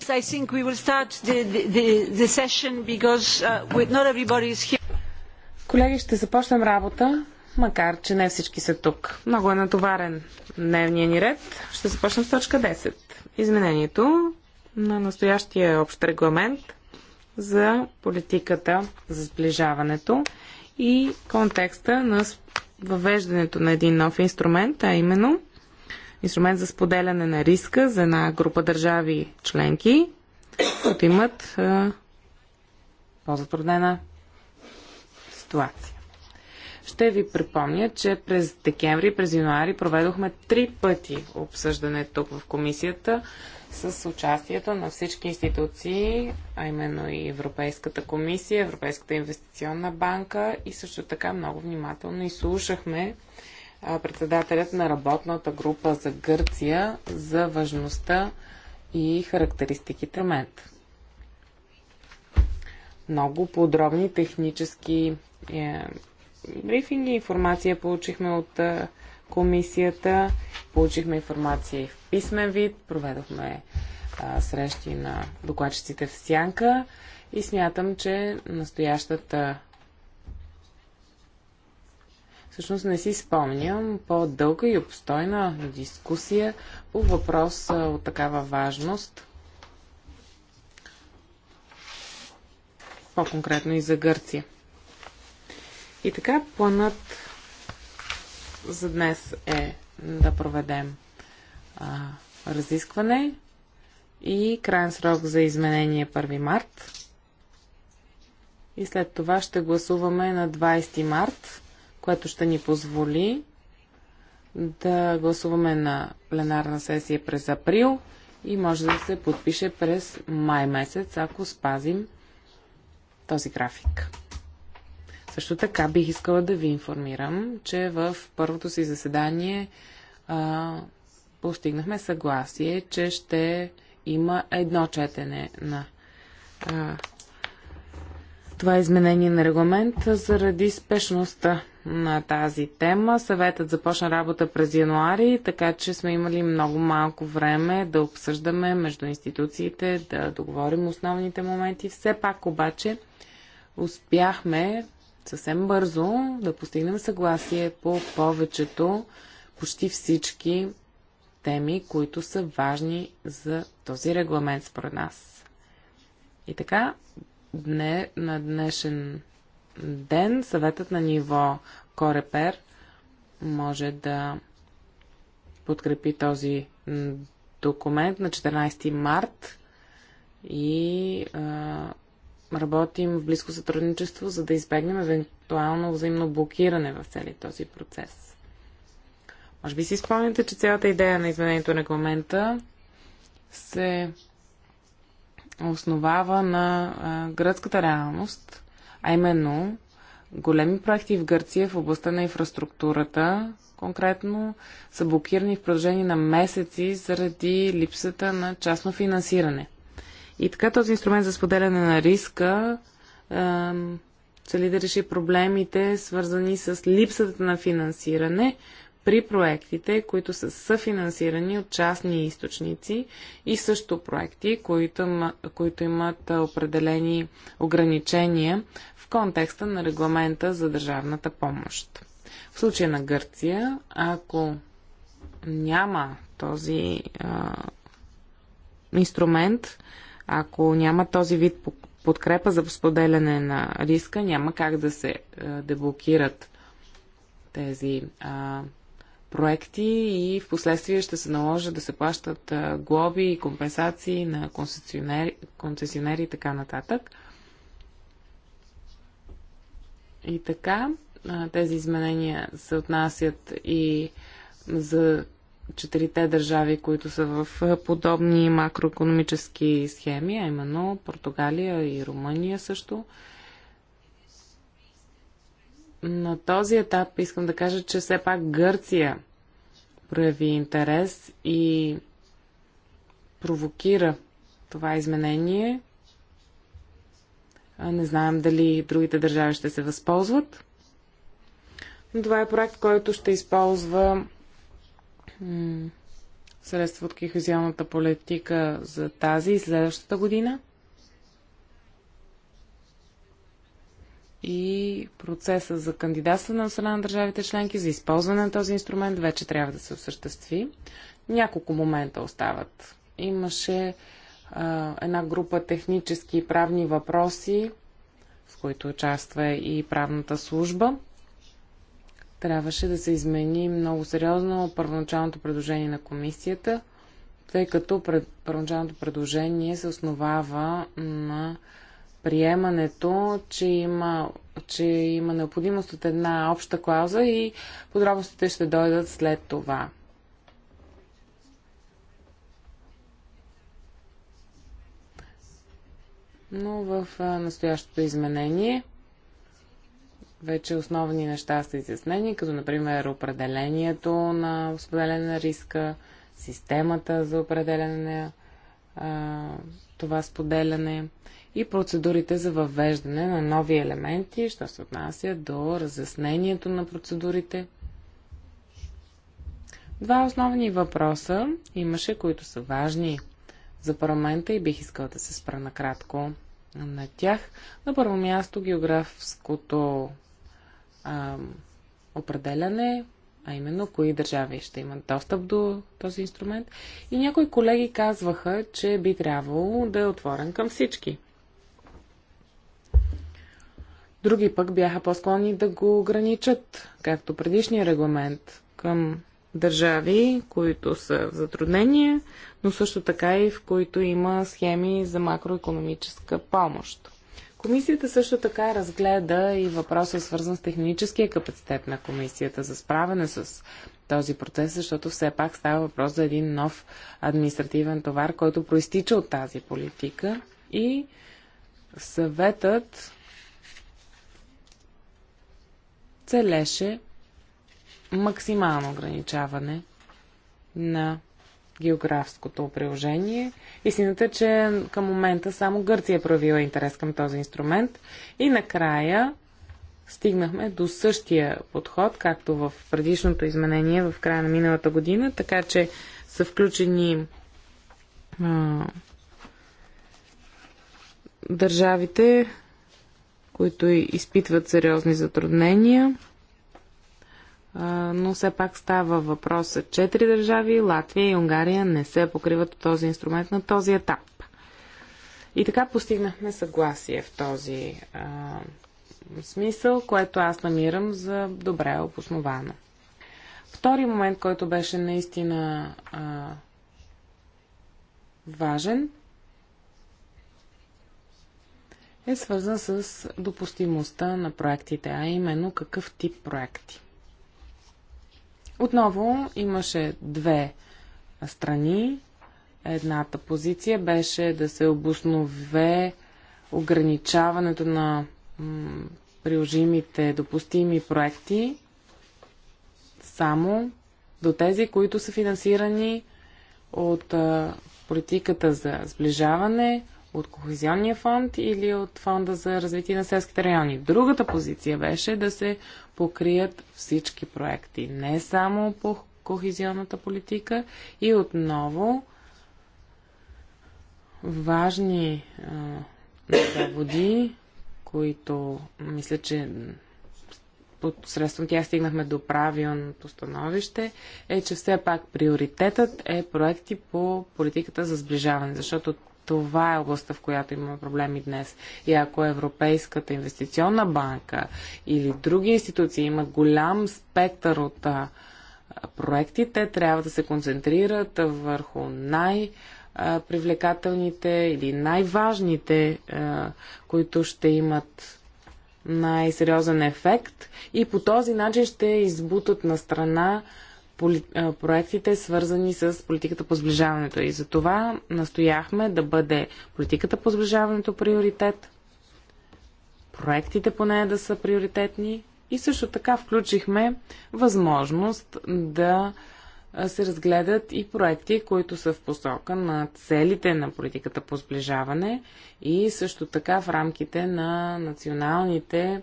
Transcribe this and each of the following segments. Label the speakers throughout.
Speaker 1: Perhaps I think we will start the, the, the session because uh, not everybody is here.
Speaker 2: Колеги, ще започнем работа, макар че не всички са тук. Много е натоварен дневния ни ред. Ще започнем с точка 10. Изменението на настоящия общ регламент за политиката за сближаването и контекста на въвеждането на един нов инструмент, а именно инструмент за споделяне на риска за една група държави членки, които имат е, по-затруднена ситуация. Ще ви припомня, че през декември и през януари проведохме три пъти обсъждане тук в комисията с участието на всички институции, а именно и Европейската комисия, Европейската инвестиционна банка и също така много внимателно изслушахме слушахме председателят на работната група за Гърция за важността и характеристиките мед. Много подробни технически е, брифинги, информация получихме от е, комисията, получихме информация и в писмен вид, проведохме е, срещи на докладчиците в Сянка и смятам, че настоящата Всъщност не си спомням по-дълга и обстойна дискусия по въпрос от такава важност. По-конкретно и за Гърция. И така планът за днес е да проведем а, разискване и крайен срок за изменение 1 е март. И след това ще гласуваме на 20 март което ще ни позволи да гласуваме на пленарна сесия през април и може да се подпише през май месец, ако спазим този график. Също така бих искала да ви информирам, че в първото си заседание а, постигнахме съгласие, че ще има едно четене на а, това е изменение на регламент заради спешността на тази тема. Съветът започна работа през януари, така че сме имали много малко време да обсъждаме между институциите, да договорим основните моменти. Все пак обаче успяхме съвсем бързо да постигнем съгласие по повечето, почти всички теми, които са важни за този регламент според нас. И така, дне, на днешен ден съветът на ниво Корепер може да подкрепи този документ на 14 март и а, работим в близко сътрудничество, за да избегнем евентуално взаимно блокиране в целия този процес. Може би си спомняте, че цялата идея на изменението на регламента се основава на а, гръцката реалност – а именно, големи проекти в Гърция в областта на инфраструктурата, конкретно, са блокирани в продължение на месеци заради липсата на частно финансиране. И така този инструмент за споделяне на риска цели да реши проблемите, свързани с липсата на финансиране при проектите, които са съфинансирани от частни източници и също проекти, които, които имат определени ограничения контекста на регламента за държавната помощ. В случая на Гърция, ако няма този а, инструмент, ако няма този вид подкрепа за споделяне на риска, няма как да се а, деблокират тези а, проекти и в последствие ще се наложи да се плащат а, глоби и компенсации на концесионери, концесионери и така нататък. И така, тези изменения се отнасят и за четирите държави, които са в подобни макроекономически схеми, а именно Португалия и Румъния също. На този етап искам да кажа, че все пак Гърция прояви интерес и провокира това изменение не знаем дали другите държави ще се възползват. Това е проект, който ще използва средства от кихозионната политика за тази и следващата година. И процеса за кандидатстване на страна на държавите членки за използване на този инструмент вече трябва да се осъществи. Няколко момента остават. Имаше една група технически и правни въпроси, в които участва и правната служба. Трябваше да се измени много сериозно първоначалното предложение на комисията, тъй като пред, първоначалното предложение се основава на приемането, че има, че има необходимост от една обща клауза и подробностите ще дойдат след това. но в настоящото изменение вече основни неща са изяснени, като например определението на споделяне на риска, системата за определяне на това споделяне и процедурите за въвеждане на нови елементи, що се отнася до разяснението на процедурите. Два основни въпроса имаше, които са важни за парламента и бих искала да се спра накратко на тях. На първо място географското а, определяне, а именно кои държави ще имат достъп до този инструмент. И някои колеги казваха, че би трябвало да е отворен към всички. Други пък бяха по-склонни да го ограничат, както предишния регламент, към държави, които са в затруднение, но също така и в които има схеми за макроекономическа помощ. Комисията също така разгледа и въпроса свързан с техническия капацитет на комисията за справяне с този процес, защото все пак става въпрос за един нов административен товар, който проистича от тази политика и съветът целеше максимално ограничаване на географското приложение. Истината е, че към момента само Гърция е проявила интерес към този инструмент. И накрая стигнахме до същия подход, както в предишното изменение в края на миналата година, така че са включени а, държавите, които изпитват сериозни затруднения но все пак става въпрос. Четири държави, Латвия и Унгария, не се покриват от този инструмент на този етап. И така постигнахме съгласие в този а, смисъл, което аз намирам за добре обосновано. Втори момент, който беше наистина а, важен, е свързан с допустимостта на проектите, а именно какъв тип проекти. Отново имаше две страни. Едната позиция беше да се обоснове ограничаването на приложимите допустими проекти само до тези, които са финансирани от политиката за сближаване, от Кохезионния фонд или от Фонда за развитие на селските райони. Другата позиция беше да се покрият всички проекти, не само по кохезионната политика и отново важни заводи, които мисля, че посредством тях стигнахме до правилното становище, е, че все пак приоритетът е проекти по политиката за сближаване, защото това е областта, в която имаме проблеми днес. И ако Европейската инвестиционна банка или други институции имат голям спектър от а, проекти, те трябва да се концентрират върху най- привлекателните или най-важните, които ще имат най-сериозен ефект и по този начин ще избутат на страна проектите, свързани с политиката по сближаването. И за това настояхме да бъде политиката по сближаването приоритет, проектите по нея да са приоритетни и също така включихме възможност да се разгледат и проекти, които са в посока на целите на политиката по сближаване и също така в рамките на националните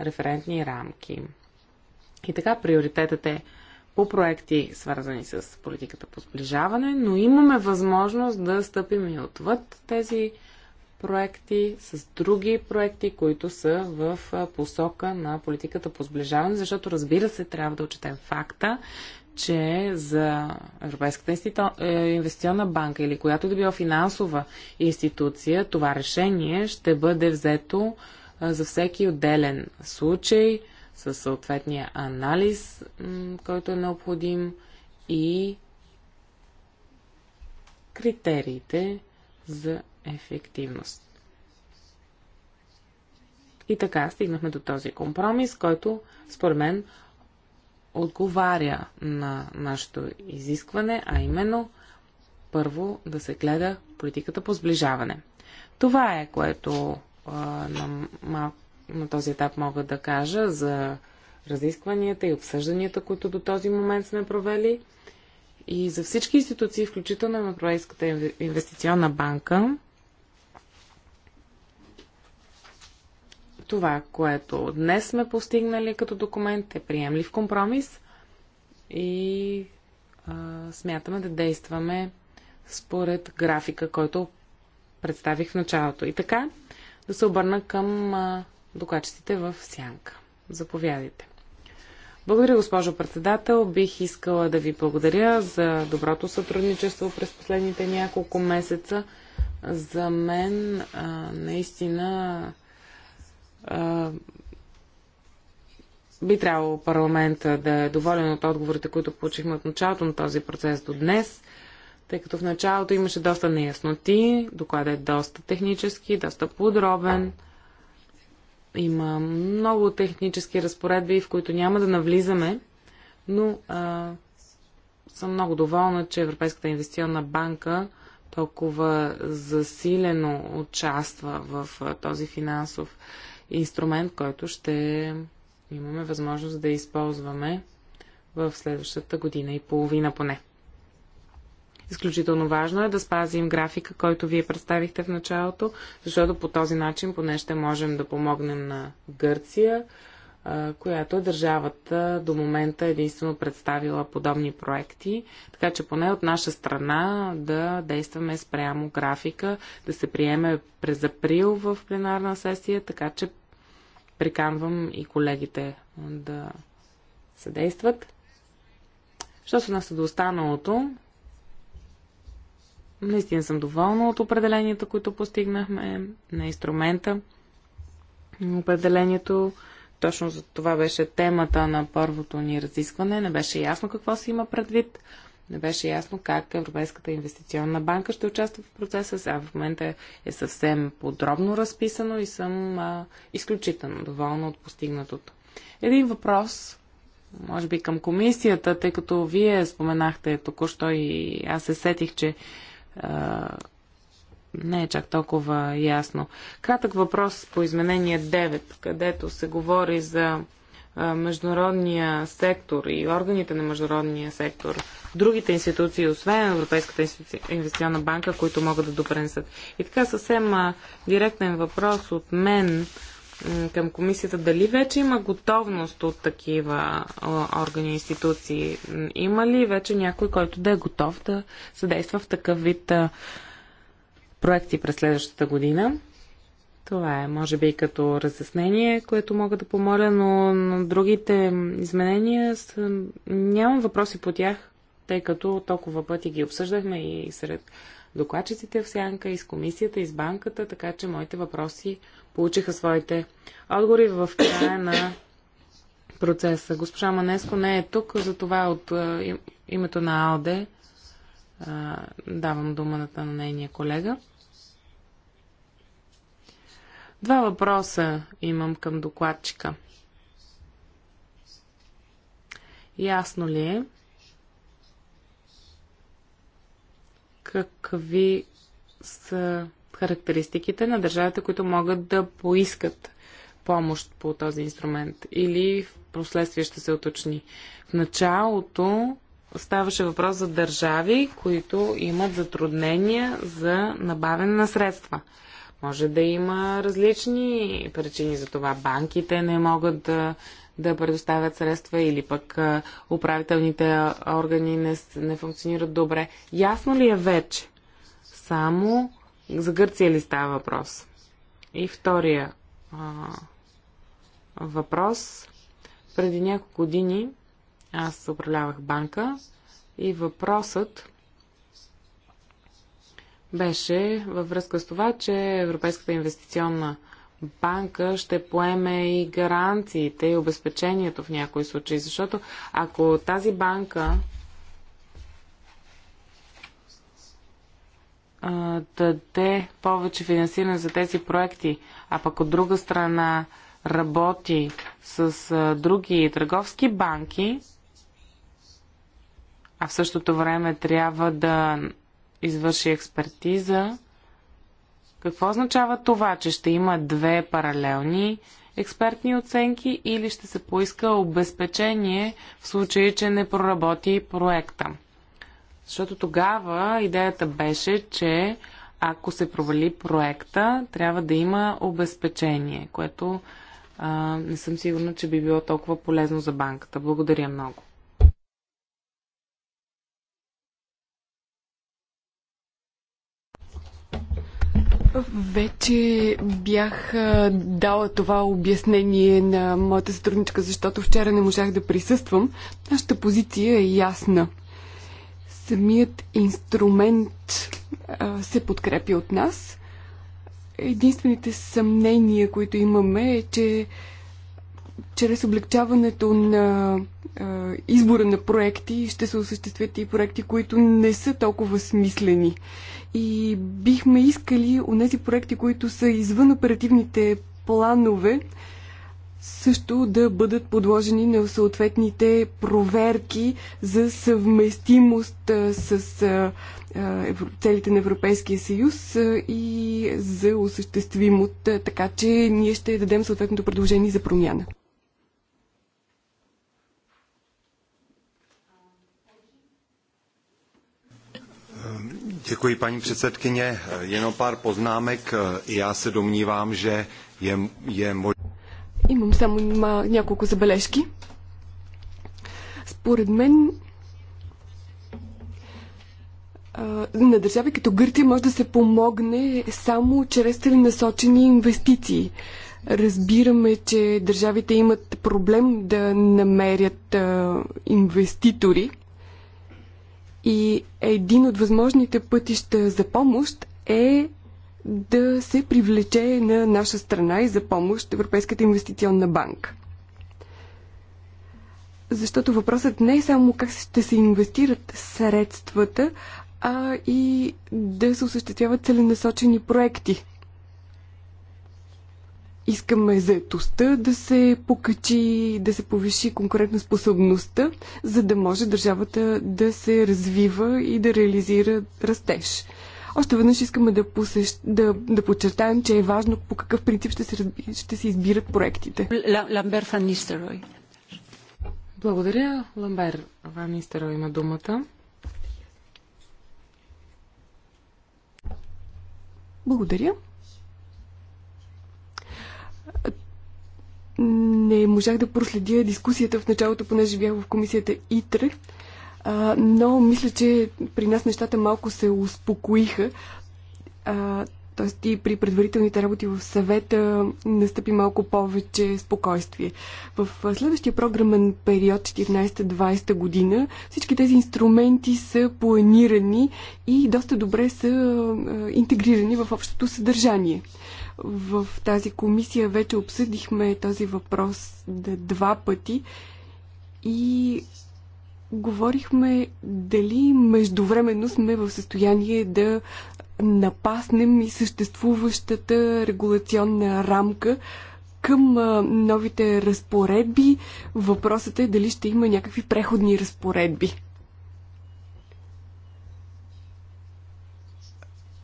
Speaker 2: референтни рамки. И така приоритетът е по проекти, свързани с политиката по сближаване, но имаме възможност да стъпим и отвъд тези проекти с други проекти, които са в посока на политиката по сближаване, защото разбира се, трябва да отчетем факта, че за Европейската институ... Е, инвестиционна банка или която да била финансова институция, това решение ще бъде взето за всеки отделен случай – със съответния анализ, който е необходим и критериите за ефективност. И така стигнахме до този компромис, който според мен отговаря на нашето изискване, а именно първо да се гледа политиката по сближаване. Това е, което а, на малко на този етап мога да кажа за разискванията и обсъжданията, които до този момент сме провели и за всички институции, включително на Европейската инвестиционна банка. Това, което днес сме постигнали като документ е приемлив компромис и а, смятаме да действаме според графика, който представих в началото. И така, да се обърна към а, докладчиците в сянка. Заповядайте. Благодаря, госпожо председател. Бих искала да ви благодаря за доброто сътрудничество през последните няколко месеца. За мен а, наистина а, би трябвало парламента да е доволен от отговорите, които получихме от началото на този процес до днес, тъй като в началото имаше доста неясноти, докладът е доста технически, доста подробен. Има много технически разпоредби, в които няма да навлизаме, но а, съм много доволна, че Европейската инвестиционна банка толкова засилено участва в а, този финансов инструмент, който ще имаме възможност да използваме в следващата година и половина поне. Изключително важно е да спазим графика, който вие представихте в началото, защото по този начин поне ще можем да помогнем на Гърция, която е държавата до момента единствено представила подобни проекти. Така че поне от наша страна да действаме спрямо графика, да се приеме през април в пленарна сесия, така че приканвам и колегите да съдействат. Що се нас до останалото, Наистина съм доволна от определенията, които постигнахме на инструмента. Определението точно за това беше темата на първото ни разискване. Не беше ясно какво се има предвид. Не беше ясно как Европейската инвестиционна банка ще участва в процеса. Сега в момента е съвсем подробно разписано и съм а, изключително доволна от постигнатото. Един въпрос, може би към комисията, тъй като вие споменахте току-що и аз се сетих, че не е чак толкова ясно. Кратък въпрос по изменение 9, където се говори за международния сектор и органите на международния сектор, другите институции, освен Европейската инвестиционна банка, които могат да допренесат. И така съвсем директен въпрос от мен към комисията дали вече има готовност от такива органи и институции? Има ли вече някой, който да е готов да съдейства в такъв вид проекти през следващата година? Това е, може би, като разяснение, което мога да помоля, но на другите изменения са... нямам въпроси по тях, тъй като толкова пъти ги обсъждахме и сред докладчиците в сянка, и с комисията, и с банката, така че моите въпроси получиха своите отговори в края на процеса. Госпожа Манеско не е тук, затова от името на Алде давам думата на нейния колега. Два въпроса имам към докладчика. Ясно ли е какви са характеристиките на държавите, които могат да поискат помощ по този инструмент или в последствие ще се уточни. В началото ставаше въпрос за държави, които имат затруднения за набавяне на средства. Може да има различни причини за това. Банките не могат да, да предоставят средства или пък управителните органи не, не функционират добре. Ясно ли е вече? Само за Гърция ли става въпрос? И втория а, въпрос. Преди няколко години аз управлявах банка и въпросът беше във връзка с това, че Европейската инвестиционна банка ще поеме и гаранциите и обезпечението в някои случаи, защото ако тази банка даде повече финансиране за тези проекти, а пък от друга страна работи с а, други търговски банки, а в същото време трябва да извърши експертиза, какво означава това, че ще има две паралелни експертни оценки или ще се поиска обезпечение в случай, че не проработи проекта? Защото тогава идеята беше, че ако се провали проекта, трябва да има обезпечение, което а, не съм сигурна, че би било толкова полезно за банката. Благодаря много.
Speaker 3: Вече бях дала това обяснение на моята сътрудничка, защото вчера не можах да присъствам. Нашата позиция е ясна самият инструмент а, се подкрепи от нас. Единствените съмнения, които имаме е, че чрез облегчаването на а, избора на проекти ще се осъществят и проекти, които не са толкова смислени. И бихме искали у тези проекти, които са извън оперативните планове, също да бъдат подложени на съответните проверки за съвместимост с целите на Европейския съюз и за осъществимост, така че ние ще дадем съответното предложение за промяна.
Speaker 4: Děkuji, paní předsedkyně. Jenom pár poznámek. Já se domnívám, že je, je možné.
Speaker 3: Имам само няколко забележки. Според мен на държави като Гърция може да се помогне само чрез целенасочени инвестиции. Разбираме, че държавите имат проблем да намерят инвеститори и един от възможните пътища за помощ е да се привлече на наша страна и за помощ Европейската инвестиционна банка. Защото въпросът не е само как ще се инвестират средствата, а и да се осъществяват целенасочени проекти. Искаме заетостта да се покачи, да се повиши конкурентоспособността, за да може държавата да се развива и да реализира растеж. Още веднъж искаме да, посещ... да, да подчертаем, че е важно по какъв принцип ще се, разби... ще се
Speaker 2: избират проектите. Ламбер Ван Нистерой. Благодаря. Ламбер Ван Нистерой има думата. Благодаря.
Speaker 3: Не можах да проследя дискусията в началото, понеже бях в комисията ИТР. А, но мисля, че при нас нещата малко се успокоиха. А, Тоест и при предварителните работи в съвета настъпи малко повече спокойствие. В следващия програмен период 14-20 година всички тези инструменти са планирани и доста добре са интегрирани в общото съдържание. В тази комисия вече обсъдихме този въпрос два пъти и говорихме дали междувременно сме в състояние да напаснем и съществуващата регулационна рамка към новите разпоредби. Въпросът е дали ще има някакви преходни разпоредби.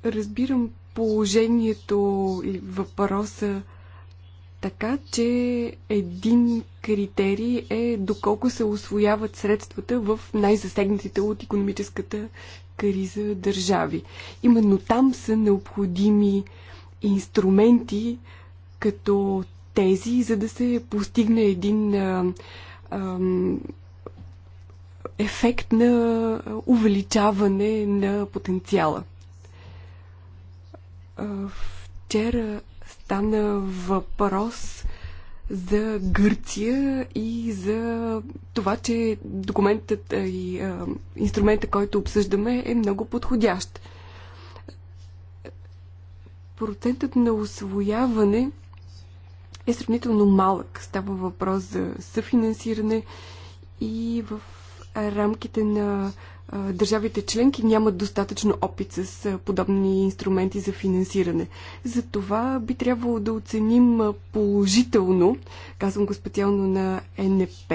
Speaker 3: Разбирам положението и въпроса така че един критерий е доколко се освояват средствата в най-засегнатите от економическата криза държави. Именно там са необходими инструменти като тези, за да се постигне един а, а, ефект на увеличаване на потенциала. А, вчера Стана въпрос за Гърция и за това, че документът и а, инструмента, който обсъждаме, е много подходящ. Процентът на освояване е сравнително малък. Става въпрос за съфинансиране и в рамките на държавите членки нямат достатъчно опит с подобни инструменти за финансиране. За това би трябвало да оценим положително, казвам го специално на НП,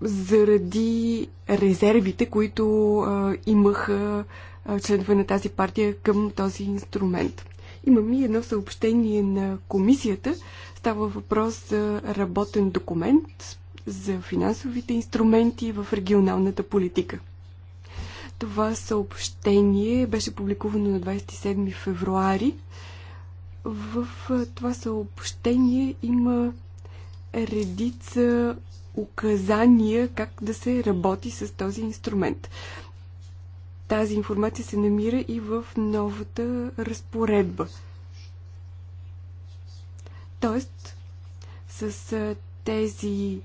Speaker 3: заради резервите, които а, имаха членове на тази партия към този инструмент. Имам и едно съобщение на комисията. Става въпрос за работен документ, за финансовите инструменти в регионалната политика. Това съобщение беше публикувано на 27 февруари. В това съобщение има редица указания как да се работи с този инструмент. Тази информация се намира и в новата разпоредба. Тоест, с тези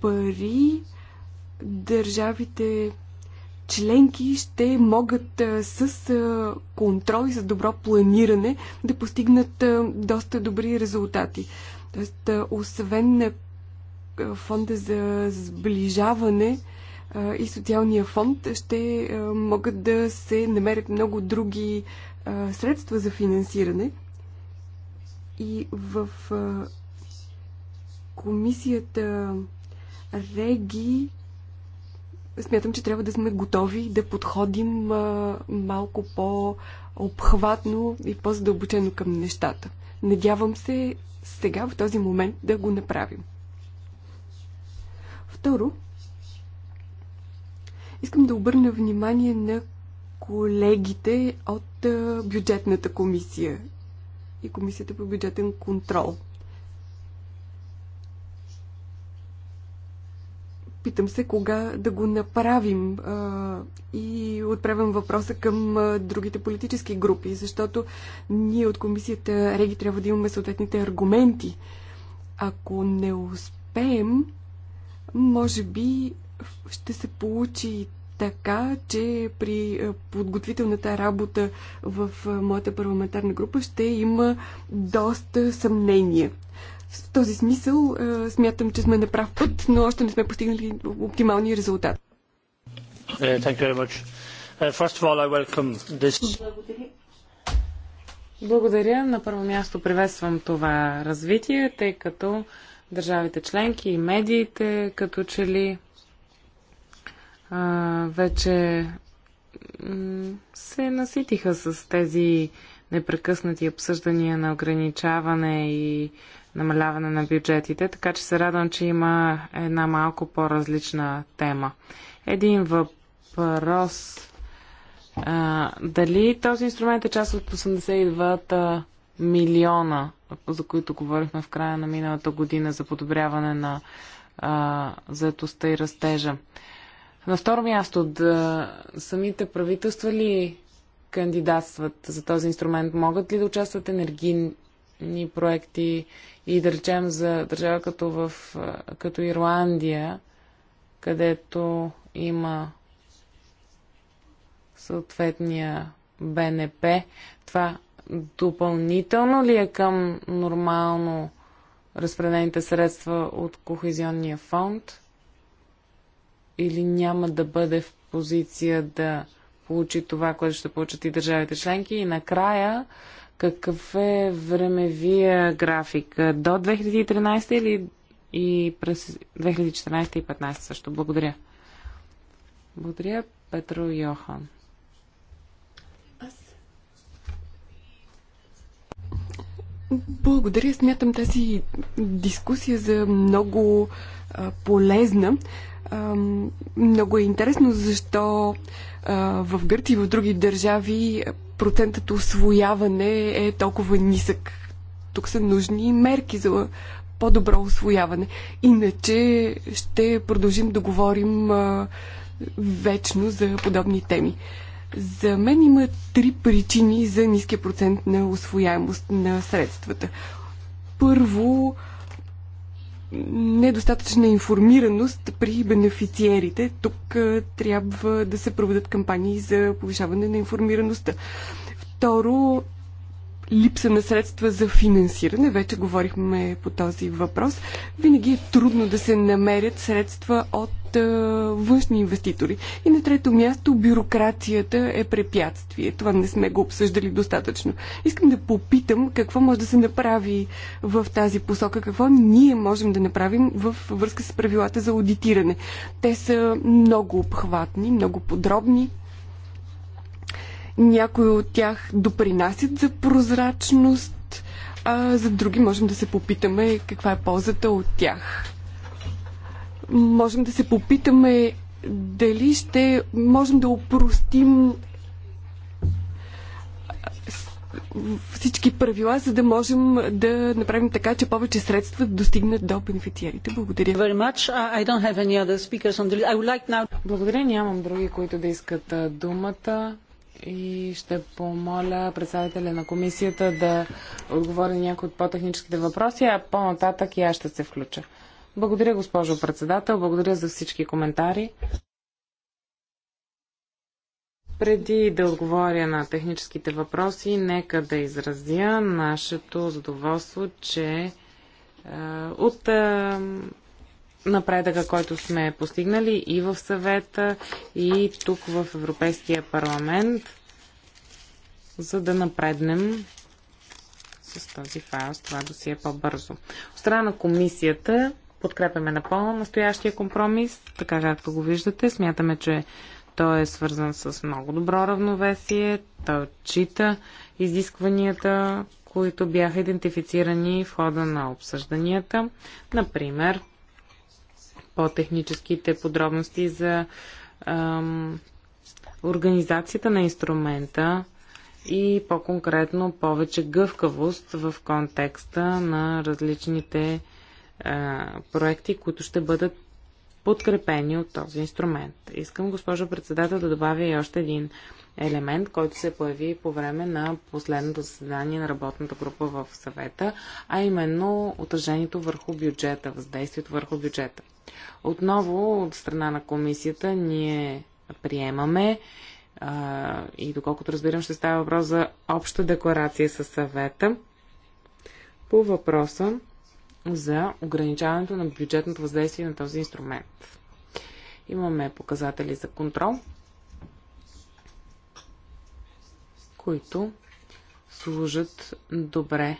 Speaker 3: пари държавите членки ще могат с контрол и с добро планиране да постигнат доста добри резултати. Тоест, освен на фонда за сближаване и социалния фонд, ще могат да се намерят много други средства за финансиране. И в комисията Реги смятам, че трябва да сме готови да подходим малко по-обхватно и по-задълбочено към нещата. Надявам се сега, в този момент, да го направим. Второ, искам да обърна внимание на колегите от бюджетната комисия и комисията по бюджетен контрол – Питам се кога да го направим и отправям въпроса към другите политически групи, защото ние от комисията Реги трябва да имаме съответните аргументи. Ако не успеем, може би ще се получи така, че при подготвителната работа в моята парламентарна група ще има доста съмнения. В този смисъл е, смятам, че сме на прав път, но още не сме постигнали оптималния резултат.
Speaker 2: Е, е, Благодаря. На първо място приветствам това развитие, тъй като държавите членки и медиите, като че ли а, вече се наситиха с тези непрекъснати обсъждания на ограничаване и намаляване на бюджетите, така че се радвам, че има една малко по-различна тема. Един въпрос. А, дали този инструмент е част от 82-та милиона, за които говорихме в края на миналата година за подобряване на а, заетостта и растежа? На второ място, да самите правителства ли кандидатстват за този инструмент? Могат ли да участват енергийни проекти и да речем за държава като, в, като Ирландия, където има съответния БНП, това допълнително ли е към нормално разпределените средства от Кохезионния фонд? Или няма да бъде в позиция да получи това, което ще получат и държавите членки? И накрая какъв е времевия график? До 2013 или и през 2014 и 2015 също? Благодаря. Благодаря, Петро Йохан.
Speaker 3: Благодаря. Смятам тази дискусия за много а, полезна. А, много е интересно защо а, в Гърция и в други държави процентът освояване е толкова нисък. Тук са нужни мерки за по-добро освояване. Иначе ще продължим да говорим вечно за подобни теми. За мен има три причини за ниския процент на освояемост на средствата. Първо, недостатъчна информираност при бенефициерите. Тук трябва да се проведат кампании за повишаване на информираността. Второ, липса на средства за финансиране. Вече говорихме по този въпрос. Винаги е трудно да се намерят средства от външни инвеститори. И на трето място бюрокрацията е препятствие. Това не сме го обсъждали достатъчно. Искам да попитам какво може да се направи в тази посока, какво ние можем да направим в връзка с правилата за аудитиране. Те са много обхватни, много подробни. Някои от тях допринасят за прозрачност, а за други можем да се попитаме каква е ползата от тях. Можем да се попитаме дали ще можем да опростим всички правила, за да можем да направим така, че повече средства достигнат до бенефициарите.
Speaker 2: Благодаря. Благодаря. Нямам други, които да искат думата и ще помоля представителя на комисията да отговори на някои от по-техническите въпроси, а по-нататък и аз ще се включа. Благодаря, госпожо председател. Благодаря за всички коментари. Преди да отговоря на техническите въпроси, нека да изразя нашето задоволство, че е, от е, напредъка, който сме постигнали и в съвета, и тук в Европейския парламент, за да напреднем с този файл, с това досие по-бързо. От страна на комисията подкрепяме напълно настоящия компромис, така както го виждате. Смятаме, че той е свързан с много добро равновесие, той отчита изискванията, които бяха идентифицирани в хода на обсъжданията. Например, по-техническите подробности за ам, организацията на инструмента и по-конкретно повече гъвкавост в контекста на различните а, проекти, които ще бъдат подкрепени от този инструмент. Искам, госпожо председател, да добавя и още един елемент, който се появи по време на последното заседание на работната група в съвета, а именно отражението върху бюджета, въздействието върху бюджета. Отново от страна на комисията ние приемаме а, и доколкото разбирам ще става въпрос за обща декларация със съвета по въпроса за ограничаването на бюджетното въздействие на този инструмент. Имаме показатели за контрол, които служат добре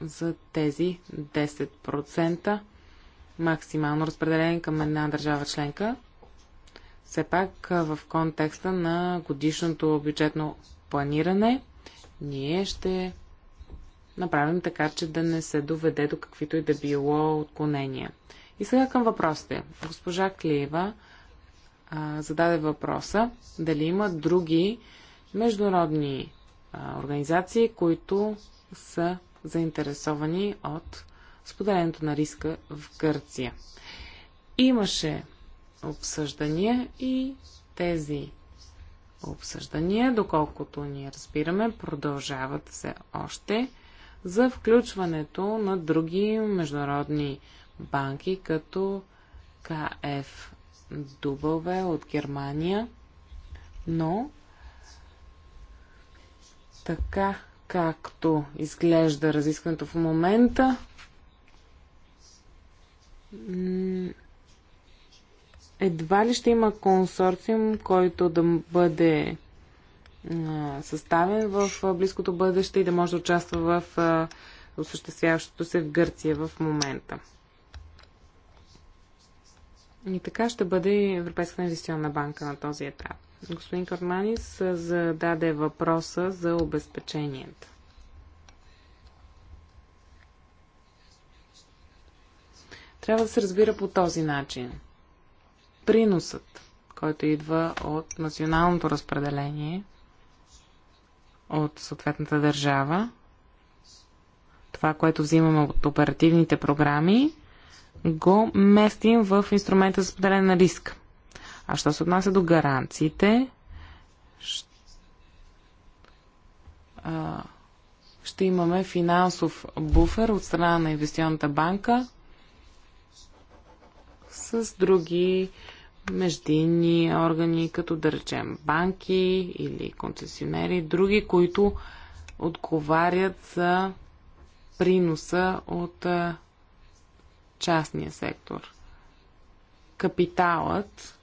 Speaker 2: за тези 10% максимално разпределение към една държава членка. Все пак в контекста на годишното бюджетно планиране ние ще направим така, че да не се доведе до каквито и да било отклонения. И сега към въпросите. Госпожа Клеева а, зададе въпроса дали има други международни а, организации, които са заинтересовани от споделянето на риска в Гърция. Имаше обсъждания и тези обсъждания, доколкото ние разбираме, продължават се още за включването на други международни банки, като КФ Дубове от Германия, но така както изглежда разискването в момента, едва ли ще има консорциум, който да бъде съставен в близкото бъдеще и да може да участва в осъществяващото се в Гърция в момента. И така ще бъде Европейска инвестиционна банка на този етап господин Карманис зададе въпроса за обезпеченията. Трябва да се разбира по този начин. Приносът, който идва от националното разпределение, от съответната държава, това, което взимаме от оперативните програми, го местим в инструмента за споделяне на риск. А що се отнася до гаранциите, ще имаме финансов буфер от страна на инвестиционната банка с други междинни органи, като да речем банки или концесионери, други, които отговарят за приноса от частния сектор. Капиталът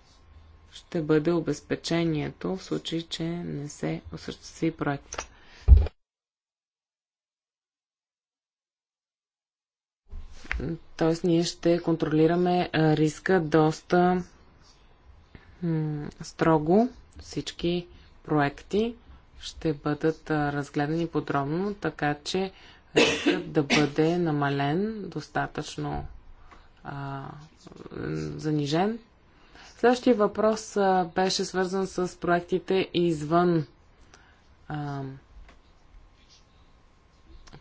Speaker 2: ще бъде обезпечението в случай, че не се осъществи проекта. Тоест, ние ще контролираме риска доста строго. Всички проекти ще бъдат разгледани подробно, така че рискът да бъде намален достатъчно а, занижен, Следващия въпрос а, беше свързан с проектите извън а,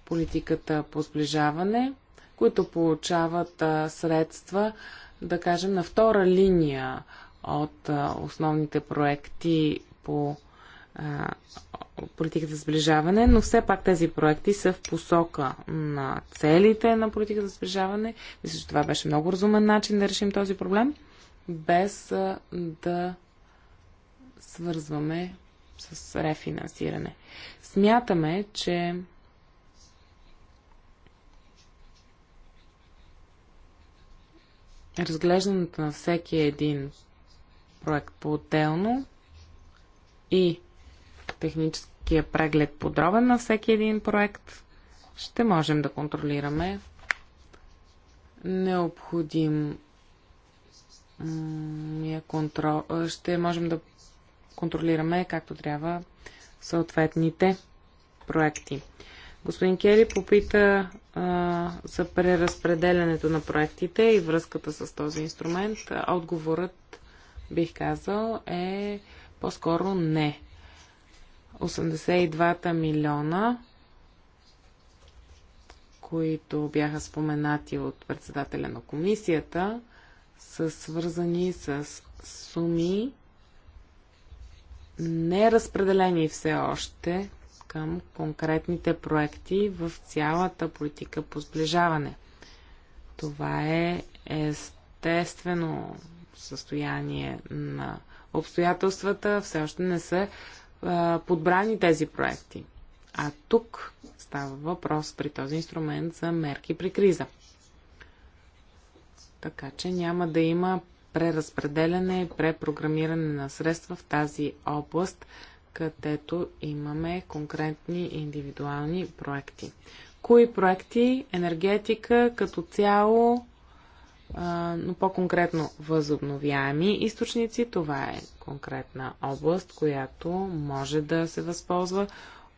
Speaker 2: политиката по сближаване, които получават а, средства, да кажем, на втора линия от а, основните проекти по а, политиката за сближаване, но все пак тези проекти са в посока на целите на политиката за сближаване. Мисля, че това беше много разумен начин да решим този проблем без да свързваме с рефинансиране. Смятаме, че разглеждането на всеки един проект по-отделно и техническия преглед подробен на всеки един проект ще можем да контролираме необходим ние контрол, ще можем да контролираме както трябва съответните проекти. Господин Кери попита а, за преразпределянето на проектите и връзката с този инструмент. Отговорът, бих казал, е по-скоро не. 82-та милиона, които бяха споменати от председателя на комисията, са свързани с суми, неразпределени все още към конкретните проекти в цялата политика по сближаване. Това е естествено състояние на обстоятелствата, все още не са а, подбрани тези проекти. А тук става въпрос при този инструмент за мерки при криза. Така че няма да има преразпределяне и препрограмиране на средства в тази област, където имаме конкретни индивидуални проекти. Кои проекти? Енергетика като цяло, но по-конкретно възобновяеми източници. Това е конкретна област, която може да се възползва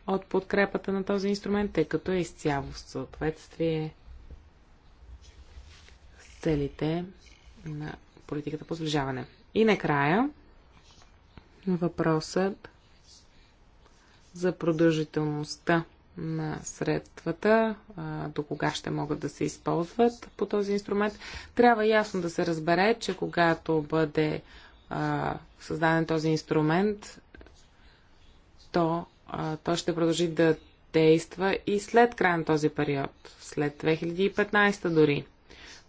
Speaker 2: от подкрепата на този инструмент, тъй като е изцяло в съответствие целите на политиката по сближаване. И накрая въпросът за продължителността на средствата, до кога ще могат да се използват по този инструмент. Трябва ясно да се разбере, че когато бъде създаден този инструмент, то той ще продължи да действа и след края на този период, след 2015 дори.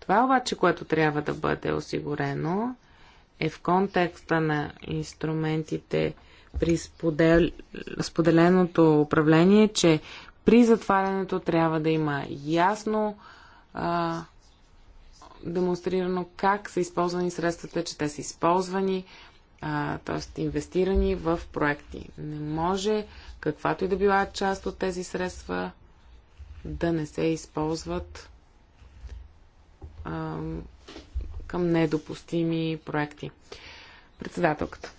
Speaker 2: Това обаче, което трябва да бъде осигурено, е в контекста на инструментите при сподел... споделеното управление, че при затварянето трябва да има ясно а, демонстрирано как са използвани средствата, че те са използвани, т.е. инвестирани в проекти. Не може каквато и да била част от тези средства да не се използват към недопустими проекти. Председателката.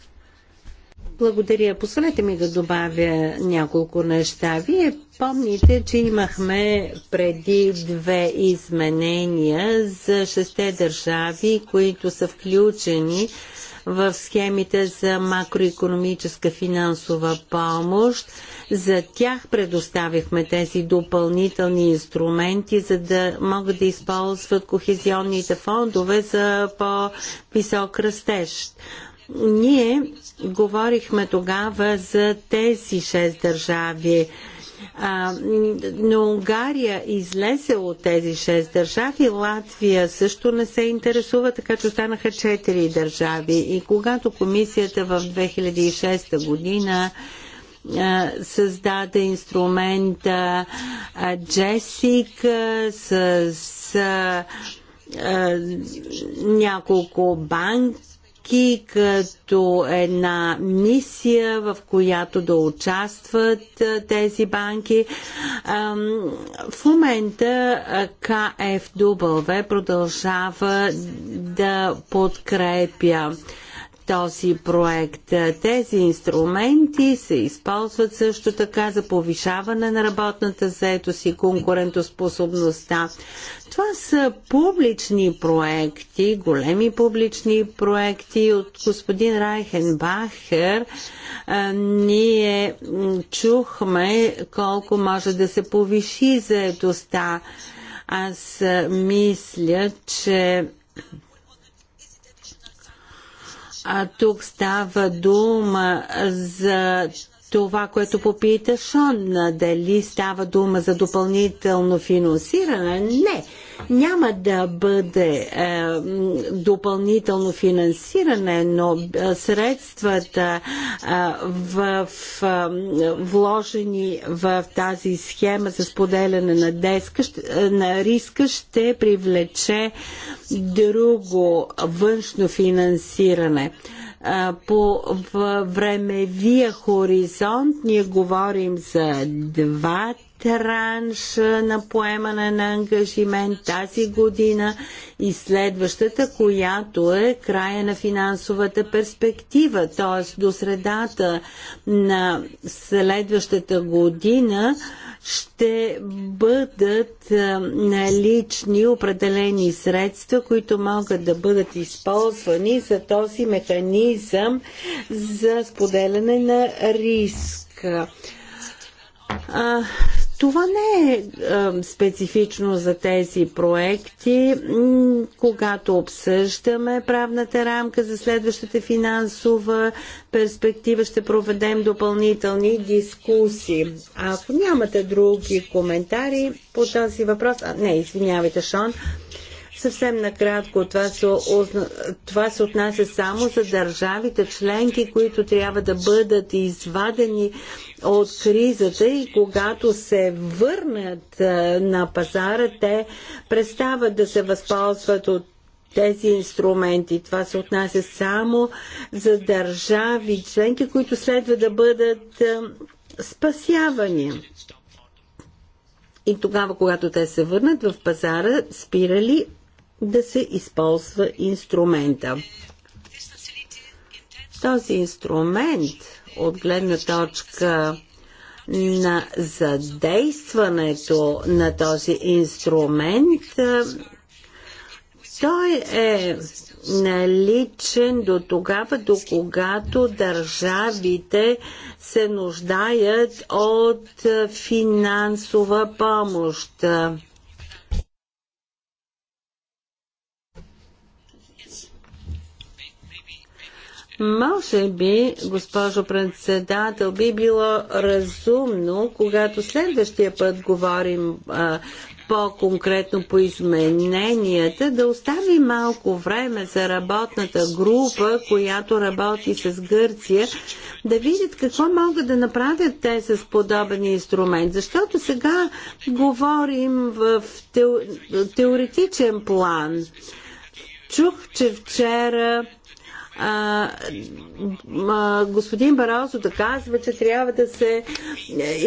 Speaker 1: Благодаря. Позволете ми да добавя няколко неща. Вие помните, че имахме преди две изменения за шесте държави, които са включени в схемите за макроекономическа финансова помощ. За тях предоставихме тези допълнителни инструменти, за да могат да използват кохезионните фондове за по-висок растеж. Ние говорихме тогава за тези шест държави а, но Унгария излезе от тези 6 държави, Латвия също не се интересува, така че останаха 4 държави. И когато комисията в 2006 година създаде инструмента Джесик с, с няколко банки, мерки като една мисия, в която да участват тези банки. В момента КФW продължава да подкрепя този проект. Тези инструменти се използват също така за повишаване на работната заетост и конкурентоспособността. Това са публични проекти, големи публични проекти. От господин Райхенбахер ние чухме колко може да се повиши заетостта. Аз мисля, че а, тук става дума за това, което попита Шон, дали става дума за допълнително финансиране? Не няма да бъде е, допълнително финансиране, но е, средствата е, в, е, вложени в тази схема за споделяне на, деска, е, на риска ще привлече друго външно финансиране е, по времевия хоризонт ние говорим за 2 транш на поемане на ангажимент тази година и следващата, която е края на финансовата перспектива, т.е. до средата на следващата година ще бъдат е, налични определени средства, които могат да бъдат използвани за този механизъм за споделяне на риск. Това не е, е специфично за тези проекти. Когато обсъждаме правната рамка за следващата финансова перспектива, ще проведем допълнителни дискусии. Ако нямате други коментари по този въпрос, а, не, извинявайте, Шон, Съвсем накратко, това се, това се отнася само за държавите членки, които трябва да бъдат извадени от кризата и когато се върнат на пазара, те престават да се възползват от тези инструменти. Това се отнася само за държави членки, които следва да бъдат спасявани. И тогава, когато те се върнат в пазара, спирали да се използва инструмента. Този инструмент от гледна точка на задействането на този инструмент, той е наличен до тогава, до когато държавите се нуждаят от финансова помощ. Може би, госпожо председател, би било разумно, когато следващия път говорим по-конкретно по измененията, да остави малко време за работната група, която работи с Гърция, да видят какво могат да направят те с подобен инструмент. Защото сега говорим в теоретичен план. Чух, че вчера а, а, господин Барозо да казва, че трябва да се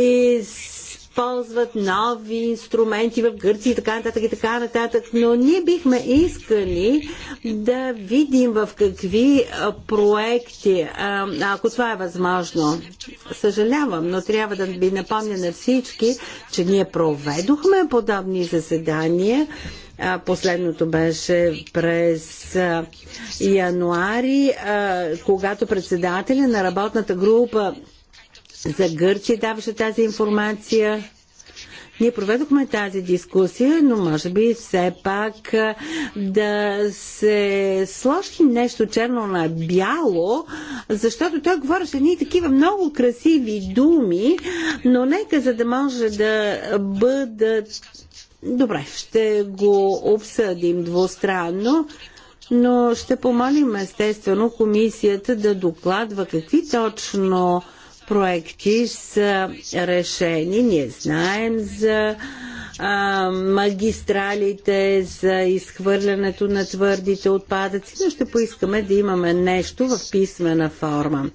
Speaker 1: из използват нови инструменти в Гърция и така нататък и така нататък, но ние бихме искали да видим в какви проекти, ако това е възможно. Съжалявам, но трябва да ви напомня на всички, че ние проведохме подобни заседания Последното беше през януари, когато председателя на работната група за Гърция даваше тази информация. Ние проведохме тази дискусия, но може би все пак да се сложи нещо черно на бяло, защото той говореше едни такива много красиви думи, но нека за да може да бъдат. Добре, ще го обсъдим двустранно но ще помолим естествено комисията да докладва какви точно проекти са решени. Ние знаем за а, магистралите, за изхвърлянето на твърдите отпадъци, но ще поискаме да имаме нещо в писмена форма.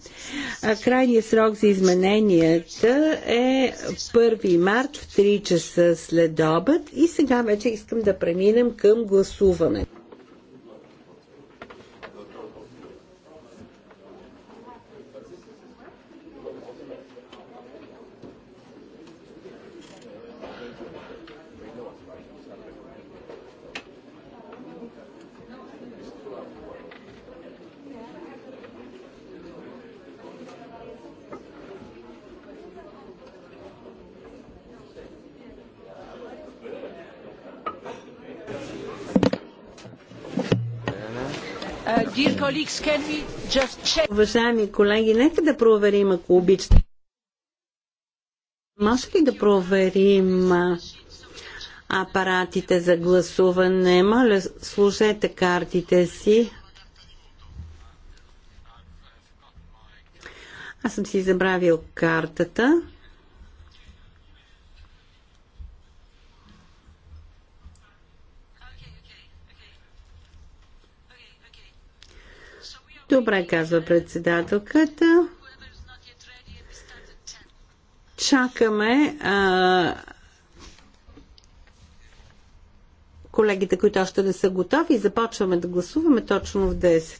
Speaker 1: А, крайният срок за измененията е 1 март в 3 часа след обед и сега вече искам да преминем към гласуването. Уважаеми колеги, нека да проверим, ако обичате. Може ли да проверим апаратите за гласуване? Моля, служете картите си. Аз съм си забравил картата. Добре, казва председателката. Чакаме а, колегите, които още не са готови. Започваме да гласуваме точно в 10.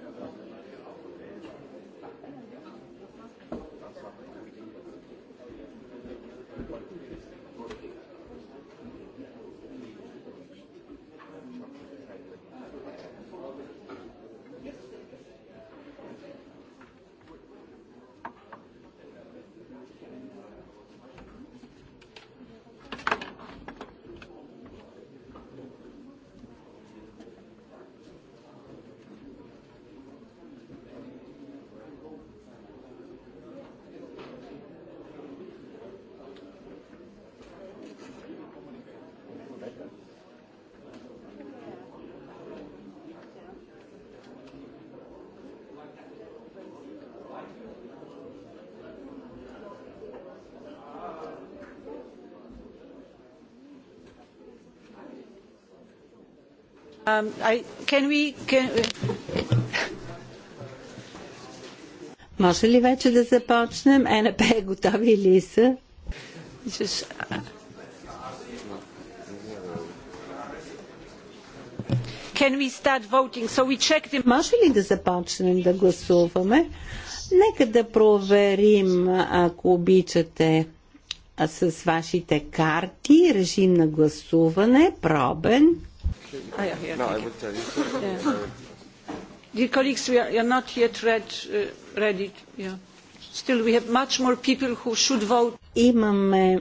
Speaker 1: Um, I, can we, can... Може ли вече да започнем? Е, НП готови ли са? Uh, can we start voting? So we check the... Може ли да започнем да гласуваме? Нека да проверим, ако обичате, с вашите карти режим на гласуване, пробен.
Speaker 4: Ah, yeah, yeah, no, I will
Speaker 1: tell you. yeah. Dear colleagues, we are, we are not yet read, uh, ready. Yeah. Still, we have much more people who should vote. Имаме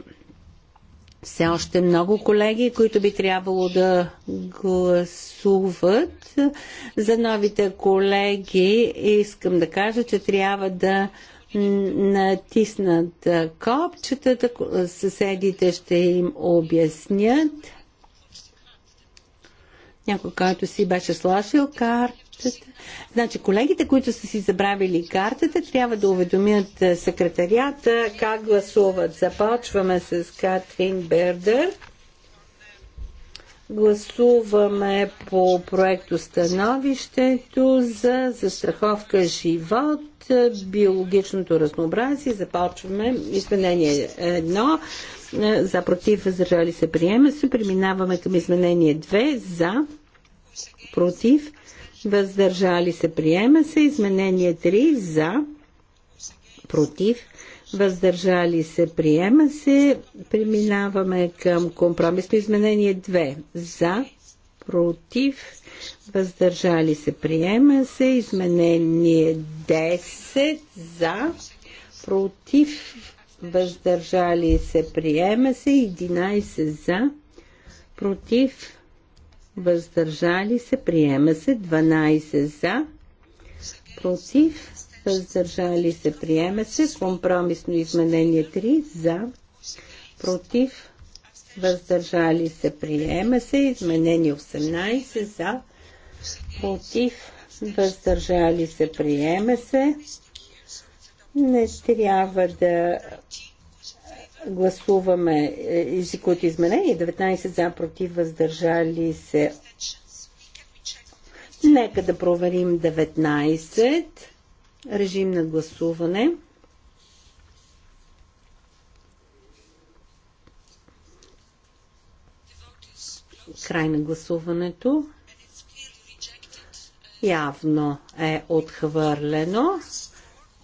Speaker 1: все още много колеги, които би трябвало да гласуват. За новите колеги искам да кажа, че трябва да натиснат копчетата, съседите ще им обяснят някой, който си беше сложил картата. Значи колегите, които са си забравили картата, трябва да уведомят е, секретарията как гласуват. Започваме с Катрин Бердер. Гласуваме по проекто становището за застраховка живот, е, биологичното разнообразие. Започваме изменение 1. Е, за против, въздържали се, приема се. Преминаваме към изменение 2. За против, въздържали се, приема се. Изменение 3 за, против, въздържали се, приема се. Преминаваме към компромисно изменение 2 за, против, въздържали се, приема се. Изменение 10 за, против, въздържали се, приема се. 11 за, против, въздържали се, приема се 12 за, против, въздържали се, приема се, компромисно изменение 3 за, против, въздържали се, приема се, изменение 18 за, против, въздържали се, приема се. Не трябва да Гласуваме езиковото изменение. 19 за, против, въздържали се. Нека да проверим 19. Режим на гласуване. Край на гласуването. Явно е отхвърлено.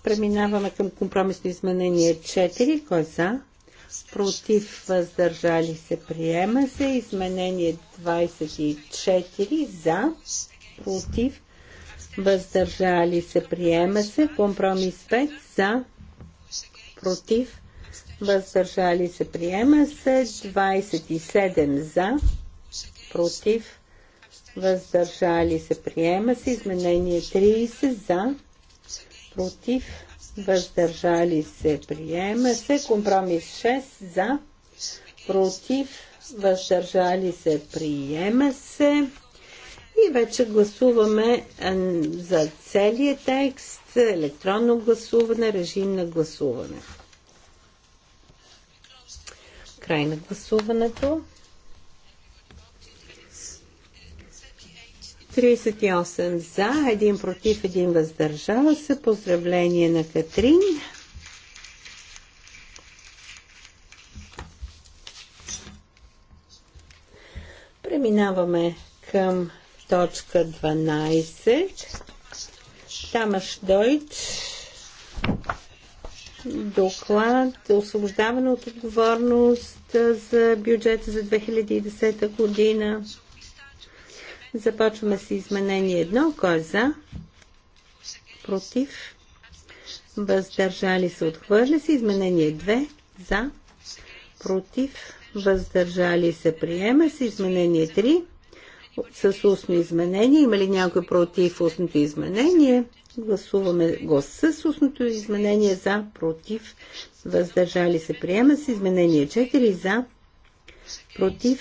Speaker 1: Преминаваме към компромисно изменение 4. Кой е за? против въздържали се приема се. Изменение 24 за против въздържали се приема се. Компромис 5 за против въздържали се приема се. 27 за против въздържали се приема се. Изменение 30 за против въздържали се, приема се. Компромис 6 за, против, въздържали се, приема се. И вече гласуваме за целият текст, електронно гласуване, режим на гласуване. Край на гласуването. 38 за, един против, един въздържава се. Поздравление на Катрин. Преминаваме към точка 12. Тамаш Дойч. Доклад освобождаване от отговорност за бюджета за 2010 година. Започваме с изменение едно. Кой е за? Против? Въздържали се? Отхвърля се. Изменение 2. За? Против? Въздържали се? Приема се. Изменение 3 с устно изменение. Има ли някой против устното изменение? Гласуваме го с устното изменение за, против, въздържали се, приема се. Изменение 4 за, против,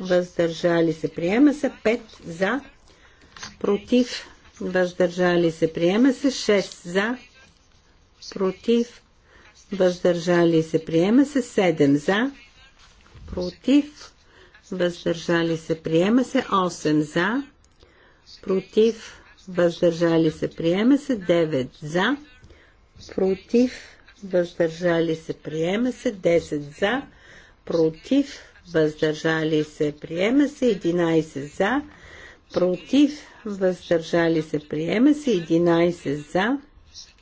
Speaker 1: въздържали се, приема се. 5 за, против, въздържали се, приема се. 6 за, против, въздържали се, приема се. 7 за, против, въздържали се, приема се. 8 за, против, въздържали се, приема се. 9 за, против, въздържали се, приема се. 10 за, против, въздържали се, приема се 11 за, против, въздържали се, приема се 11 за,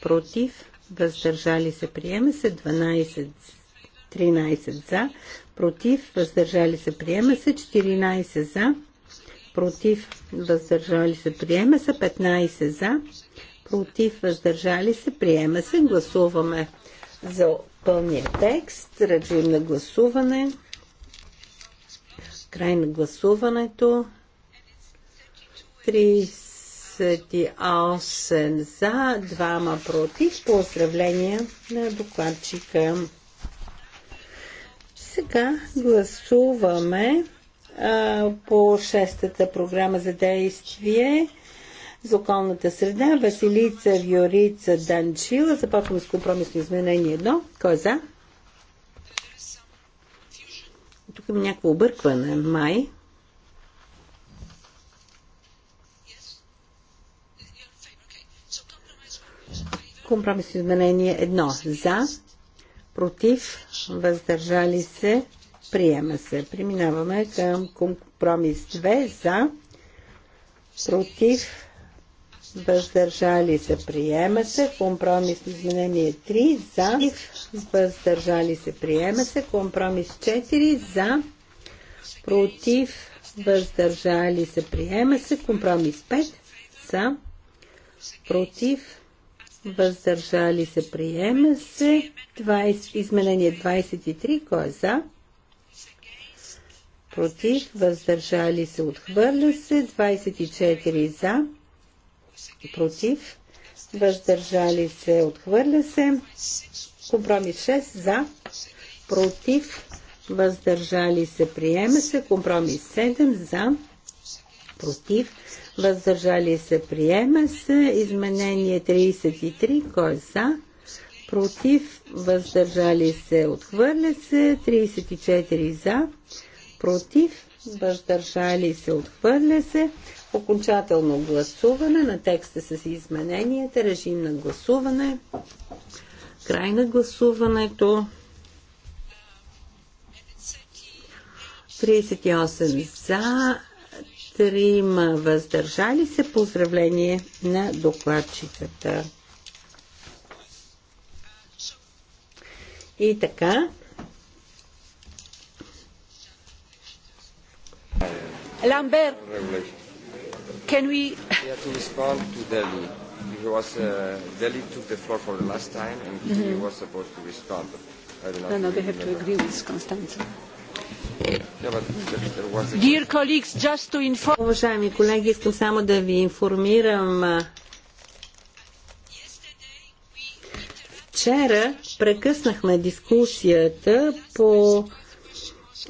Speaker 1: против, въздържали се, приема се 12 13 за, против, въздържали се, приема се 14 за, против, въздържали се, приема се 15 за, против, въздържали се, приема се. Гласуваме за пълния текст. Режим на гласуване. Край на гласуването. 38 за, 2 против. Поздравления на докладчика. Сега гласуваме а, по шестата програма за действие за околната среда. Василица Виорица Данчила. Започваме с компромисно изменение 1. Кой е за? тук има някакво объркване. Май. Компромис изменение едно. За, против, въздържали се, приема се. Преминаваме към компромис 2 за, против, въздържали се, приема се. компромис изменение 3 за, въздържали се, приема се. Компромис 4 за, против, въздържали се, приема се. Компромис 5 за, против, въздържали се, приема се. 20, изменение 23, кой е за? Против, въздържали се, отхвърля се. 24 за против, въздържали се, отхвърля се. Компромис 6 за, против, въздържали се, приема се. Компромис 7 за, против, въздържали се, приема се. Изменение 33, кой е за, против, въздържали се, отхвърля се. 34 за, против, въздържали се, отхвърля се. Окончателно гласуване на текста с измененията. Режим на гласуване. Край на гласуването. 38 за, 3 въздържали се. Поздравление на докладчиката. И така.
Speaker 4: Ламбер. Can we...
Speaker 1: We have to respond to Delhi. It was, uh, Delhi took the
Speaker 3: floor for the last time and mm -hmm. he was supposed to respond. I don't know no, no, they have to
Speaker 1: agree with Constanza. Dear colleagues, just to inform... Уважаеми колеги, искам само да ви информирам, Вчера прекъснахме дискусията по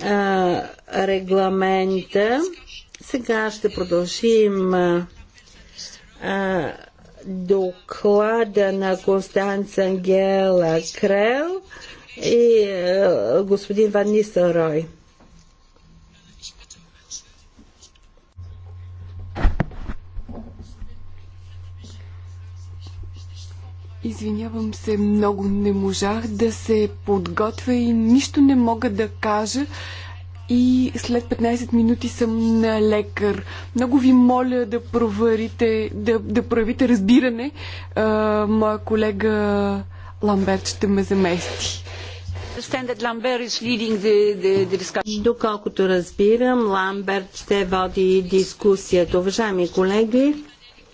Speaker 1: а, регламента сега ще продължим а, а, доклада на Констанца Ангела Крел и а, господин Ван Рой.
Speaker 3: Извинявам се, много не можах да се подготвя и нищо не мога да кажа, и след 15 минути съм на лекар. Много ви моля да проверите, да, да проявите разбиране. А, моя колега Ламберт ще ме замести.
Speaker 1: Доколкото разбирам, Ламберт ще води дискусията. Уважаеми колеги,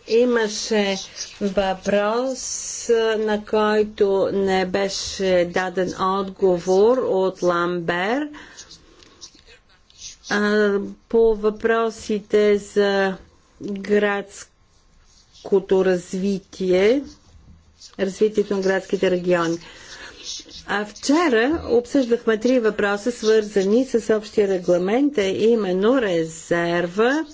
Speaker 1: имаше въпрос, на който не беше даден отговор от Ламбер. А, по въпросите за градското развитие, развитието на градските региони. А вчера обсъждахме три въпроса, свързани с общия регламент, а именно резерва,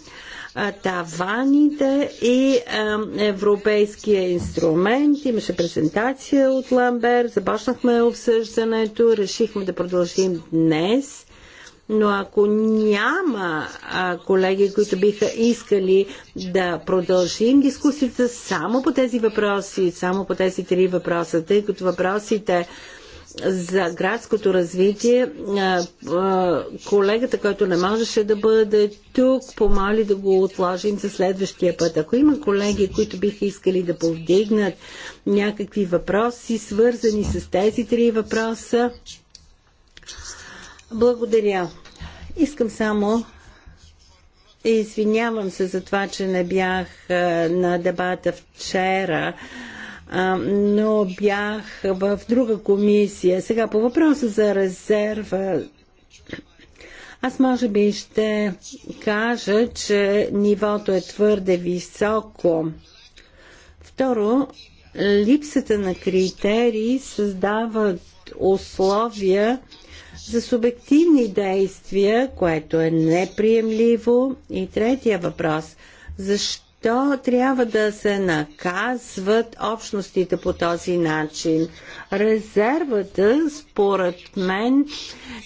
Speaker 1: таваните и а, европейския инструмент. Имаше презентация от Ламбер, започнахме обсъждането, решихме да продължим днес но ако няма а, колеги, които биха искали да продължим дискусията само по тези въпроси, само по тези три въпроса, тъй като въпросите за градското развитие, а, а, колегата, който не можеше да бъде тук, помоли да го отложим за следващия път. Ако има колеги, които биха искали да повдигнат някакви въпроси, свързани с тези три въпроса, благодаря. Искам само извинявам се за това, че не бях на дебата вчера но бях в друга комисия. Сега по въпроса за резерва. Аз може би ще кажа, че нивото е твърде високо. Второ, липсата на критерии създават условия за субективни действия, което е неприемливо. И третия въпрос – защо трябва да се наказват общностите по този начин? Резервата, според мен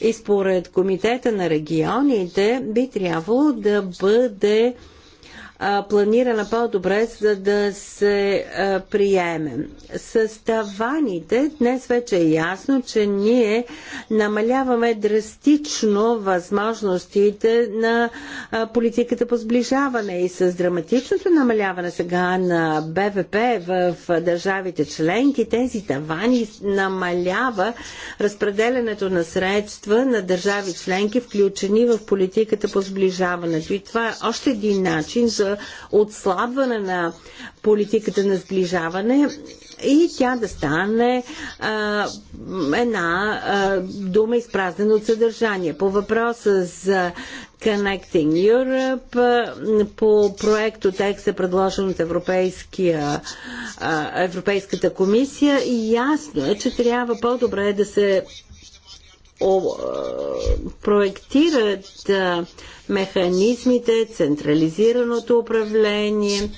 Speaker 1: и според Комитета на регионите, би трябвало да бъде планирана по-добре, за да се приеме. С таваните днес вече е ясно, че ние намаляваме драстично възможностите на политиката по сближаване и с драматичното намаляване сега на БВП в държавите членки, тези тавани намалява разпределянето на средства на държави членки, включени в политиката по сближаването. И това е още един начин за отслабване на политиката на сближаване и тя да стане а, една а, дума изпразнена от съдържание. По въпроса за Connecting Europe по проекто текста, предложен от Европейския, Европейската комисия. И ясно е, че трябва по-добре да се е, проектират е, механизмите, централизираното управление,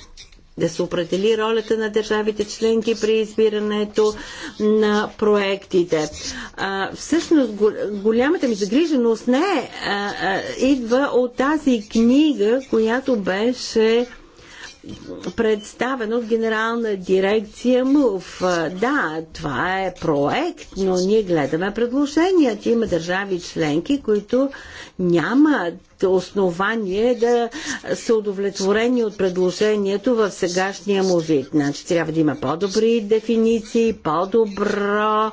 Speaker 1: да се определи ролята на държавите членки при избирането на проектите. А, всъщност, голямата ми загриженост не е, а, е, а, идва от тази книга, която беше представен от генерална дирекция МУВ. Да, това е проект, но ние гледаме предложенията. Има държави членки, които нямат основание да са удовлетворени от предложението в сегашния му вид. Значи трябва да има по-добри дефиниции, по-добро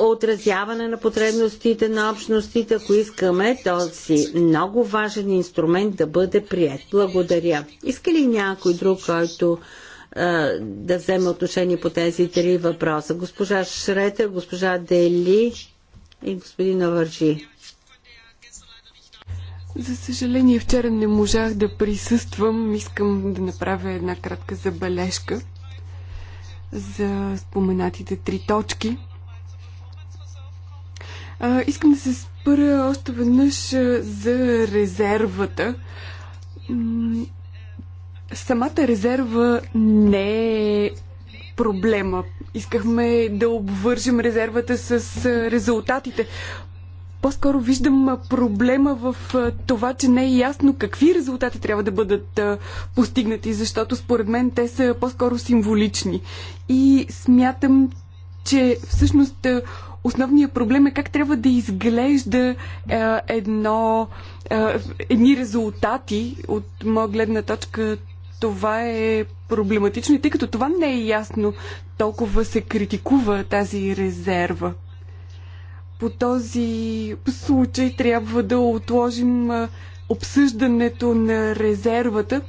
Speaker 1: отразяване на потребностите на общностите, ако искаме този много важен инструмент да бъде прият. Благодаря. Иска ли някой друг, който да вземе отношение по тези три въпроса. Госпожа Шретер, госпожа Дели и господин Аварджи.
Speaker 3: За съжаление, вчера не можах да присъствам. Искам да направя една кратка забележка за споменатите три точки. А, искам да се спра още веднъж за резервата. Самата резерва не е проблема. Искахме да обвържим резервата с резултатите. По-скоро виждам проблема в това, че не е ясно какви резултати трябва да бъдат постигнати, защото според мен те са по-скоро символични. И смятам, че всъщност основният проблем е как трябва да изглежда едно, едни резултати. От моя гледна точка това е проблематично и тъй като това не е ясно, толкова се критикува тази резерва. По този случай трябва да отложим обсъждането на резервата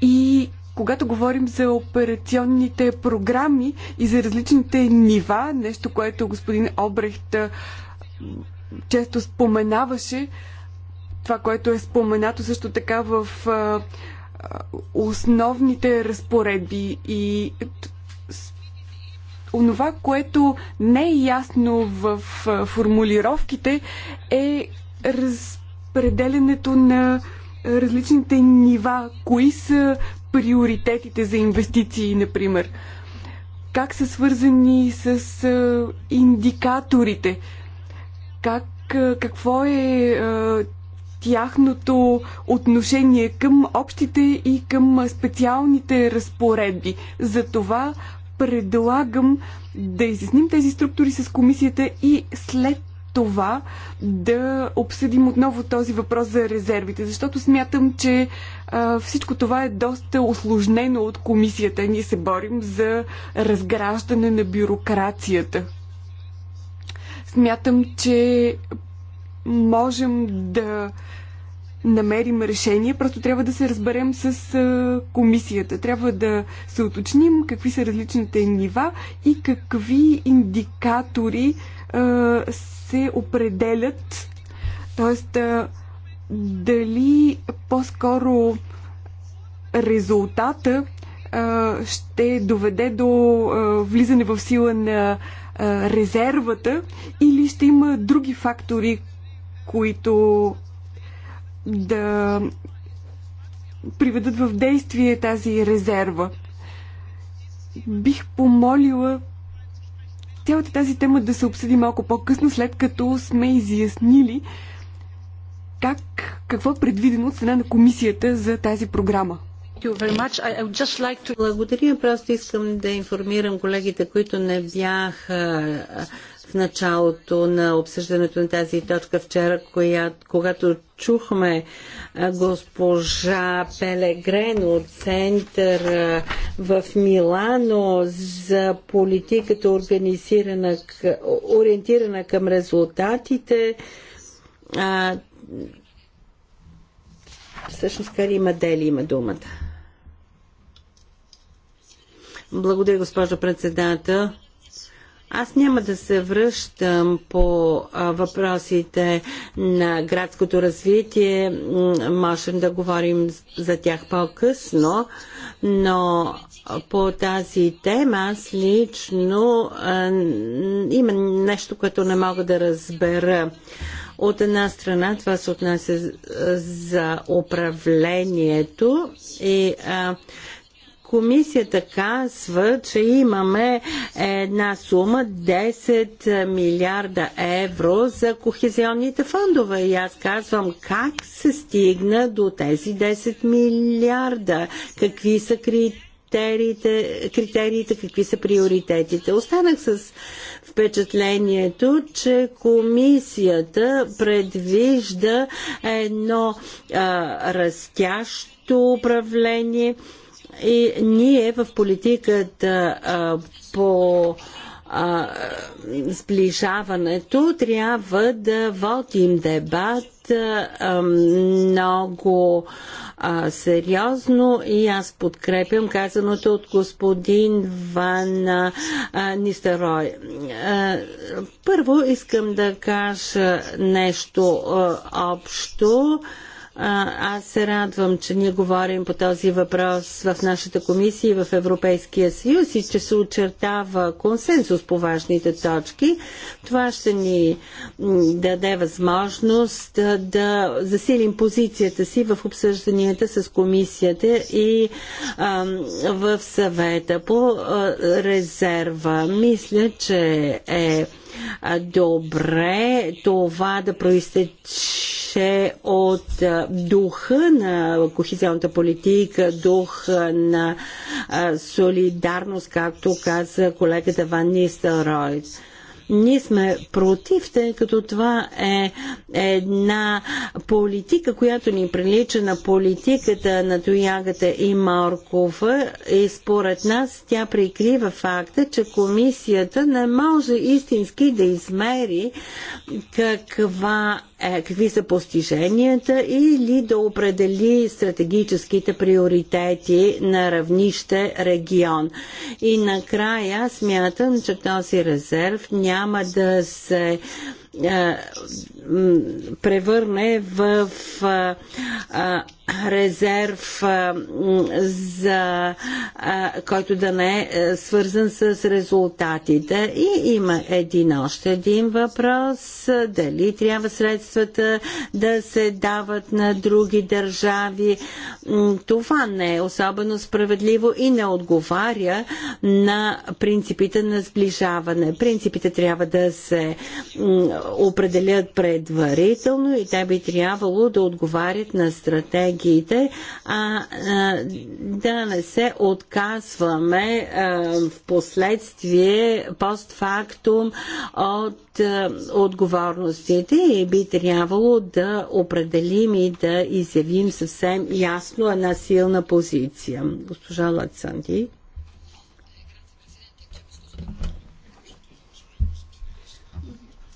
Speaker 3: и когато говорим за операционните програми и за различните нива, нещо, което господин Обрехт често споменаваше, това, което е споменато също така в основните разпоредби и онова, което не е ясно в формулировките е разпределянето на различните нива. Кои са приоритетите за инвестиции, например? Как са свързани с индикаторите? Как, какво е тяхното отношение към общите и към специалните разпоредби. За това предлагам да изясним тези структури с комисията и след това да обсъдим отново този въпрос за резервите, защото смятам, че а, всичко това е доста осложнено от комисията. Ние се борим за разграждане на бюрокрацията. Смятам, че можем да намерим решение, просто трябва да се разберем с комисията. Трябва да се уточним какви са различните нива и какви индикатори се определят. Тоест, дали по-скоро резултата ще доведе до влизане в сила на резервата или ще има други фактори, които да приведат в действие тази резерва. Бих помолила цялата тази тема да се обсъди малко по-късно, след като сме изяснили как, какво е предвидено от страна на комисията за тази програма.
Speaker 1: Благодаря. Просто искам да информирам колегите, които не бяха в началото на обсъждането на тази точка вчера, коя, когато чухме госпожа Пелегрен от Център в Милано за политиката организирана, ориентирана към резултатите. А, всъщност Карима Дели има думата. Благодаря, госпожо председател. Аз няма да се връщам по въпросите на градското развитие. Можем да говорим за тях по-късно, но по тази тема аз лично има нещо, което не мога да разбера. От една страна това се отнася за управлението и а, Комисията казва, че имаме една сума 10 милиарда евро за кохезионните фондове. И аз казвам как се стигна до тези 10 милиарда, какви са критериите, критериите, какви са приоритетите. Останах с впечатлението, че комисията предвижда едно а, растящо управление и ние в политиката а, по а, сближаването трябва да водим дебат а, много а, сериозно и аз подкрепям казаното от господин Ван а, Нистерой. А, първо искам да кажа нещо а, общо. Аз се радвам, че ние говорим по този въпрос в нашата комисия и в Европейския съюз и че се очертава консенсус по важните точки. Това ще ни даде възможност да засилим позицията си в обсъжданията с комисията и в съвета по резерва. Мисля, че е добре това да проистече от а, духа на кохезионната политика, дух на солидарност, както каза колегата Ван Нистелройд. Ние сме против, тъй като това е една политика, която ни прилича на политиката на Тоягата и Маркова и според нас тя прикрива факта, че комисията не може истински да измери каква е, какви са постиженията или да определи стратегическите приоритети на равнище регион. И накрая смятам, че този резерв няма да се е, превърне в резерв, за, който да не е, е свързан с резултатите. И има един още един въпрос. Дали трябва средствата да се дават на други държави? Това не е особено справедливо и не отговаря на принципите на сближаване. Принципите трябва да се определят предварително и те би трябвало да отговарят на стратегиите, а, а да не се отказваме а, в последствие постфактум от а, отговорностите и би трябвало да определим и да изявим съвсем ясно една силна позиция. Госпожа Лаксанди.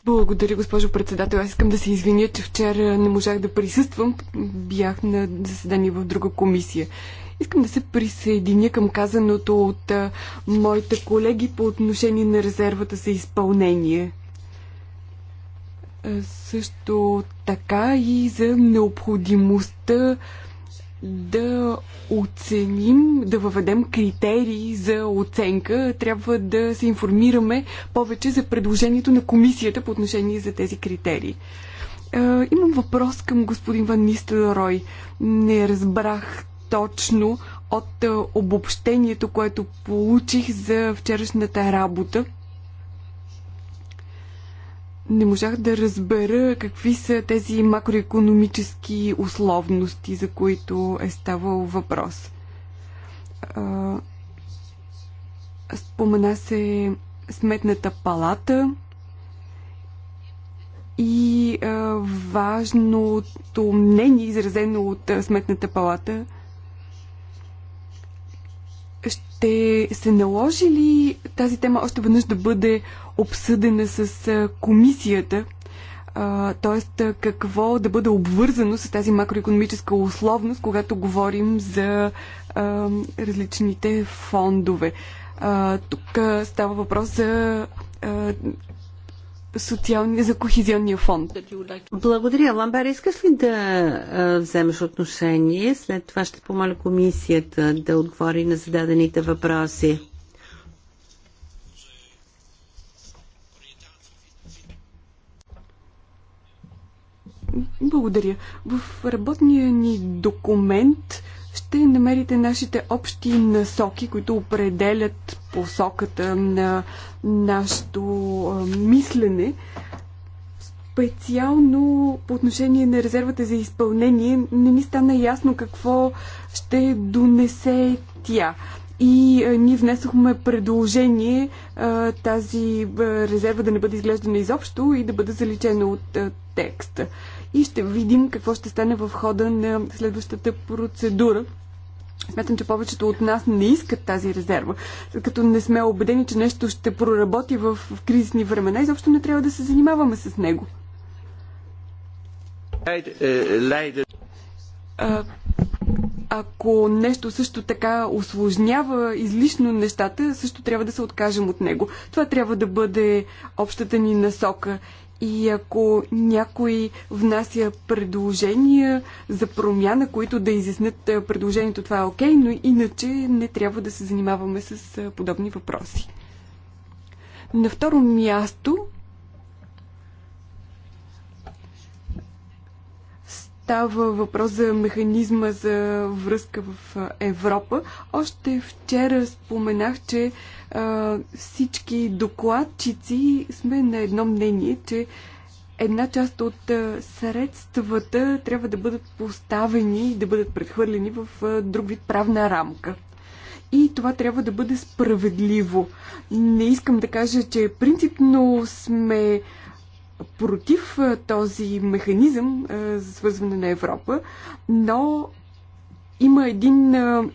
Speaker 3: Благодаря, госпожо председател. Аз искам да се извиня, че вчера не можах да присъствам. Бях на заседание в друга комисия. Искам да се присъединя към казаното от а, моите колеги по отношение на резервата за изпълнение. А, също така и за необходимостта да оценим, да въведем критерии за оценка. Трябва да се информираме повече за предложението на комисията по отношение за тези критерии. Имам въпрос към господин Ван Нистелрой. Не разбрах точно от обобщението, което получих за вчерашната работа не можах да разбера какви са тези макроекономически условности, за които е ставал въпрос. Спомена се Сметната палата и важното мнение, изразено от Сметната палата, ще се наложи ли тази тема още веднъж да бъде обсъдена с комисията, т.е. какво да бъде обвързано с тази макроекономическа условност, когато говорим за различните фондове. тук става въпрос
Speaker 1: за а, социални, за кохезионния фонд. Благодаря. Ламбер, искаш ли да вземеш отношение? След това ще помоля комисията да отговори на зададените въпроси.
Speaker 3: Благодаря. В работния ни документ ще намерите нашите общи насоки, които определят посоката на нашето мислене. Специално по отношение на резервата за изпълнение не ни стана ясно какво ще донесе тя. И а, ние внесохме предложение а, тази а, резерва да не бъде изглеждана изобщо и да бъде заличена от а, текста и ще видим какво ще стане в хода на следващата процедура. Смятам, че повечето от нас не искат тази резерва, като не сме убедени, че нещо ще проработи в, в кризисни времена и заобщо не трябва да се занимаваме с него. А, ако нещо също така осложнява излишно нещата, също трябва да се откажем от него. Това трябва да бъде общата ни насока. И ако някой внася предложения за промяна, които да изяснят е, предложението, това е окей, okay, но иначе не трябва да се занимаваме с е, подобни въпроси. На второ място Става въпрос за механизма за връзка в Европа. Още вчера споменах, че всички докладчици сме на едно мнение, че една част от средствата трябва да бъдат поставени и да бъдат предхвърлени в друг вид правна рамка. И това трябва да бъде справедливо. Не искам да кажа, че принципно сме против е, този механизъм е, за свързване на Европа, но има един е,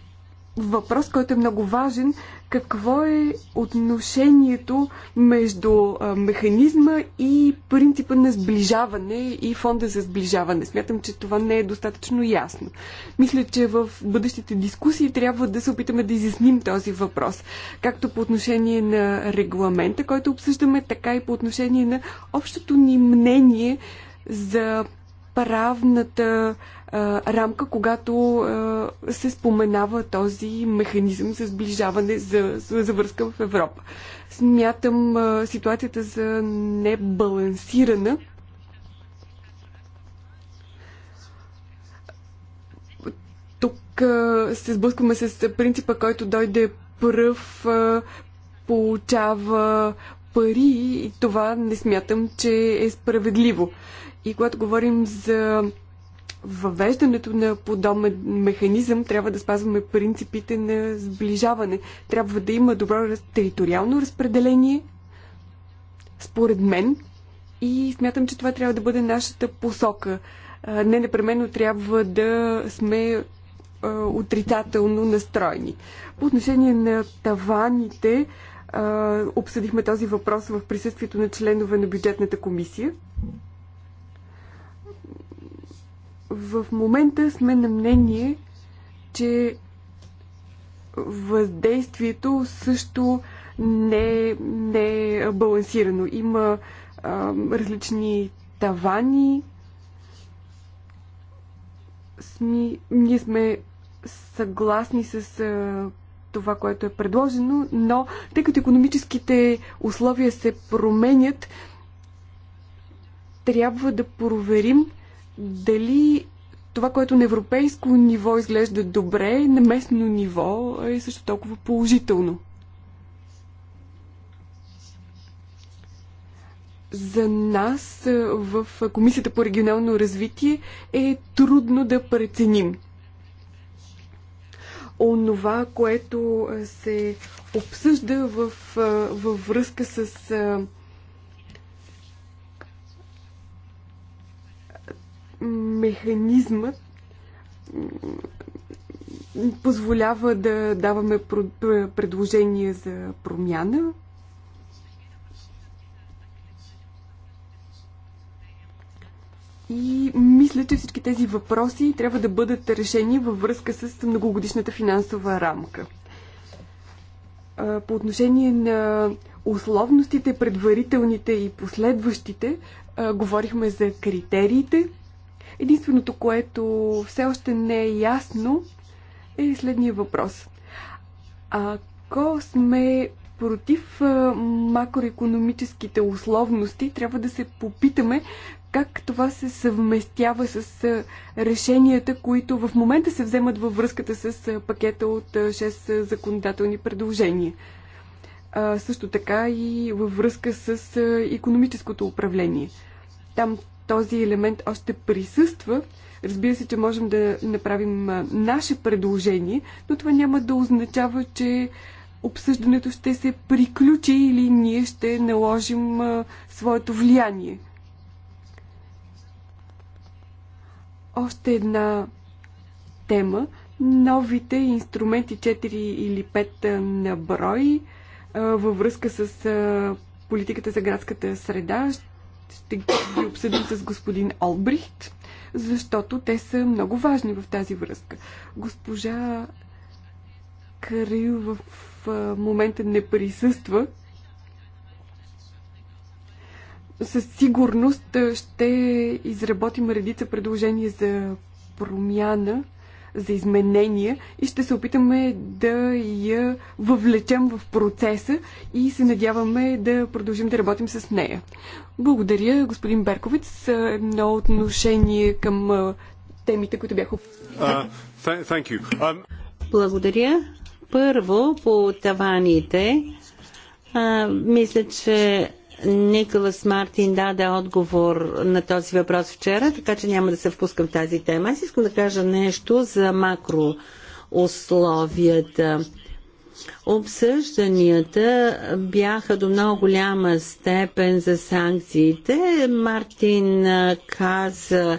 Speaker 3: въпрос, който е много важен какво е отношението между механизма и принципа на сближаване и фонда за сближаване. Смятам, че това не е достатъчно ясно. Мисля, че в бъдещите дискусии трябва да се опитаме да изясним този въпрос. Както по отношение на регламента, който обсъждаме, така и по отношение на общото ни мнение за правната а, рамка, когато а, се споменава този механизъм за сближаване, за, за, за връзка в Европа. Смятам а, ситуацията за небалансирана. Тук а, се сблъскваме с принципа, който дойде пръв, а, получава пари и това не смятам, че е справедливо. И когато говорим за въвеждането на подобен механизъм, трябва да спазваме принципите на сближаване. Трябва да има добро териториално разпределение, според мен, и смятам, че това трябва да бъде нашата посока. Не непременно трябва да сме отрицателно настроени. По отношение на таваните, обсъдихме този въпрос в присъствието на членове на бюджетната комисия. В момента сме на мнение, че въздействието също не, не е балансирано. Има а, различни тавани. Сми, ние сме съгласни с а, това, което е предложено, но тъй като економическите условия се променят, трябва да проверим дали това, което на европейско ниво изглежда добре, на местно ниво е също толкова положително. За нас е, в Комисията по регионално развитие е трудно да преценим. Онова, което е, се обсъжда в, е, във връзка с механизмът позволява да даваме предложения за промяна. И мисля, че всички тези въпроси трябва да бъдат решени във връзка с многогодишната финансова рамка. По отношение на условностите, предварителните и последващите, говорихме за критериите Единственото, което все още не е ясно, е следния въпрос. Ако сме против макроекономическите условности, трябва да се попитаме как това се съвместява с решенията, които в момента се вземат във връзката с пакета от 6 законодателни предложения. А, също така и във връзка с економическото управление. Там този елемент още присъства. Разбира се, че можем да направим наше предложение, но това няма да означава, че обсъждането ще се приключи или ние ще наложим своето влияние. Още една тема. Новите инструменти 4 или 5 на брой във връзка с политиката за градската среда ще ги обсъдим с господин Олбрихт, защото те са много важни в тази връзка. Госпожа Карил в момента не присъства. Със сигурност ще изработим редица предложения за промяна за изменения и ще се опитаме да я въвлечем в процеса и се надяваме да продължим да работим с нея. Благодаря, господин Берковиц. Едно
Speaker 1: отношение към темите, които бяха. Uh, um... Благодаря. Първо по таваните. А, мисля, че Николас Мартин даде отговор на този въпрос вчера, така че няма да се впускам в тази тема. Аз искам да кажа нещо за макроусловията. Обсъжданията бяха до много голяма степен за санкциите. Мартин каза,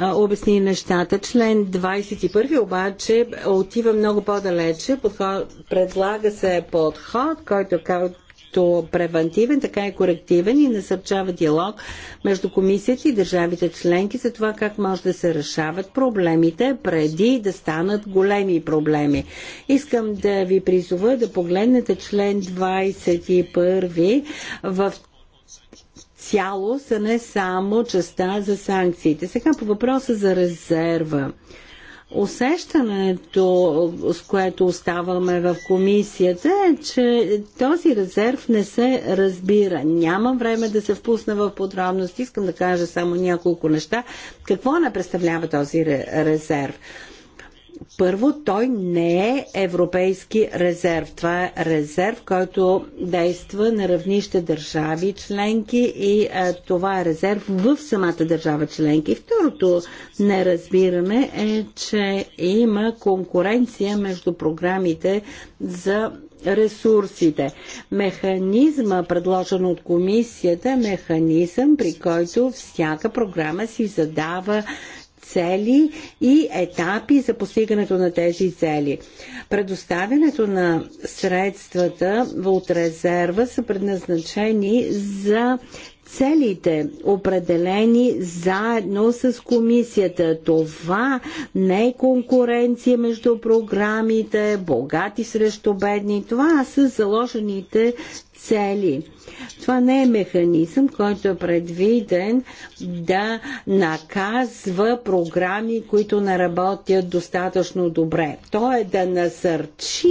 Speaker 1: обясни нещата. Член 21 обаче отива много по-далече. Предлага се подход, който както превентивен, така и корективен и насърчава диалог между комисията и държавите членки за това как може да се решават проблемите преди да станат големи проблеми. Искам да ви призова да погледнете член 21 в цялост, а не само частта за санкциите. Сега по въпроса за резерва. Усещането, с което оставаме в комисията е, че този резерв не се разбира. Няма време да се впусна в подробности. Искам да кажа само няколко неща. Какво не представлява този резерв? Първо, той не е европейски резерв. Това е резерв, който действа на равнище държави членки и а, това е резерв в самата държава членки. Второто неразбиране е, че има конкуренция между програмите за ресурсите. Механизма, предложен от комисията, е механизъм, при който всяка програма си задава цели и етапи за постигането на тези цели. Предоставянето на средствата от резерва са предназначени за целите, определени заедно с комисията. Това не е конкуренция между програмите, богати срещу бедни. Това са заложените цели. Това не е механизъм, който е предвиден да наказва програми, които не работят достатъчно добре. То е да насърчи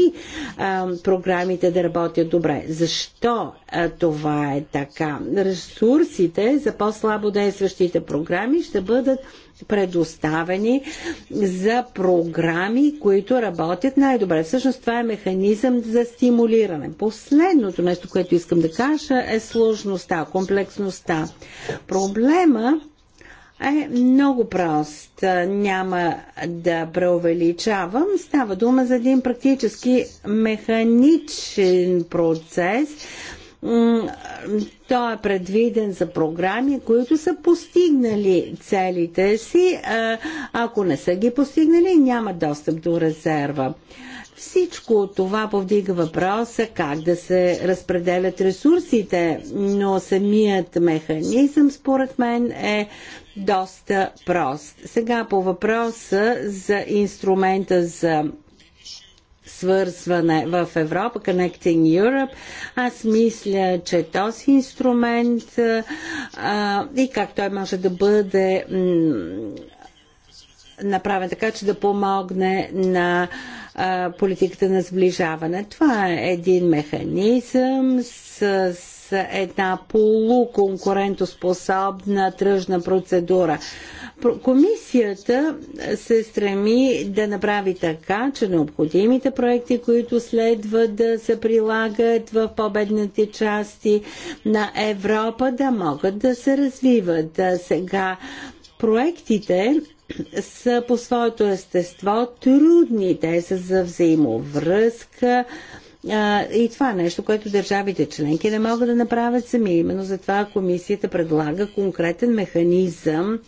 Speaker 1: а, програмите да работят добре. Защо а, това е така? Ресурсите за по-слабо действащите програми ще бъдат предоставени за програми, които работят най-добре. Всъщност това е механизъм за стимулиране. Последното нещо, което искам да кажа е сложността, комплексността. Проблема е много прост. Няма да преувеличавам. Става дума за един практически механичен процес, той е предвиден за програми, които са постигнали целите си. Ако не са ги постигнали, няма достъп до резерва. Всичко това повдига въпроса как да се разпределят ресурсите, но самият механизъм, според мен, е доста прост. Сега по въпроса за инструмента за свързване в Европа, Connecting Europe. Аз мисля, че този инструмент а, и как той може да бъде направен така, че да помогне на а, политиката на сближаване. Това е един механизъм с, с една полуконкурентоспособна тръжна процедура. Комисията се стреми да направи така, че необходимите проекти, които следва да се прилагат в победните части на Европа, да могат да се развиват. Сега проектите са по своето естество трудни, те са за взаимовръзка и това е нещо, което държавите членки не могат да направят сами. Именно затова комисията предлага конкретен механизъм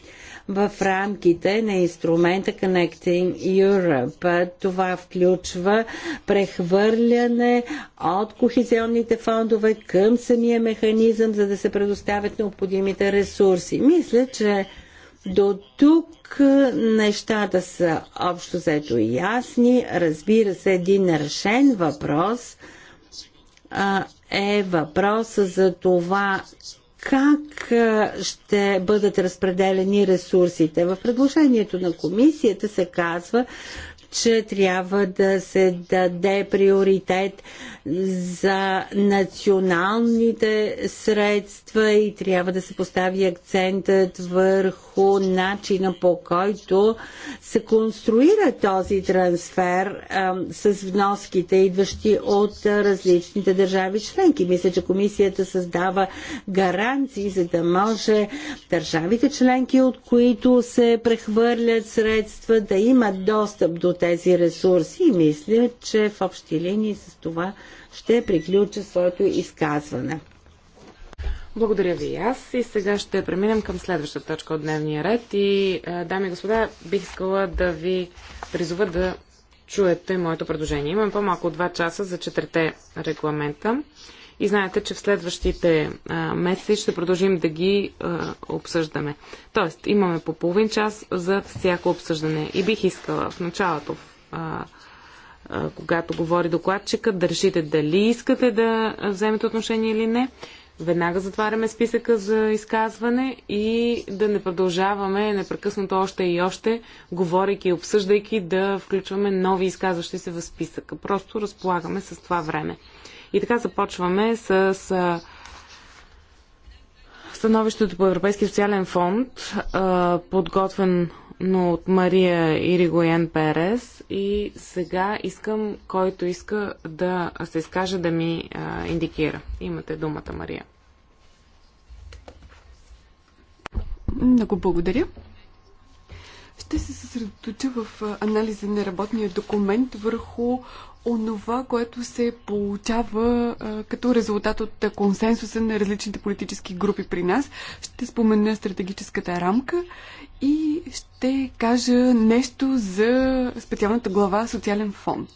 Speaker 1: в рамките на инструмента Connecting Europe. Това включва прехвърляне от кохезионните фондове към самия механизъм, за да се предоставят необходимите ресурси. Мисля, че до тук е, нещата са общо взето ясни. Разбира се, един решен въпрос а, е въпроса за това как ще бъдат разпределени ресурсите. В предложението на комисията се казва, че трябва да се даде приоритет за националните средства и трябва да се постави акцентът върху начина по който се конструира този трансфер а, с вноските, идващи от различните държави членки. Мисля, че комисията създава гаранции, за да може държавите членки, от които се прехвърлят средства, да имат достъп до тези ресурси. И мисля,
Speaker 2: че в общи линии с това ще приключа своето изказване. Благодаря ви и аз. И сега ще преминем към следващата точка от дневния ред. И, е, дами и господа, бих искала да ви призова да чуете моето предложение. Имам по-малко от 2 часа за четирите регламента. И знаете, че в следващите а, е, месеци ще продължим да ги а, е, обсъждаме. Тоест, имаме по половин час за всяко обсъждане. И бих искала в началото, в, а, когато говори докладчика, да решите дали искате да вземете отношение или не. Веднага затваряме списъка за изказване и да не продължаваме непрекъснато още и още, говорейки и обсъждайки, да включваме нови изказващи се в списъка. Просто разполагаме с това време. И така започваме с становището по Европейския социален фонд, подготвен но от Мария Иригоен Перес и сега искам, който иска да се изкаже, да ми а, индикира. Имате думата, Мария.
Speaker 3: Много благодаря. Ще се съсредоточа в анализа на работния документ върху онова, което се получава а, като резултат от консенсуса на различните политически групи при нас. Ще спомена стратегическата рамка и ще кажа нещо за специалната глава Социален фонд.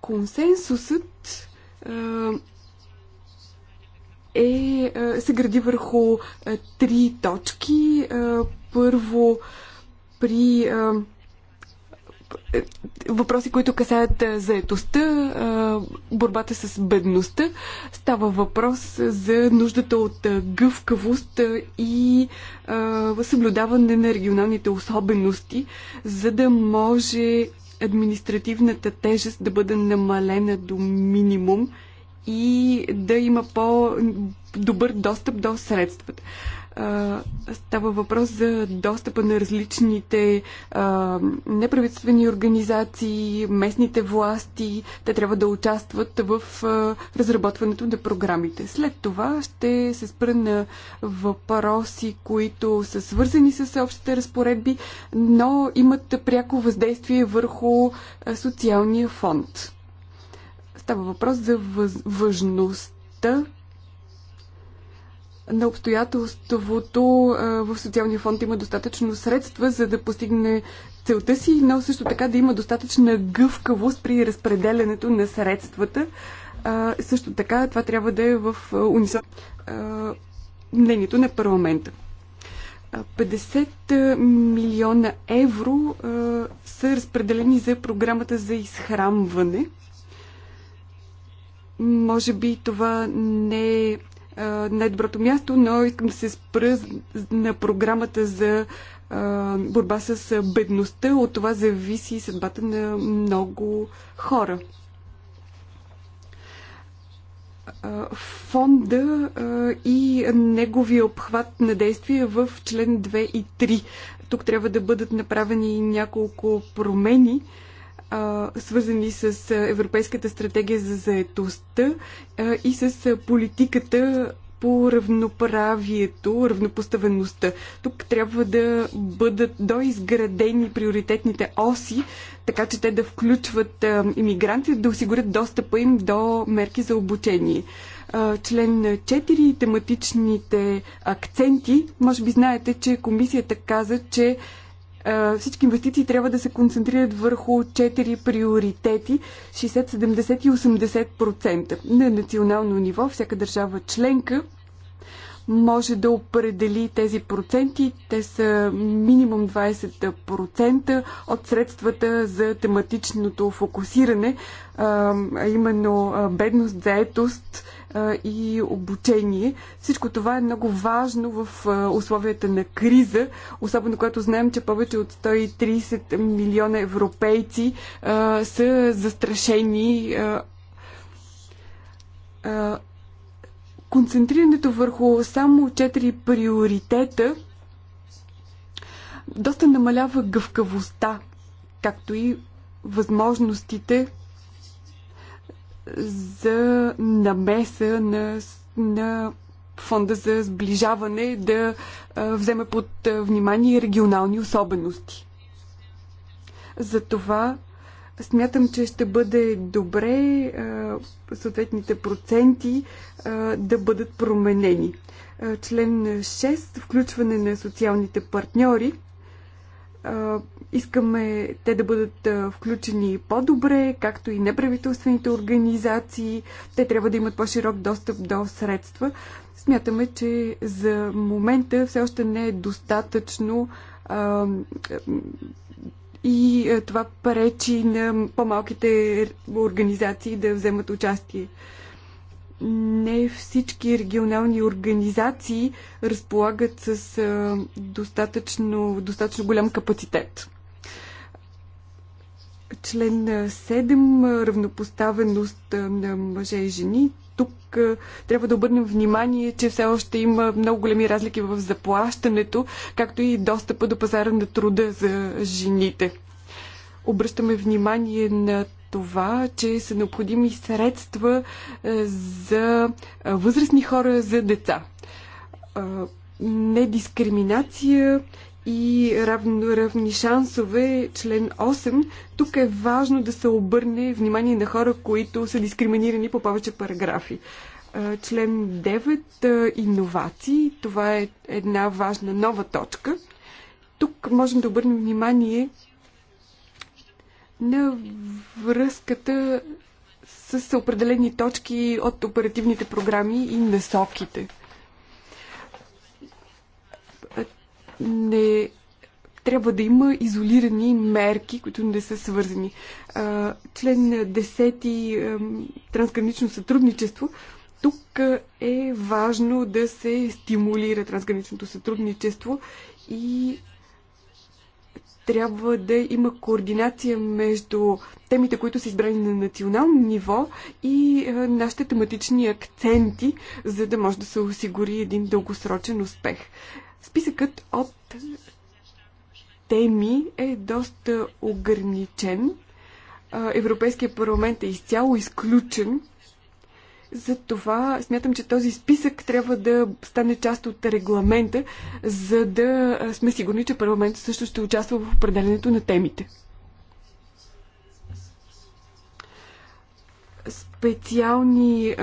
Speaker 3: Консенсусът е, се гради върху три точки. Първо, при е, въпроси, които касаят е, заетостта, е, борбата с бедността. Става въпрос за нуждата от гъвкавост и съблюдаване на регионалните особености, за да може административната тежест да бъде намалена до минимум и да има по-добър достъп до средствата. Става въпрос за достъпа на различните а, неправителствени организации, местните власти. Те трябва да участват в а, разработването на програмите. След това ще се спра на въпроси, които са свързани с общите разпоредби, но имат пряко въздействие върху а, социалния фонд. Става въпрос за въз... важността на обстоятелството в социалния фонд има достатъчно средства, за да постигне целта си, но също така да има достатъчна гъвкавост при разпределянето на средствата. А, също така това трябва да е в унисон мнението на парламента. 50 милиона евро а, са разпределени за програмата за изхрамване. Може би това не е най-доброто място, но искам да се спра на програмата за борба с бедността. От това зависи съдбата на много хора. Фонда и неговия обхват на действие в член 2 и 3. Тук трябва да бъдат направени няколко промени свързани с Европейската стратегия за заетостта и с политиката по равноправието, равнопоставеността. Тук трябва да бъдат доизградени приоритетните оси, така че те да включват иммигранти, да осигурят достъпа им до мерки за обучение. Член 4 тематичните акценти. Може би знаете, че комисията каза, че всички инвестиции трябва да се концентрират върху 4 приоритети 60, 70 и 80%. На национално ниво всяка държава членка може да определи тези проценти. Те са минимум 20% от средствата за тематичното фокусиране, а именно бедност, заетост, и обучение. Всичко това е много важно в условията на криза, особено когато знаем, че повече от 130 милиона европейци са застрашени концентрирането върху само четири приоритета доста намалява гъвкавостта, както и възможностите за намеса на, на фонда за сближаване да вземе под внимание регионални особености. Затова смятам, че ще бъде добре съответните проценти да бъдат променени. Член 6 включване на социалните партньори Искаме те да бъдат включени по-добре, както и неправителствените организации. Те трябва да имат по-широк достъп до средства. Смятаме, че за момента все още не е достатъчно а, и това пречи на по-малките организации да вземат участие. Не всички регионални организации разполагат с достатъчно, достатъчно голям капацитет. Член 7 равнопоставеност на мъже и жени. Тук трябва да обърнем внимание, че все още има много големи разлики в заплащането, както и достъпа до пазара на труда за жените. Обръщаме внимание на това, че са необходими средства за възрастни хора, за деца недискриминация и равно, равни шансове, член 8, тук е важно да се обърне внимание на хора, които са дискриминирани по повече параграфи. Член 9 иновации. Това е една важна нова точка. Тук можем да обърнем внимание на връзката с определени точки от оперативните програми и насоките. не трябва да има изолирани мерки, които не са свързани. Член 10 трансгранично сътрудничество. Тук е важно да се стимулира трансграничното сътрудничество и трябва да има координация между темите, които са избрани на национално ниво и нашите тематични акценти, за да може да се осигури един дългосрочен успех. Списъкът от теми е доста ограничен. Европейския парламент е изцяло изключен. Затова смятам, че този списък трябва да стане част от регламента, за да сме сигурни, че парламентът също ще участва в определенето на темите. Специални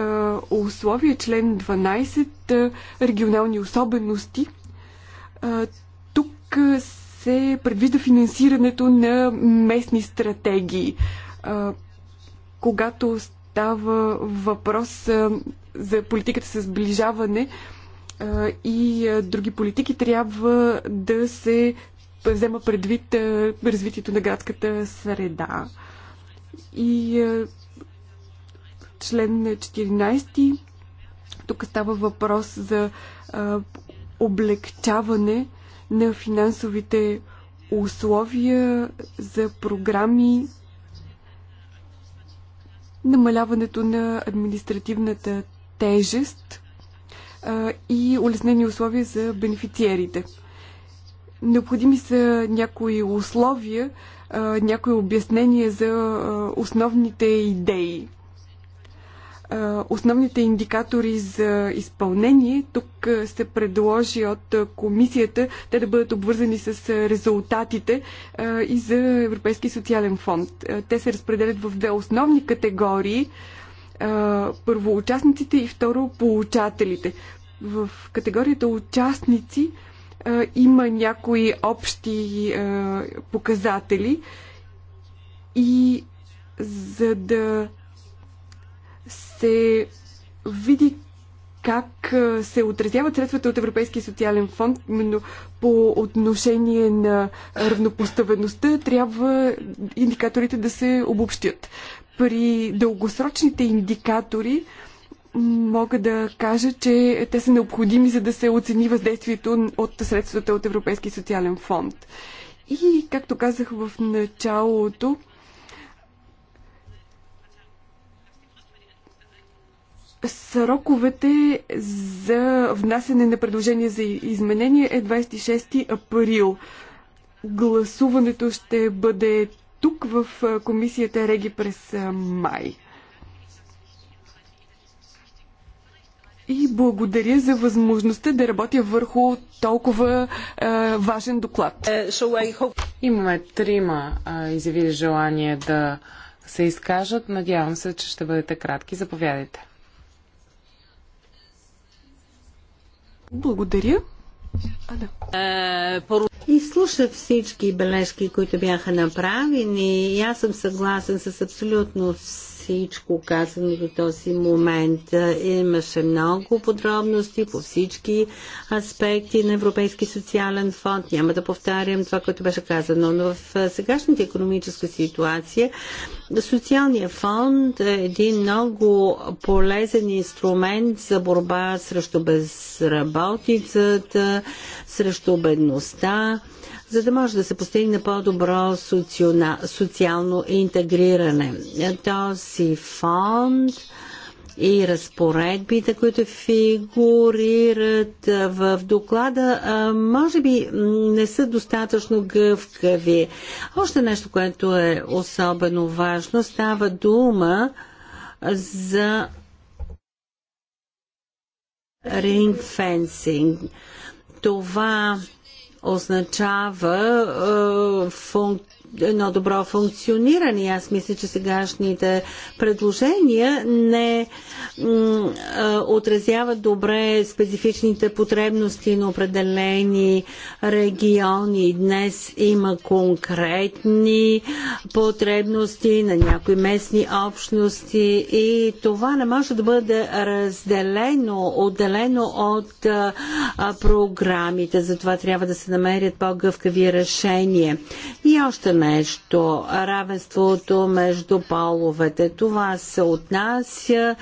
Speaker 3: условия, член 12, регионални особености – тук се предвижда финансирането на местни стратегии. Когато става въпрос за политиката с сближаване и други политики, трябва да се взема предвид развитието на градската среда. И член 14. Тук става въпрос за облегчаване на финансовите условия за програми, намаляването на административната тежест а, и улеснени условия за бенефициерите. Необходими са някои условия, а, някои обяснения за а, основните идеи основните индикатори за изпълнение. Тук се предложи от комисията те да бъдат обвързани с резултатите и за Европейски социален фонд. Те се разпределят в две основни категории. Първо участниците и второ получателите. В категорията участници има някои общи показатели и за да се види как се отразяват средствата от Европейския социален фонд, но по отношение на равнопоставеността трябва индикаторите да се обобщят. При дългосрочните индикатори мога да кажа, че те са необходими, за да се оцени въздействието от средствата от Европейския социален фонд. И, както казах в началото, Сроковете за внасене на предложение за изменение е 26 април. Гласуването ще бъде тук в комисията Реги през май. И благодаря
Speaker 2: за възможността да работя върху толкова е, важен доклад. Е, Имаме трима е, изявили желание да се изкажат. Надявам се, че ще бъдете кратки. Заповядайте. Благодаря.
Speaker 1: А, да. И слушах всички бележки, които бяха направени. И аз съм съгласен с абсолютно всички всичко казано до този момент. Имаше много подробности по всички аспекти на Европейски социален фонд. Няма да повтарям това, което беше казано, но в сегашната економическа ситуация Социалният фонд е един много полезен инструмент за борба срещу безработицата, срещу бедността за да може да се постигне по-добро социално интегриране. Този фонд и разпоредбите, които фигурират в доклада, може би не са достатъчно гъвкави. Още нещо, което е особено важно, става дума за ринг фенсинг. Това означава е, функция едно добро функциониране. Аз мисля, че сегашните предложения не отразяват добре специфичните потребности на определени региони. Днес има конкретни потребности на някои местни общности и това не може да бъде разделено, отделено от а, програмите. Затова трябва да се намерят по-гъвкави решения. И още нещо. Равенството между половете. Това се отнася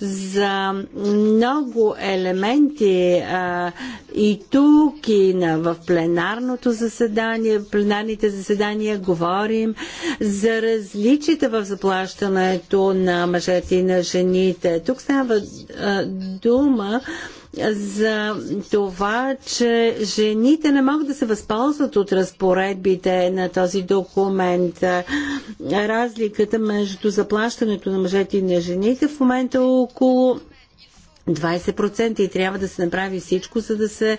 Speaker 1: за много елементи а, и тук, и на, в пленарното заседание, пленарните заседания говорим за различията в заплащането на мъжете и на жените. Тук става а, дума за това, че жените не могат да се възползват от разпоредбите на този документ. Разликата между заплащането на мъжете и на жените в момента е около 20% и трябва да се направи всичко, за да се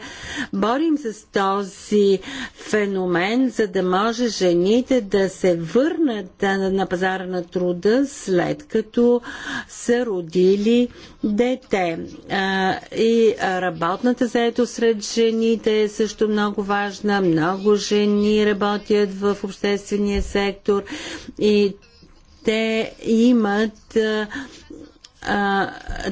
Speaker 1: борим с този феномен, за да може жените да се върнат на пазара на труда след като са родили дете. И работната заето сред жените е също много важна. Много жени работят в обществения сектор и те имат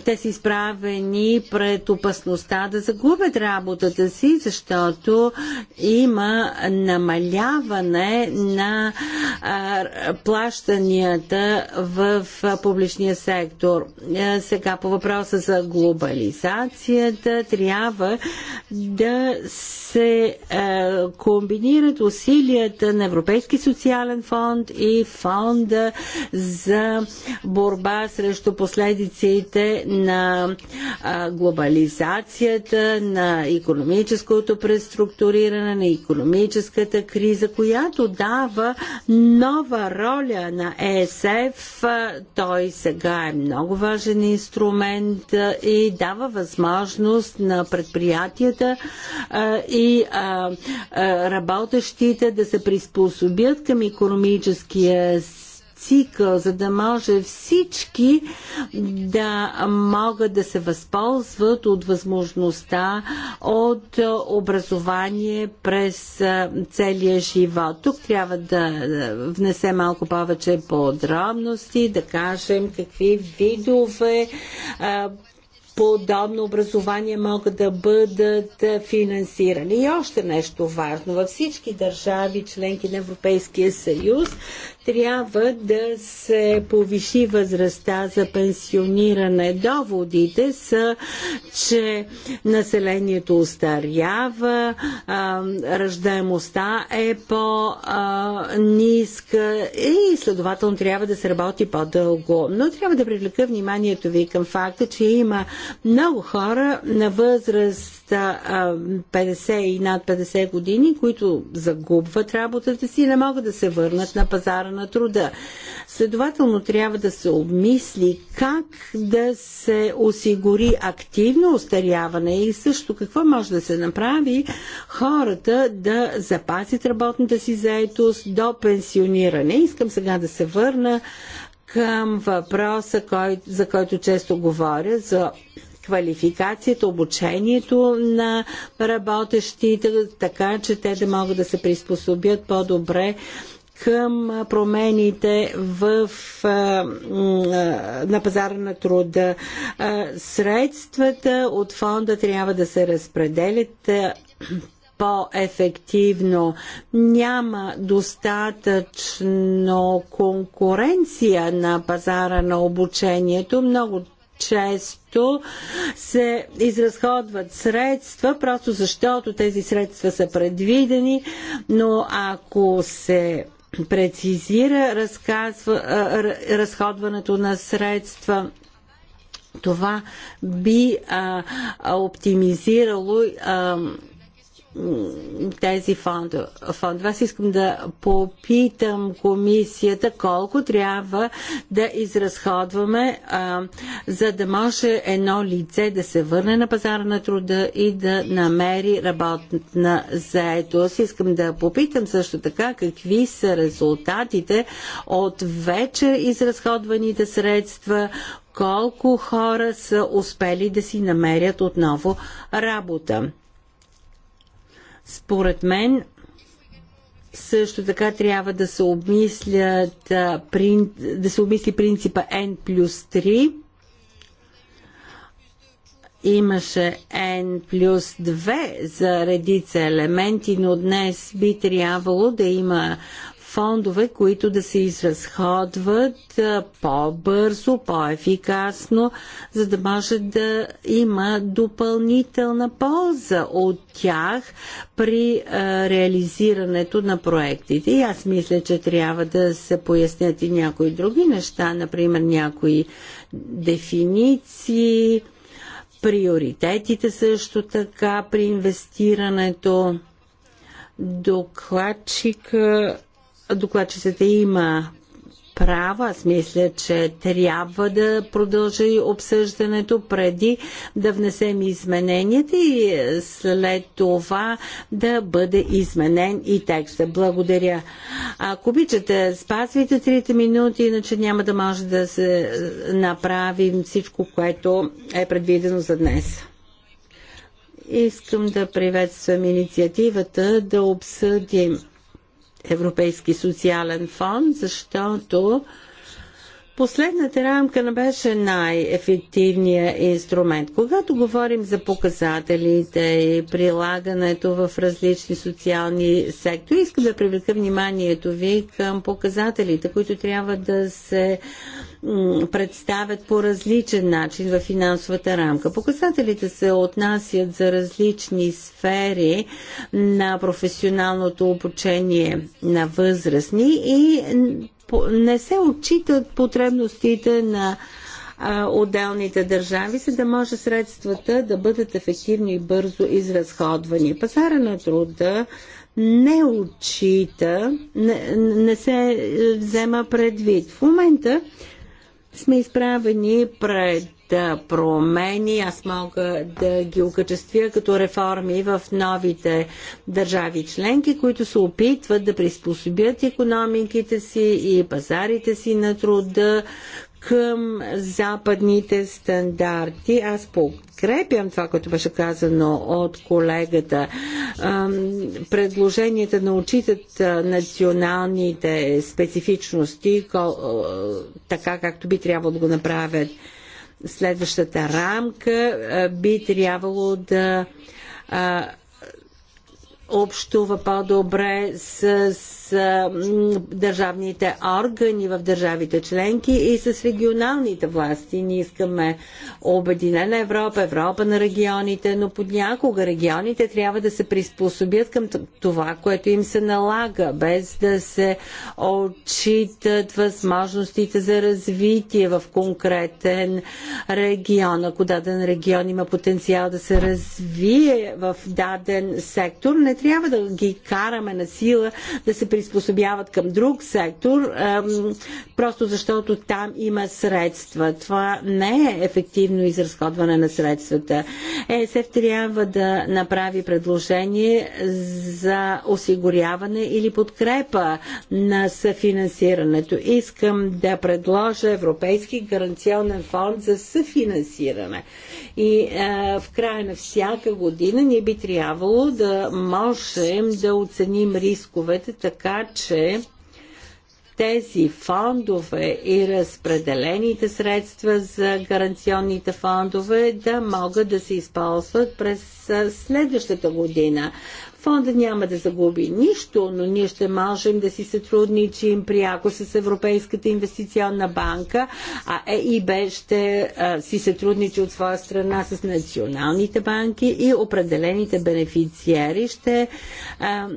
Speaker 1: те са изправени пред опасността да загубят работата си, защото има намаляване на а, плащанията в публичния сектор. А, сега по въпроса за глобализацията трябва да се а, комбинират усилията на Европейски социален фонд и фонда за борба срещу последиците последиците на глобализацията, на економическото преструктуриране, на економическата криза, която дава нова роля на ЕСФ. Той сега е много важен инструмент и дава възможност на предприятията и работещите да се приспособят към економическия цикъл, за да може всички да могат да се възползват от възможността от образование през целия живот. Тук трябва да внесе малко повече подробности, да кажем какви видове подобно образование могат да бъдат финансирани. И още нещо важно. Във всички държави, членки на Европейския съюз, трябва да се повиши възрастта за пенсиониране. Доводите са, че населението остарява, ръждаемостта е по-ниска и следователно трябва да се работи по-дълго. Но трябва да привлека вниманието ви към факта, че има много хора на възраст 50 и над 50 години, които загубват работата си и не могат да се върнат на пазара на труда. Следователно трябва да се обмисли как да се осигури активно остаряване и също какво може да се направи хората да запазят работната си заетост до пенсиониране. Искам сега да се върна към въпроса, кой, за който често говоря, за квалификацията, обучението на работещите, така че те да могат да се приспособят по-добре към промените в, на пазара на труда. Средствата от фонда трябва да се разпределят по-ефективно. Няма достатъчно конкуренция на пазара на обучението. Много често се изразходват средства, просто защото тези средства са предвидени, но ако се прецизира разказва, разходването на средства това би а, оптимизирало а, тези фондове. Аз искам да попитам комисията колко трябва да изразходваме, а, за да може едно лице да се върне на пазара на труда и да намери работна заетост. Искам да попитам също така какви са резултатите от вече изразходваните средства, колко хора са успели да си намерят отново работа. Според мен също така трябва да се, обмислят, да се обмисли принципа N плюс 3. Имаше N плюс 2 за редица елементи, но днес би трябвало да има фондове, които да се изразходват по-бързо, по-ефикасно, за да може да има допълнителна полза от тях при реализирането на проектите. И аз мисля, че трябва да се пояснят и някои други неща, например някои дефиниции, приоритетите също така при инвестирането докладчика Докладчицата има права. Аз мисля, че трябва да продължи обсъждането преди да внесем измененията и след това да бъде изменен и текста. Благодаря. Ако обичате, спазвайте трите минути, иначе няма да може да се направим всичко, което е предвидено за днес. Искам да приветствам инициативата да обсъдим Европейски социален фонд, защото Последната рамка не беше най-ефективният инструмент. Когато говорим за показателите и прилагането в различни социални сектори, искам да привлека вниманието ви към показателите, които трябва да се представят по различен начин в финансовата рамка. Показателите се отнасят за различни сфери на професионалното обучение на възрастни и не се отчитат потребностите на отделните държави, за да може средствата да бъдат ефективно и бързо изразходвани. Пазара на труда не отчита, не, не се е, взема предвид. В момента сме изправени пред промени. Аз мога да ги окачествя като реформи в новите държави членки, които се опитват да приспособят економиките си и пазарите си на труда към западните стандарти. Аз подкрепям това, което беше казано от колегата. Предложенията на учитат националните специфичности, така както би трябвало да го направят. Следващата рамка би трябвало да общува по-добре с държавните органи в държавите членки и с регионалните власти. Ние искаме обединена Европа, Европа на регионите, но поднякога регионите трябва да се приспособят към това, което им се налага, без да се отчитат възможностите за развитие в конкретен регион. Ако даден регион има потенциал да се развие в даден сектор, не трябва да ги караме на сила да се приспособят приспособяват към друг сектор, просто защото там има средства. Това не е ефективно изразходване на средствата. Е, ЕСФ трябва да направи предложение за осигуряване или подкрепа на съфинансирането. Искам да предложа Европейски гаранционен фонд за съфинансиране. И в края на всяка година ние би трябвало да можем да оценим рисковете така, така че тези фондове и разпределените средства за гаранционните фондове да могат да се използват през следващата година. Фонда няма да загуби нищо, но ние ще можем да си сътрудничим пряко с Европейската инвестиционна банка, а ЕИБ ще а, си сътрудничи от своя страна с националните банки и определените бенефициери ще а,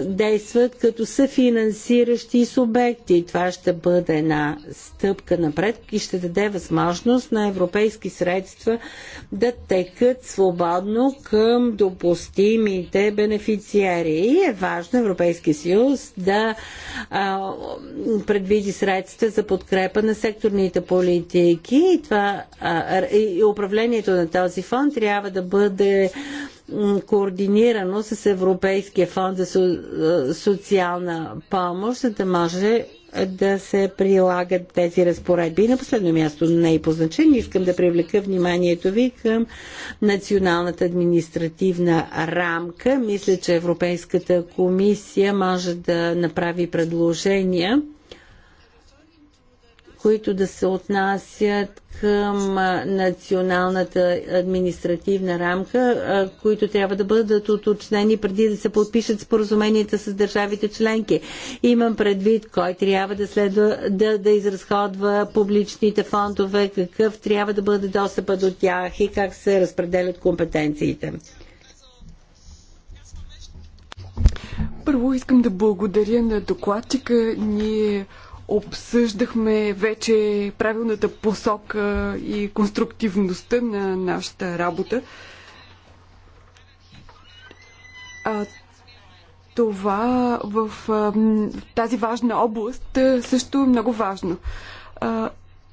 Speaker 1: действат като съфинансиращи субекти. Това ще бъде една стъпка напред и ще даде възможност на европейски средства да текат свободно към допустимите бенефициери бенефициари. И е важно Европейския съюз да а, предвиди средства за подкрепа на секторните политики и, това, а, и управлението на този фонд трябва да бъде координирано с Европейския фонд за социална помощ, за да може да се прилагат тези разпоредби. И на последно място, не и по значение, искам да привлека вниманието ви към националната административна рамка. Мисля, че Европейската комисия може да направи предложения които да се отнасят към националната административна рамка, които трябва да бъдат уточнени преди да се подпишат споразуменията с държавите членки. Имам предвид кой трябва да следва да, да изразходва публичните фондове, какъв трябва да бъде достъпа до тях и как се разпределят компетенциите.
Speaker 3: Първо искам да благодаря на докладчика. Ние Обсъждахме вече правилната посока и конструктивността на нашата работа. А, това в, в тази важна област също е много важно.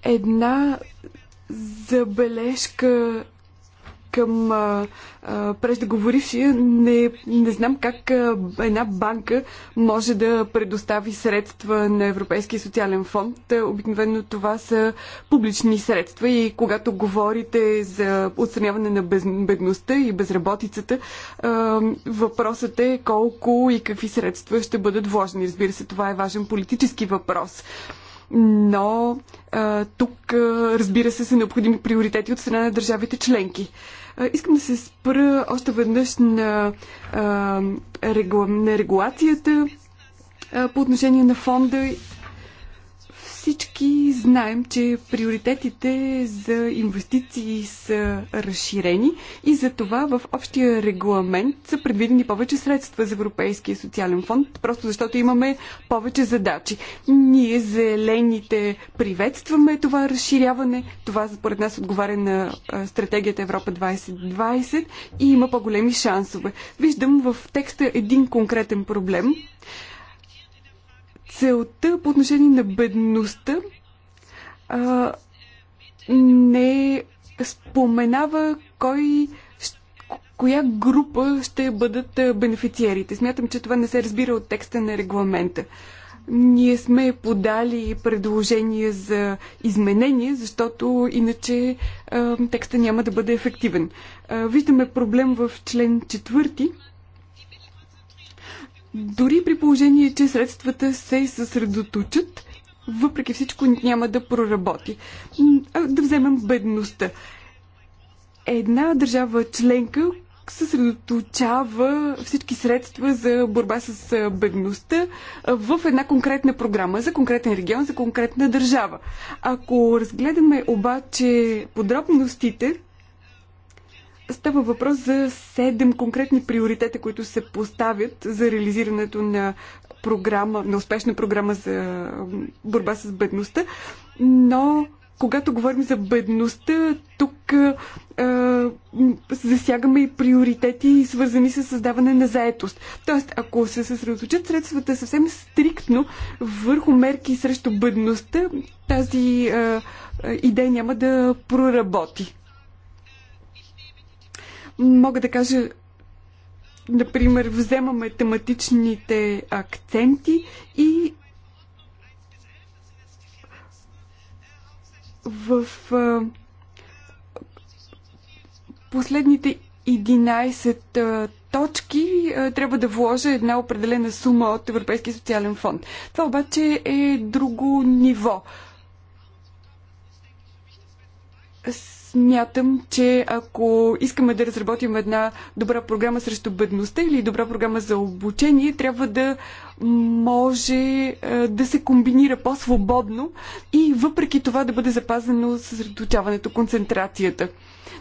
Speaker 3: Една забележка към а, а, преждеговорившия. Не, не знам как а, една банка може да предостави средства на Европейския социален фонд. Обикновено това са публични средства и когато говорите за отстраняване на без, бедността и безработицата, а, въпросът е колко и какви средства ще бъдат вложени. Разбира се, това е важен политически въпрос но а, тук, а, разбира се, са необходими приоритети от страна на държавите членки. Искам да се спра още веднъж на, на регулацията по отношение на фонда всички знаем, че приоритетите за инвестиции са разширени и за това в общия регламент са предвидени повече средства за Европейския социален фонд, просто защото имаме повече задачи. Ние, зелените, приветстваме това разширяване. Това, според нас, отговаря на стратегията Европа 2020 и има по-големи шансове. Виждам в текста един конкретен проблем целта по отношение на бедността а, не споменава кой коя група ще бъдат бенефициерите. Смятам, че това не се разбира от текста на регламента. Ние сме подали предложение за изменение, защото иначе а, текста няма да бъде ефективен. А, виждаме проблем в член четвърти, дори при положение, че средствата се съсредоточат, въпреки всичко няма да проработи. Да вземем бедността. Една държава членка съсредоточава всички средства за борба с бедността в една конкретна програма, за конкретен регион, за конкретна държава. Ако разгледаме обаче подробностите, Става въпрос за седем конкретни приоритета, които се поставят за реализирането на програма, на успешна програма за борба с бедността, но когато говорим за бедността, тук а, засягаме и приоритети, свързани с създаване на заетост. Тоест, ако се съсредоточат средствата съвсем стриктно върху мерки срещу бедността, тази а, идея няма да проработи. Мога да кажа, например, вземаме тематичните акценти и в последните 11 точки трябва да вложа една определена сума от Европейския социален фонд. Това обаче е друго ниво Смятам, че ако искаме да разработим една добра програма срещу бедността или добра програма за обучение, трябва да може е, да се комбинира по-свободно и въпреки това да бъде запазено съсредоточаването, концентрацията.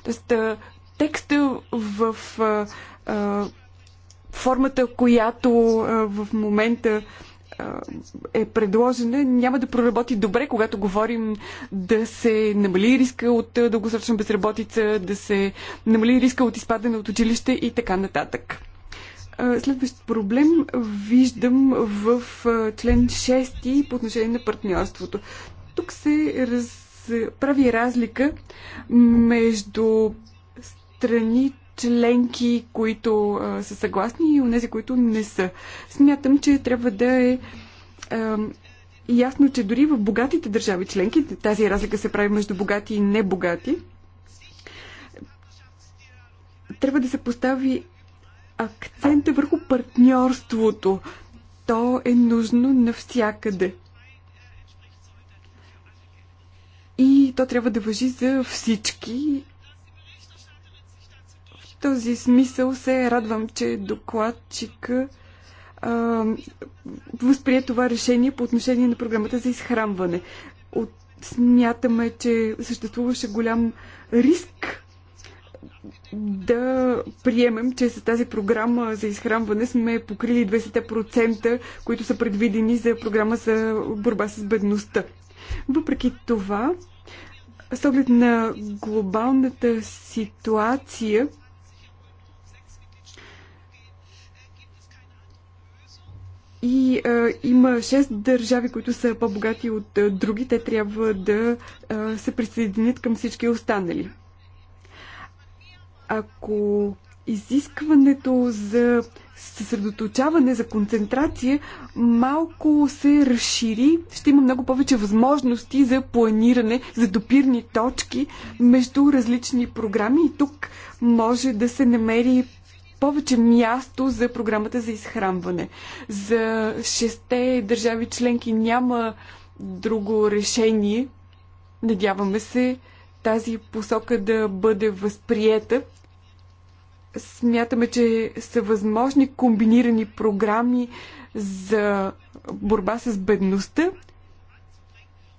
Speaker 3: Тоест, е, текста в е, формата, която в момента е предложена, няма да проработи добре, когато говорим да се намали риска от дългосрочна безработица, да се намали риска от изпадане от училище и така нататък. Следващ проблем виждам в член 6 по отношение на партньорството. Тук се раз... прави разлика между страните членки, които а, са съгласни и онези, които не са. Смятам, че трябва да е а, ясно, че дори в богатите държави членки, тази разлика се прави между богати и небогати, трябва да се постави акцента върху партньорството. То е нужно навсякъде. И то трябва да въжи за всички този смисъл се радвам, че докладчик а, възприе това решение по отношение на програмата за изхранване. От, смятаме, че съществуваше голям риск да приемем, че с тази програма за изхранване сме покрили 20%, които са предвидени за програма за борба с бедността. Въпреки това, с оглед на глобалната ситуация, И а, има 6 държави, които са по-богати от а, други. Те трябва да а, се присъединят към всички останали. Ако изискването за съсредоточаване, за концентрация малко се разшири. Ще има много повече възможности за планиране, за допирни точки между различни програми и тук може да се намери повече място за програмата за изхранване. За шесте държави членки няма друго решение. Надяваме се тази посока да бъде възприета. Смятаме, че са възможни комбинирани програми за борба с бедността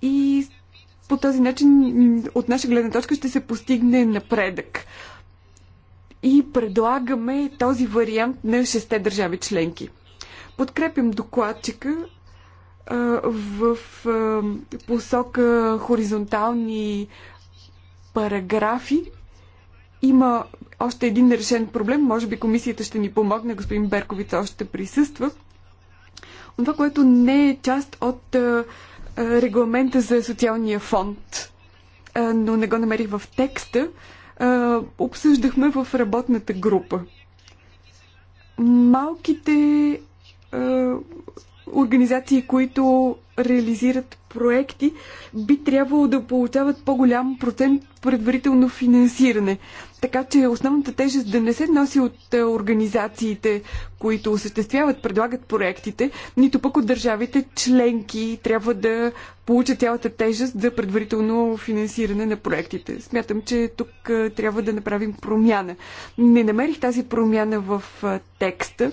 Speaker 3: и по този начин от наша гледна точка ще се постигне напредък и предлагаме този вариант на шесте държави членки. Подкрепим докладчика в посока хоризонтални параграфи. Има още един решен проблем. Може би комисията ще ни помогне. Господин Берковиц още присъства. Това, което не е част от регламента за социалния фонд, но не го намерих в текста, обсъждахме в работната група. Малките организации, които реализират проекти, би трябвало да получават по-голям процент предварително финансиране така че основната тежест да не се носи от е, организациите, които осъществяват, предлагат проектите, нито пък от държавите членки трябва да получат цялата тежест за предварително финансиране на проектите. Смятам, че тук е, трябва да направим промяна. Не намерих тази промяна в е, текста,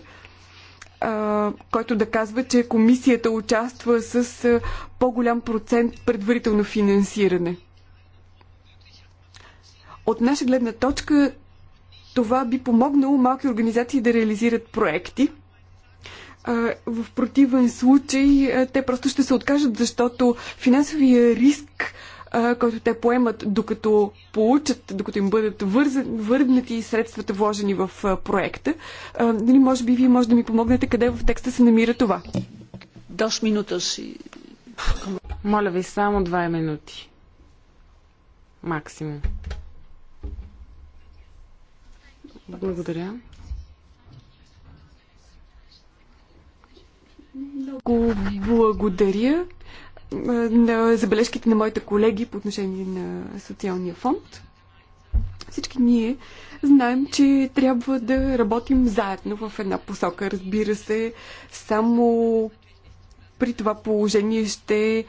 Speaker 3: който да казва, че комисията участва с по-голям процент предварително финансиране. От наша гледна точка това би помогнало малки организации да реализират проекти. В противен случай те просто ще се откажат, защото финансовия риск, който те поемат, докато получат, докато им бъдат върнати средствата вложени в проекта, нали, може би вие може да ми помогнете къде в текста се намира това.
Speaker 2: Дош минута си. Моля ви, само два минути. Максимум. Благодаря. Много
Speaker 3: благодаря на забележките на моите колеги по отношение на социалния фонд. Всички ние знаем, че трябва да работим заедно в една посока. Разбира се, само при това положение ще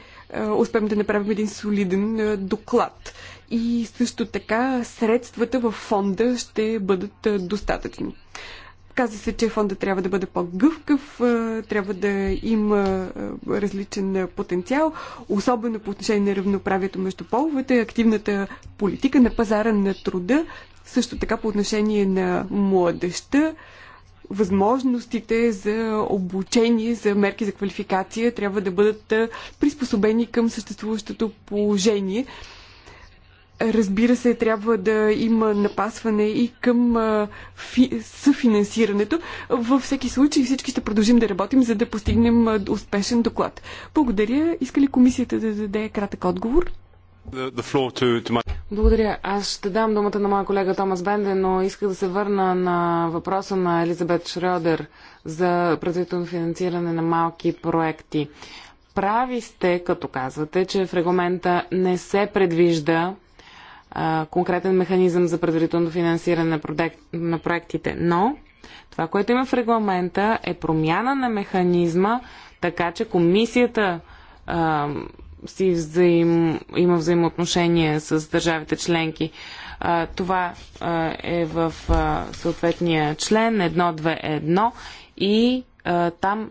Speaker 3: успеем да направим един солиден доклад и също така средствата в фонда ще бъдат достатъчни. Каза се, че фонда трябва да бъде по-гъвкав, трябва да има различен потенциал, особено по отношение на равноправието между половете, активната политика на пазара на труда, също така по отношение на младеща, възможностите за обучение, за мерки за квалификация трябва да бъдат приспособени към съществуващото положение Разбира се, трябва да има напасване и към фи, съфинансирането. Във всеки случай всички ще продължим да работим, за да постигнем успешен доклад. Благодаря. Иска ли комисията да даде кратък отговор?
Speaker 2: Благодаря. Аз ще дам думата на моя колега Томас Бенде, но исках да се върна на въпроса на Елизабет Шрёдер за правително финансиране на малки проекти. Прави сте, като казвате, че в регламента не се предвижда конкретен механизъм за предварително финансиране на, продект, на проектите. Но това, което има в регламента е промяна на механизма, така че комисията а, си взаим, има взаимоотношения с държавите членки. А, това а, е в а, съответния член 1.2.1 и а, там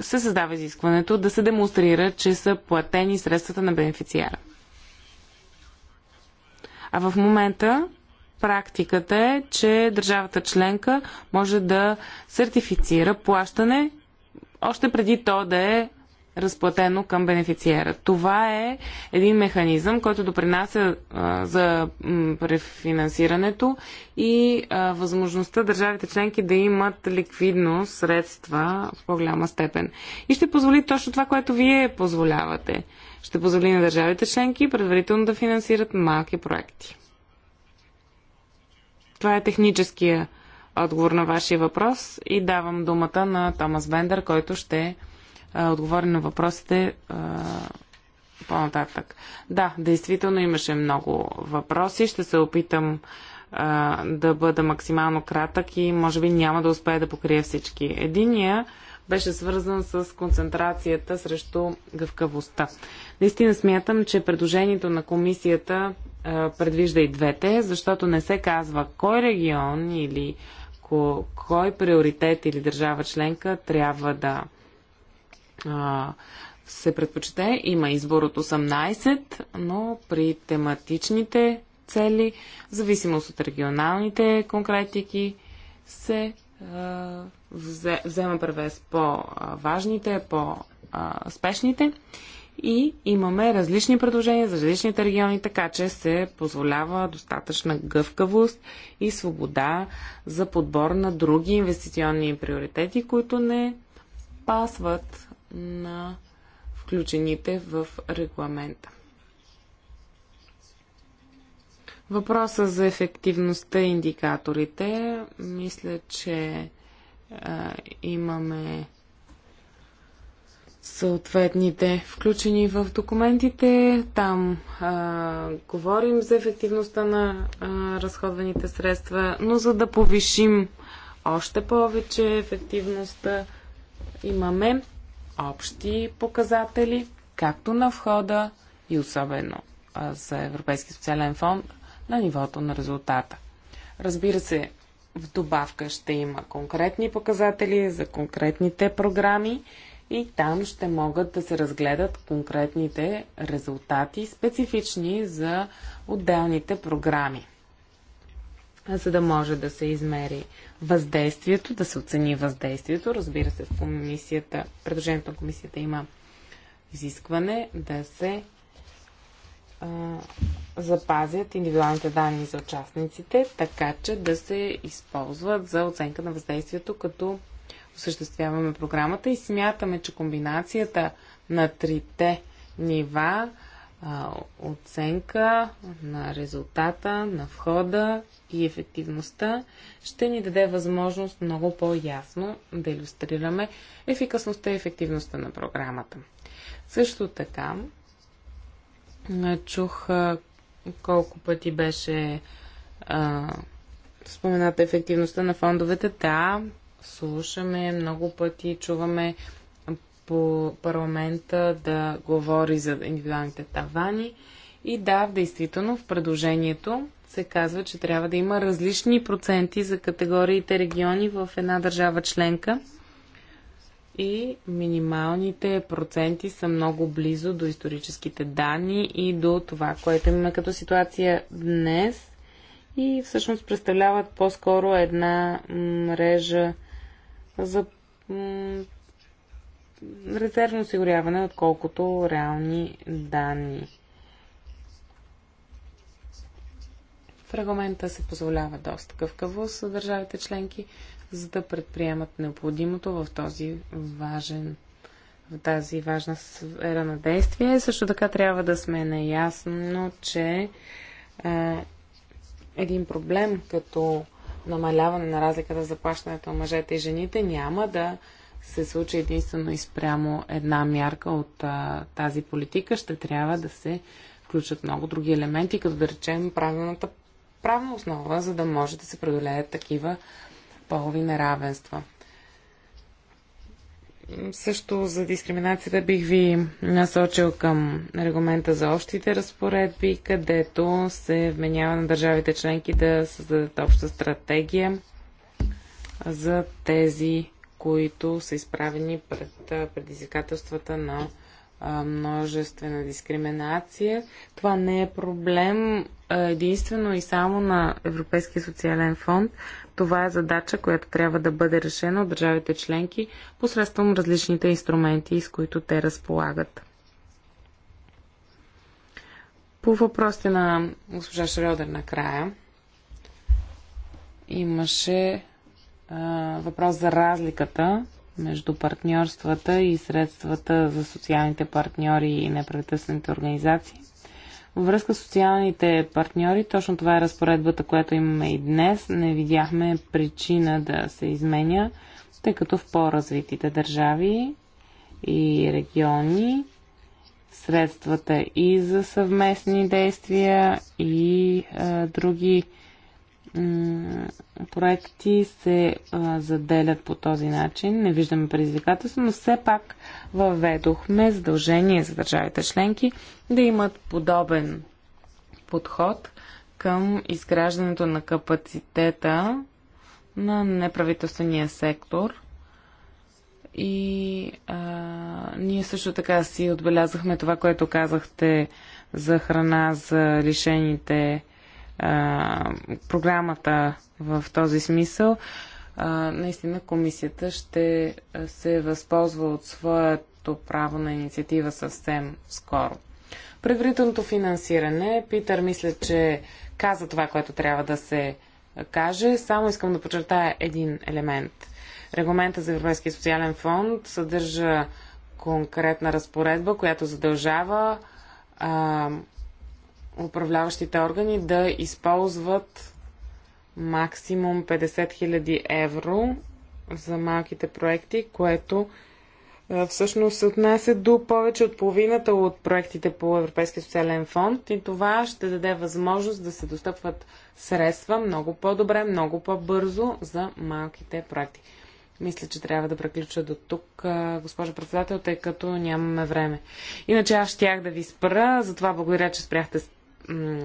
Speaker 2: се създава изискването да се демонстрира, че са платени средствата на бенефициара. А в момента практиката е, че държавата членка може да сертифицира плащане още преди то да е разплатено към бенефициера. Това е един механизъм, който допринася а, за префинансирането и а, възможността държавите членки да имат ликвидно средства в по-голяма степен. И ще позволи точно това, което вие позволявате ще позволи на държавите членки предварително да финансират малки проекти. Това е техническия отговор на вашия въпрос и давам думата на Томас Бендер, който ще отговори на въпросите а, по-нататък. Да, действително имаше много въпроси. Ще се опитам а, да бъда максимално кратък и може би няма да успея да покрия всички. Единия беше свързан с концентрацията срещу гъвкавостта. Наистина смятам, че предложението на комисията предвижда и двете, защото не се казва кой регион или кой приоритет или държава членка трябва да се предпочете. Има избор от 18, но при тематичните цели, в зависимост от регионалните конкретики, се взема превес по-важните, по-спешните и имаме различни предложения за различните региони, така че се позволява достатъчна гъвкавост и свобода за подбор на други инвестиционни приоритети, които не пасват на включените в регламента. Въпроса за ефективността и индикаторите. Мисля, че а, имаме съответните включени в документите. Там а, говорим за ефективността на а, разходваните средства, но за да повишим още повече ефективността, имаме общи показатели, както на входа и особено а, за Европейски социален фонд на нивото на резултата. Разбира се, в добавка ще има конкретни показатели за конкретните програми и там ще могат да се разгледат конкретните резултати, специфични за отделните програми, за да може да се измери въздействието, да се оцени въздействието. Разбира се, в комисията, предложението на комисията има изискване да се а, запазят индивидуалните данни за участниците, така че да се използват за оценка на въздействието като осъществяваме програмата и смятаме, че комбинацията на трите нива оценка на резултата, на входа и ефективността ще ни даде възможност много по-ясно да иллюстрираме ефикасността и ефективността на програмата. Също така, чух колко пъти беше а, спомената ефективността на фондовете. Да, слушаме много пъти, чуваме по парламента да говори за индивидуалните тавани. И да, действително в предложението се казва, че трябва да има различни проценти за категориите региони в една държава членка. И минималните проценти са много близо до историческите данни и до това, което имаме като ситуация днес. И всъщност представляват по-скоро една мрежа за резервно осигуряване, отколкото реални данни. В регламента се позволява доста гъвкавост за държавите членки, за да предприемат необходимото в този важен в тази важна сфера на действие. Също така трябва да сме наясно, че е, един проблем като намаляване на разликата за заплащането на мъжете и жените няма да се случи единствено и спрямо една мярка от а, тази политика. Ще трябва да се включат много други елементи, като да речем правилната правна основа, за да може да се преодолеят такива полови неравенства. Също за дискриминацията бих ви насочил към регламента за общите разпоредби, където се вменява на държавите членки да създадат обща стратегия за тези, които са изправени пред предизвикателствата на множествена дискриминация. Това не е проблем единствено и само на Европейския социален фонд. Това е задача, която трябва да бъде решена от държавите членки посредством различните инструменти, с които те разполагат. По въпросите на госпожа Шрёдер накрая имаше а, въпрос за разликата между партньорствата и средствата за социалните партньори и неправителствените организации. Във връзка с социалните партньори, точно това е разпоредбата, която имаме и днес. Не видяхме причина да се изменя, тъй като в по-развитите държави и региони средствата и за съвместни действия и а, други проекти се а, заделят по този начин. Не виждаме предизвикателство, но все пак въведохме задължение за държавите членки да имат подобен подход към изграждането на капацитета на неправителствения сектор. И а, ние също така си отбелязахме това, което казахте за храна за лишените програмата в този смисъл, а, наистина комисията ще се възползва от своето право на инициатива съвсем скоро. Предварителното финансиране. Питър мисля, че каза това, което трябва да се каже. Само искам да подчертая един елемент. Регламента за Европейския социален фонд съдържа конкретна разпоредба, която задължава а, управляващите органи да използват максимум 50 000 евро за малките проекти, което всъщност се отнася до повече от половината от проектите по Европейския социален фонд и това ще даде възможност да се достъпват средства много по-добре, много по-бързо за малките проекти. Мисля, че трябва да преключа до тук, госпожа председател, тъй като нямаме време. Иначе аз щях да ви спра, затова благодаря, че спряхте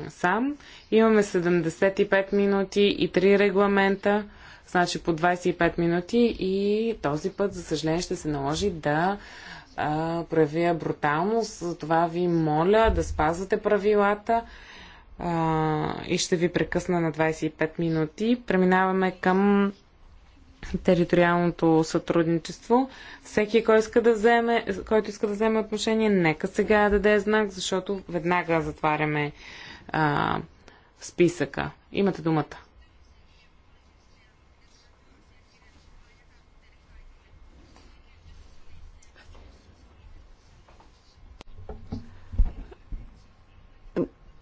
Speaker 2: сам. Имаме 75 минути и 3 регламента, значи по 25 минути и този път, за съжаление, ще се наложи да а, проявя бруталност. Затова ви моля да спазвате правилата а, и ще ви прекъсна на 25 минути. Преминаваме към териториалното сътрудничество. Всеки, кой иска да вземе, който иска да вземе отношение, нека сега даде знак, защото веднага затваряме а, списъка. Имате думата.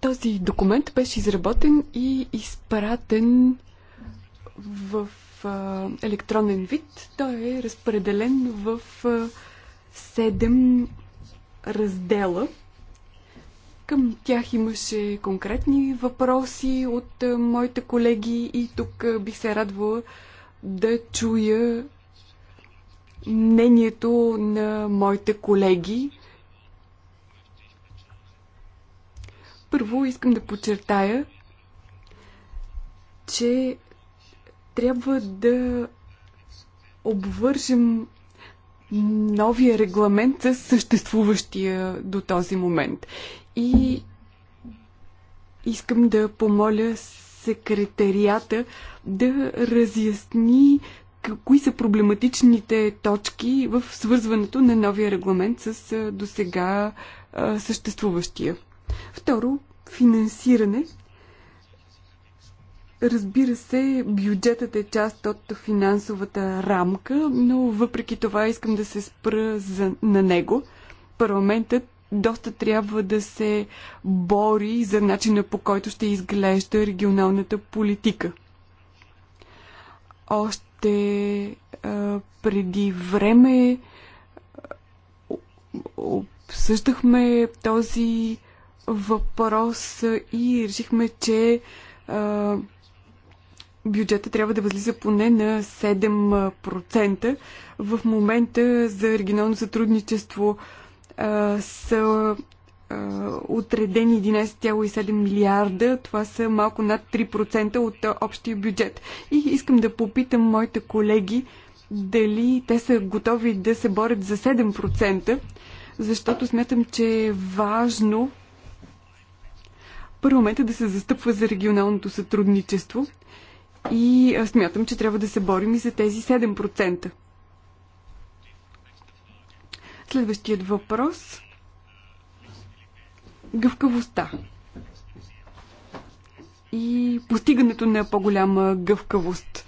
Speaker 3: Този документ беше изработен и изпратен в електронен вид. Той е разпределен в 7 раздела. Към тях имаше конкретни въпроси от моите колеги и тук бих се радвала да чуя мнението на моите колеги. Първо искам да подчертая, че трябва да обвържем новия регламент с съществуващия до този момент. И искам да помоля секретарията да разясни кои са проблематичните точки в свързването на новия регламент с досега съществуващия. Второ, финансиране. Разбира се, бюджетът е част от финансовата рамка, но въпреки това искам да се спра за, на него. Парламентът доста трябва да се бори за начина по който ще изглежда регионалната политика. Още а, преди време обсъждахме този въпрос и решихме, че а, бюджета трябва да възлиза поне на 7%. В момента за регионално сътрудничество а, са а, отредени 11,7 милиарда. Това са малко над 3% от общия бюджет. И искам да попитам моите колеги дали те са готови да се борят за 7%, защото смятам, че е важно парламента да се застъпва за регионалното сътрудничество – и смятам, че трябва да се борим и за тези 7%. Следващият въпрос. Гъвкавостта. И постигането на по-голяма гъвкавост.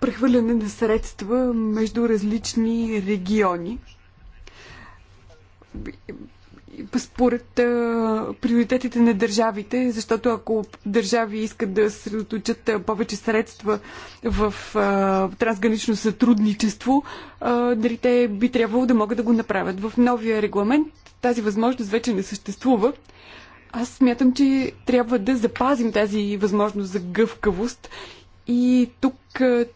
Speaker 3: Прехвърляне на средства между различни региони според а, приоритетите на държавите, защото ако държави искат да средоточат повече средства в а, трансгранично сътрудничество, а, дали те би трябвало да могат да го направят. В новия регламент тази възможност вече не съществува. Аз смятам, че трябва да запазим тази възможност за гъвкавост и тук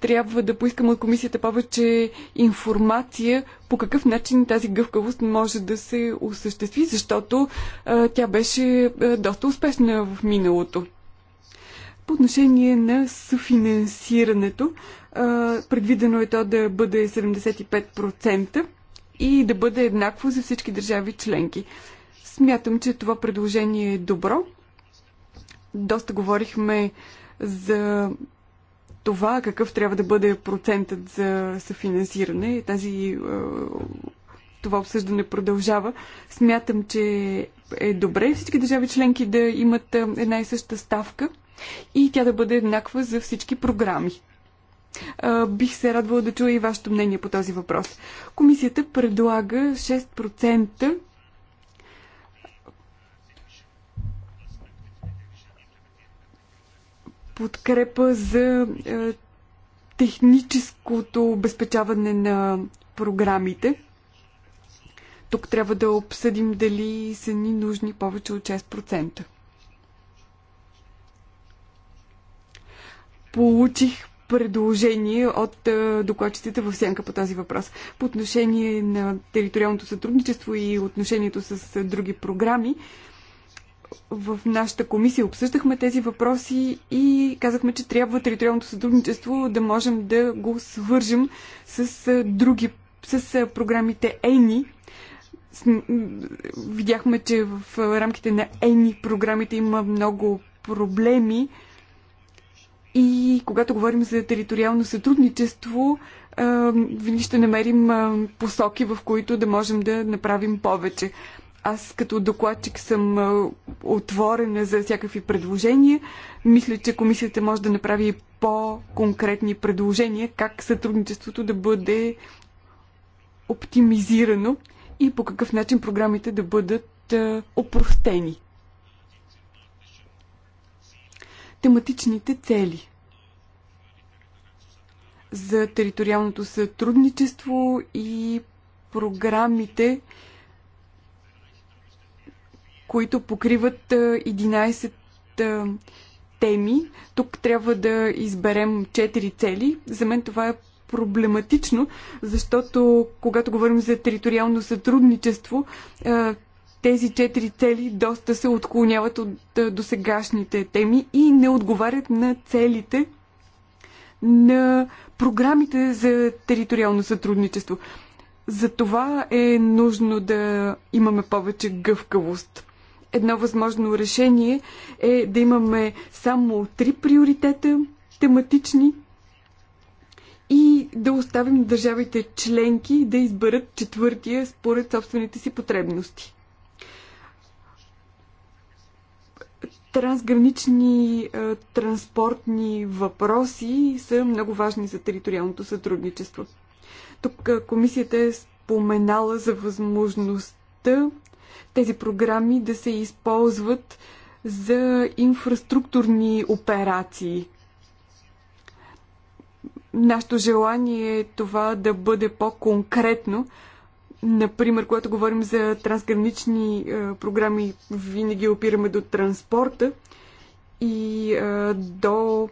Speaker 3: трябва да поискаме от комисията повече информация по какъв начин тази гъвкавост може да се осъществи, защото а, тя беше а, доста успешна в миналото. По отношение на съфинансирането, предвидено е то да бъде 75% и да бъде еднакво за всички държави членки. Смятам, че това предложение е добро. Доста говорихме за това какъв трябва да бъде процентът за съфинансиране. Тази, е, това обсъждане продължава. Смятам, че е добре всички държави членки да имат е, една и съща ставка и тя да бъде еднаква за всички програми. Е, бих се радвала да чуя и вашето мнение по този въпрос. Комисията предлага 6% подкрепа за е, техническото обезпечаване на програмите. Тук трябва да обсъдим дали са ни нужни повече от 6%. Получих предложение от е, докладчиците в сянка по този въпрос. По отношение на териториалното сътрудничество и отношението с е, други програми, в нашата комисия обсъждахме тези въпроси и казахме, че трябва териториалното сътрудничество да можем да го свържим с други, с програмите ЕНИ. Видяхме, че в рамките на ЕНИ програмите има много проблеми и когато говорим за териториално сътрудничество, винаги ще намерим посоки, в които да можем да направим повече. Аз като докладчик съм отворена за всякакви предложения. Мисля, че комисията може да направи по-конкретни предложения, как сътрудничеството да бъде оптимизирано и по какъв начин програмите да бъдат опростени. Тематичните цели за териториалното сътрудничество и програмите, които покриват 11 теми. Тук трябва да изберем 4 цели. За мен това е проблематично, защото когато говорим за териториално сътрудничество, тези четири цели доста се отклоняват от досегашните теми и не отговарят на целите на програмите за териториално сътрудничество. За това е нужно да имаме повече гъвкавост едно възможно решение е да имаме само три приоритета тематични и да оставим държавите членки да изберат четвъртия според собствените си потребности. Трансгранични е, транспортни въпроси са много важни за териториалното сътрудничество. Тук комисията е споменала за възможността тези програми да се използват за инфраструктурни операции. Нашето желание е това да бъде по-конкретно. Например, когато говорим за трансгранични е, програми, винаги опираме до транспорта и е, до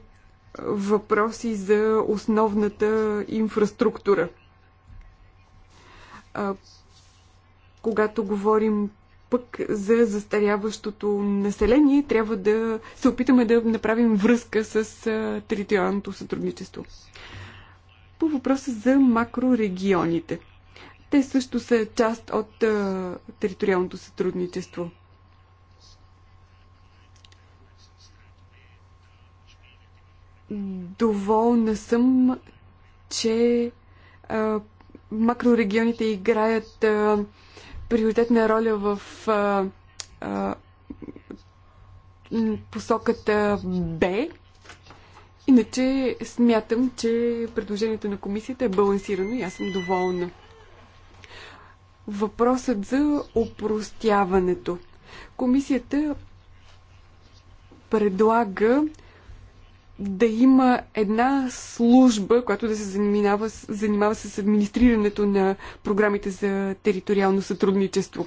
Speaker 3: въпроси за основната инфраструктура. Е, когато говорим пък за застаряващото население трябва да се опитаме да направим връзка с териториалното сътрудничество. По въпроса за макрорегионите. Те също са част от териториалното сътрудничество. Доволна съм, че а, макрорегионите играят а, приоритетна роля в а, а, посоката Б. Иначе смятам, че предложението на комисията е балансирано и аз съм доволна. Въпросът за опростяването. Комисията предлага да има една служба, която да се занимава, занимава с администрирането на програмите за териториално сътрудничество.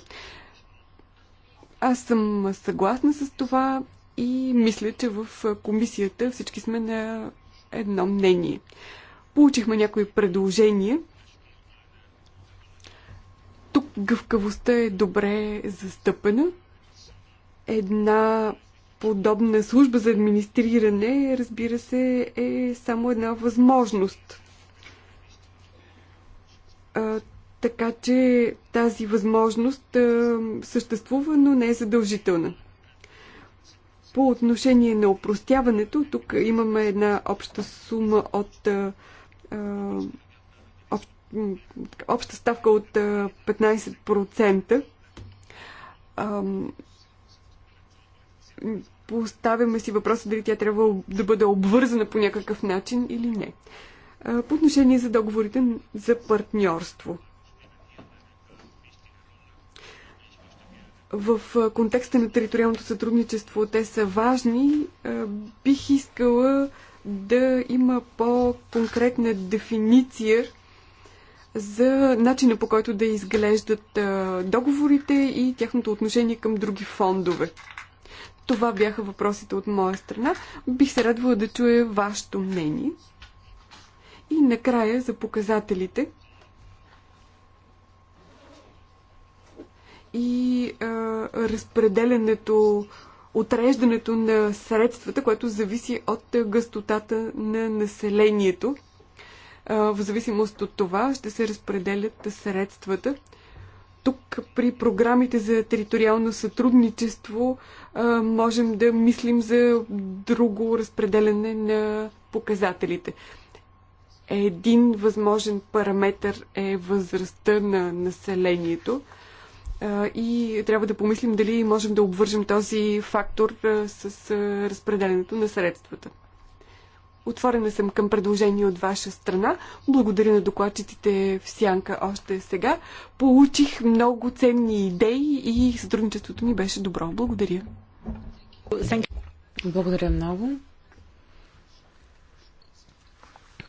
Speaker 3: Аз съм съгласна с това и мисля, че в комисията всички сме на едно мнение. Получихме някои предложения. Тук гъвкавостта е добре застъпена. Една подобна служба за администриране, разбира се, е само една възможност. А, така че тази възможност а, съществува, но не е задължителна. По отношение на опростяването, тук имаме една обща сума от а, об, обща ставка от 15% поставяме си въпроса дали тя трябва да бъде обвързана по някакъв начин или не. По отношение за договорите за партньорство. В контекста на териториалното сътрудничество те са важни. Бих искала да има по-конкретна дефиниция за начина по който да изглеждат договорите и тяхното отношение към други фондове. Това бяха въпросите от моя страна. Бих се радвала да чуя вашето мнение. И накрая за показателите. И а, разпределенето, отреждането на средствата, което зависи от гъстотата на населението. А, в зависимост от това ще се разпределят средствата. Тук при програмите за териториално сътрудничество можем да мислим за друго разпределене на показателите. Един възможен параметр е възрастта на населението и трябва да помислим дали можем да обвържем този фактор с разпределенето на средствата. Отворена съм към предложения от ваша страна. Благодаря на докладчиците в Сянка още сега. Получих много ценни идеи и сътрудничеството ми беше добро. Благодаря.
Speaker 2: Благодаря много.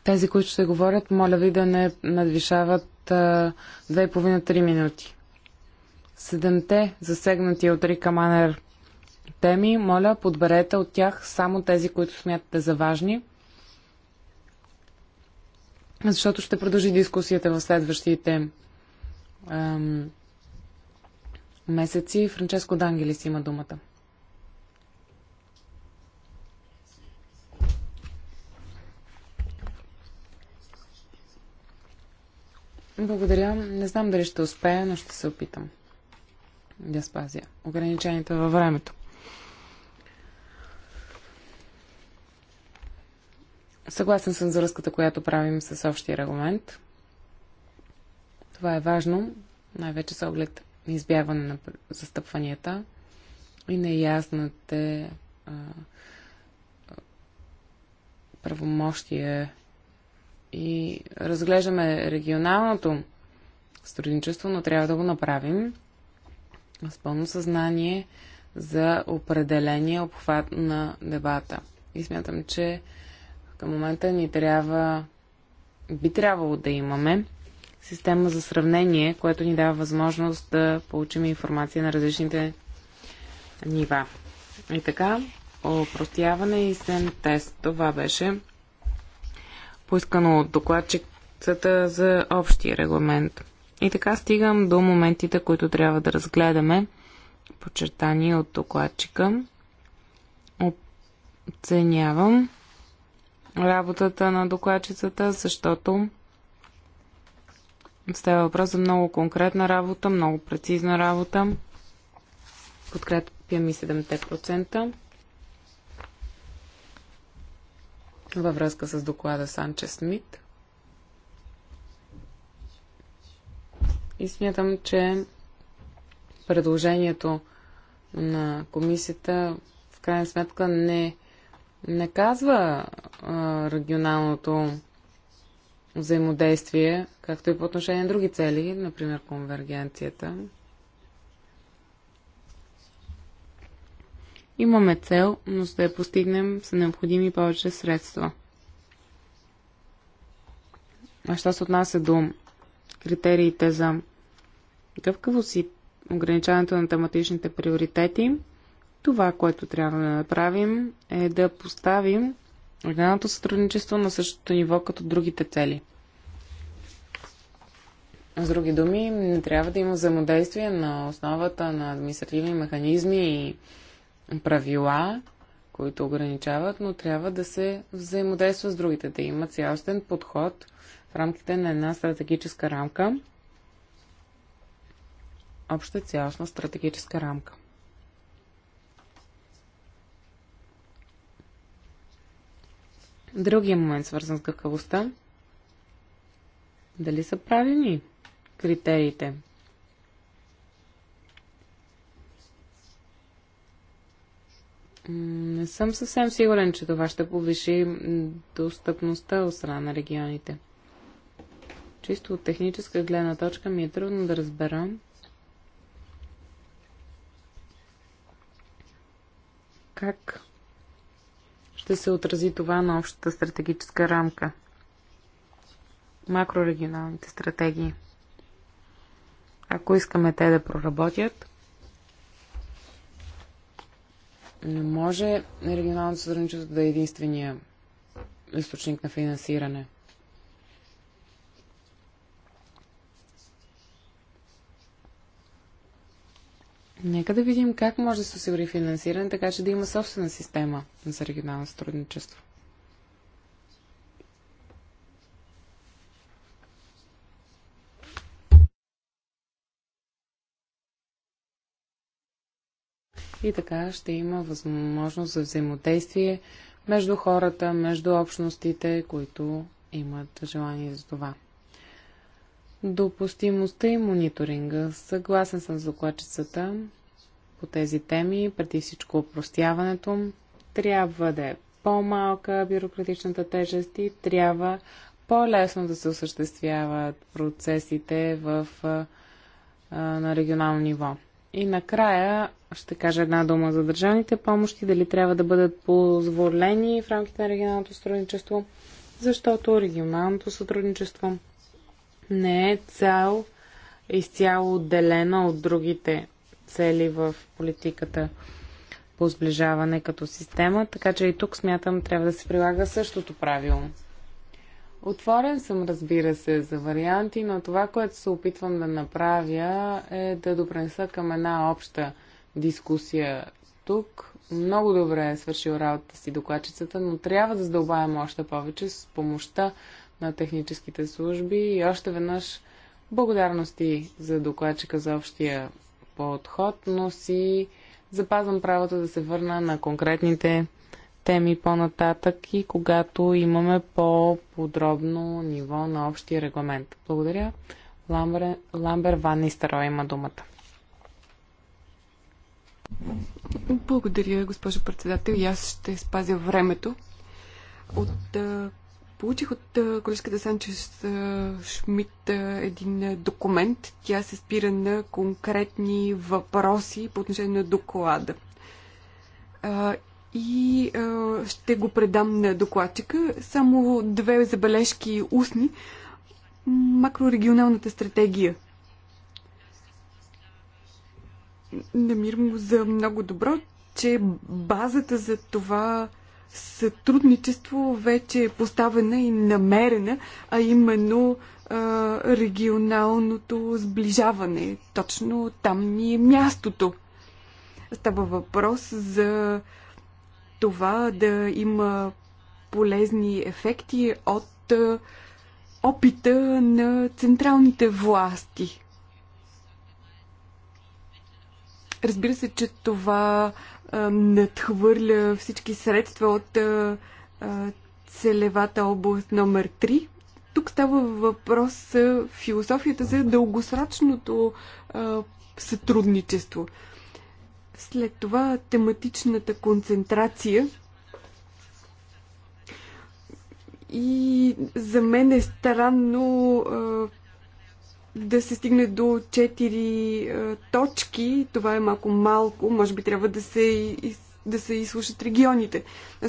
Speaker 2: Тези, които ще говорят, моля ви да не надвишават 2,5-3 минути. Седемте засегнати от Рика Манер теми, моля, подберете от тях само тези, които смятате за важни – защото ще продължи дискусията в следващите ам, месеци. Франческо Дангелис има думата. Благодаря. Не знам дали ще успея, но ще се опитам да спазя ограниченията във времето. Съгласен съм за връзката, която правим с общия регламент. Това е важно, най-вече с оглед на избягване на застъпванията и неясните а, правомощия. И разглеждаме регионалното сътрудничество, но трябва да го направим с пълно съзнание за определения обхват на дебата. И смятам, че към момента ни трябва, би трябвало да имаме система за сравнение, което ни дава възможност да получим информация на различните нива. И така, опростяване и сен тест. Това беше поискано от докладчицата за общия регламент. И така стигам до моментите, които трябва да разгледаме, подчертани от докладчика. Оценявам работата на докладчицата, защото става въпрос за много конкретна работа, много прецизна работа. Подкрепям и 7% във връзка с доклада Санчес Смит. И смятам, че предложението на комисията в крайна сметка не е не казва а, регионалното взаимодействие, както и по отношение на други цели, например конвергенцията. Имаме цел, но за да я постигнем са необходими повече средства. А що се отнася до критериите за гъвкавост и ограничаването на тематичните приоритети – това, което трябва да направим, е да поставим регионалното сътрудничество на същото ниво като другите цели. С други думи, не трябва да има взаимодействие на основата на административни механизми и правила, които ограничават, но трябва да се взаимодейства с другите, да има цялостен подход в рамките на една стратегическа рамка, обща цялостна стратегическа рамка. Другия момент, свързан с гъвкавостта, дали са правилни критериите? Не съм съвсем сигурен, че това ще повиши достъпността от страна на регионите. Чисто от техническа гледна точка ми е трудно да разбера как ще се отрази това на общата стратегическа рамка? Макрорегионалните стратегии. Ако искаме те да проработят, не може регионалното сътрудничество да е единствения източник на финансиране – Нека да видим как може да се осигури финансиране, така че да има собствена система за регионално сътрудничество. И така ще има възможност за взаимодействие между хората, между общностите, които имат желание за това допустимостта и мониторинга. Съгласен съм с докладчицата по тези теми, преди всичко опростяването. Трябва да е по-малка бюрократичната тежест и трябва по-лесно да се осъществяват процесите в, а, на регионално ниво. И накрая ще кажа една дума за държавните помощи, дали трябва да бъдат позволени в рамките на регионалното сътрудничество, защото регионалното сътрудничество не е цял изцяло отделена от другите цели в политиката по сближаване като система, така че и тук смятам трябва да се прилага същото правило. Отворен съм, разбира се, за варианти, но това, което се опитвам да направя е да допренеса към една обща дискусия тук. Много добре е свършил работата си докладчицата, но трябва да задълбаем още повече с помощта на техническите служби. И още веднъж благодарности за докладчика за общия подход, но си запазвам правото да се върна на конкретните теми по-нататък и когато имаме по-подробно ниво на общия регламент. Благодаря. Ламбер, Ламбер Ван Нистерой има думата. Благодаря,
Speaker 3: госпожо председател. И аз ще спазя времето. От Получих от колежката Санчес Шмидт един документ. Тя се спира на конкретни въпроси по отношение на доклада. И ще го предам на докладчика. Само две забележки устни. Макрорегионалната стратегия. Намирам го за много добро, че базата за това сътрудничество вече е поставена и намерена, а именно а, регионалното сближаване. Точно там ни е мястото. Става въпрос за това да има полезни ефекти от опита на централните власти. Разбира се, че това надхвърля всички средства от целевата област номер 3. Тук става въпрос философията за дългосрочното сътрудничество. След това тематичната концентрация. И за мен е странно да се стигне до 4 е, точки. Това е малко малко. Може би трябва да се, да се изслушат регионите. Е,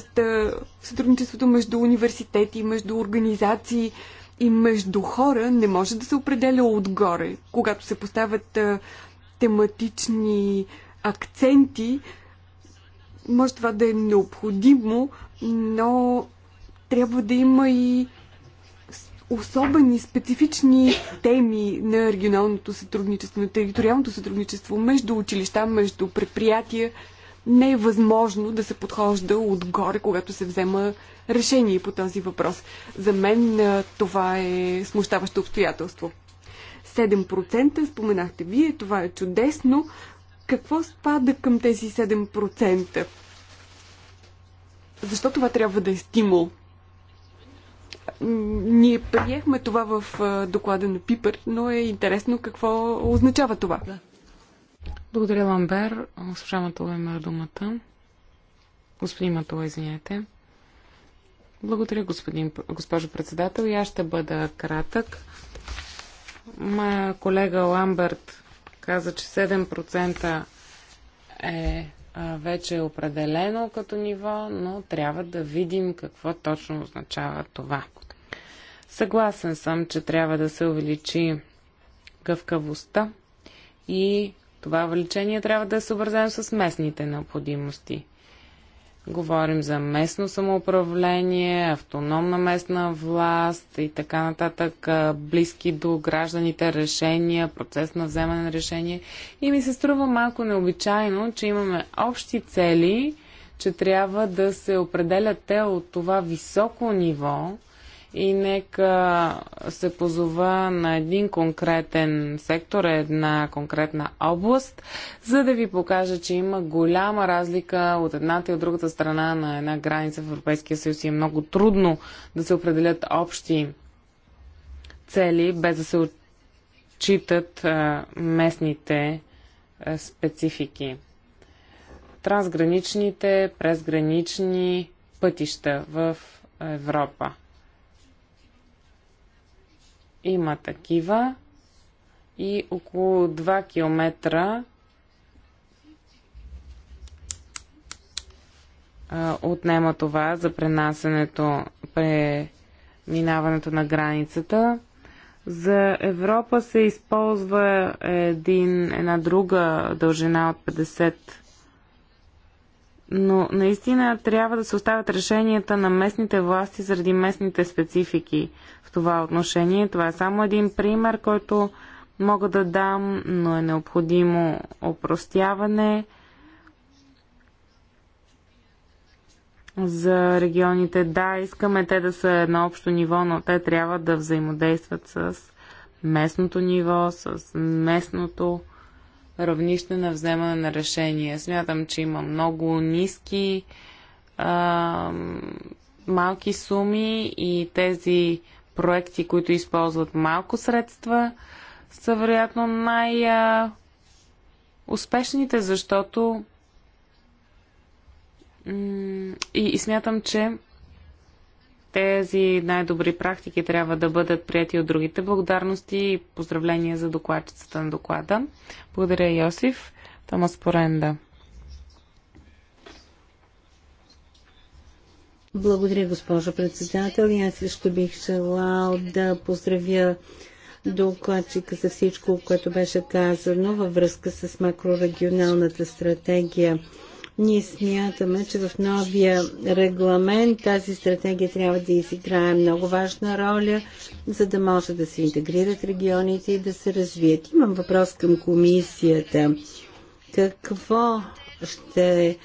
Speaker 3: сътрудничеството между университети, между организации и между хора не може да се определя отгоре. Когато се поставят е, тематични акценти, може това да е необходимо, но трябва да има и особени, специфични теми на регионалното сътрудничество, на териториалното сътрудничество между училища, между предприятия, не е възможно да се подхожда отгоре, когато се взема решение по този въпрос. За мен това е смущаващо обстоятелство. 7% споменахте вие, това е чудесно. Какво спада към тези 7%? Защо това трябва да е стимул? Ние приехме това в доклада на Пипър, но е интересно какво означава
Speaker 2: това. Благодаря, Ламбер. Госпожа Матова има думата. Господин Матова, извинете. Благодаря, господин, госпожо председател. И аз ще бъда кратък. Моя колега Ламберт каза, че 7% е вече е определено като ниво, но трябва да видим какво точно означава това. Съгласен съм, че трябва да се увеличи гъвкавостта и това увеличение трябва да е съобразено с местните необходимости. Говорим за местно самоуправление, автономна местна власт и така нататък, близки до гражданите решения, процес на вземане на решение. И ми се струва малко необичайно, че имаме общи цели, че трябва да се определят те от това високо ниво, и нека се позова на един конкретен сектор, една конкретна област, за да ви покажа, че има голяма разлика от едната и от другата страна на една граница в Европейския съюз и е много трудно да се определят общи цели, без да се отчитат местните специфики. Трансграничните, презгранични пътища в Европа. Има такива и около 2 км отнема това за пренасенето, преминаването на границата. За Европа се използва един, една друга дължина от 50 но наистина трябва да се оставят решенията на местните власти заради местните специфики в това отношение. Това е само един пример, който мога да дам, но е необходимо опростяване за регионите. Да, искаме те да са на общо ниво, но те трябва да взаимодействат с местното ниво, с местното равнище на вземане на решения. Смятам, че има много ниски а, малки суми и тези проекти, които използват малко средства, са вероятно най-успешните, защото и, и смятам, че тези най-добри практики трябва да бъдат прияти от другите. Благодарности и поздравления за докладчицата на доклада. Благодаря, Йосиф. Томас Поренда. Благодаря, госпожо председател. И аз също бих
Speaker 1: желал да поздравя докладчика за всичко, което беше казано във връзка с макрорегионалната стратегия. Ние смятаме, че в новия регламент тази стратегия трябва да изиграе много важна роля, за да може да се интегрират регионите и да се развият. Имам въпрос към комисията. Какво ще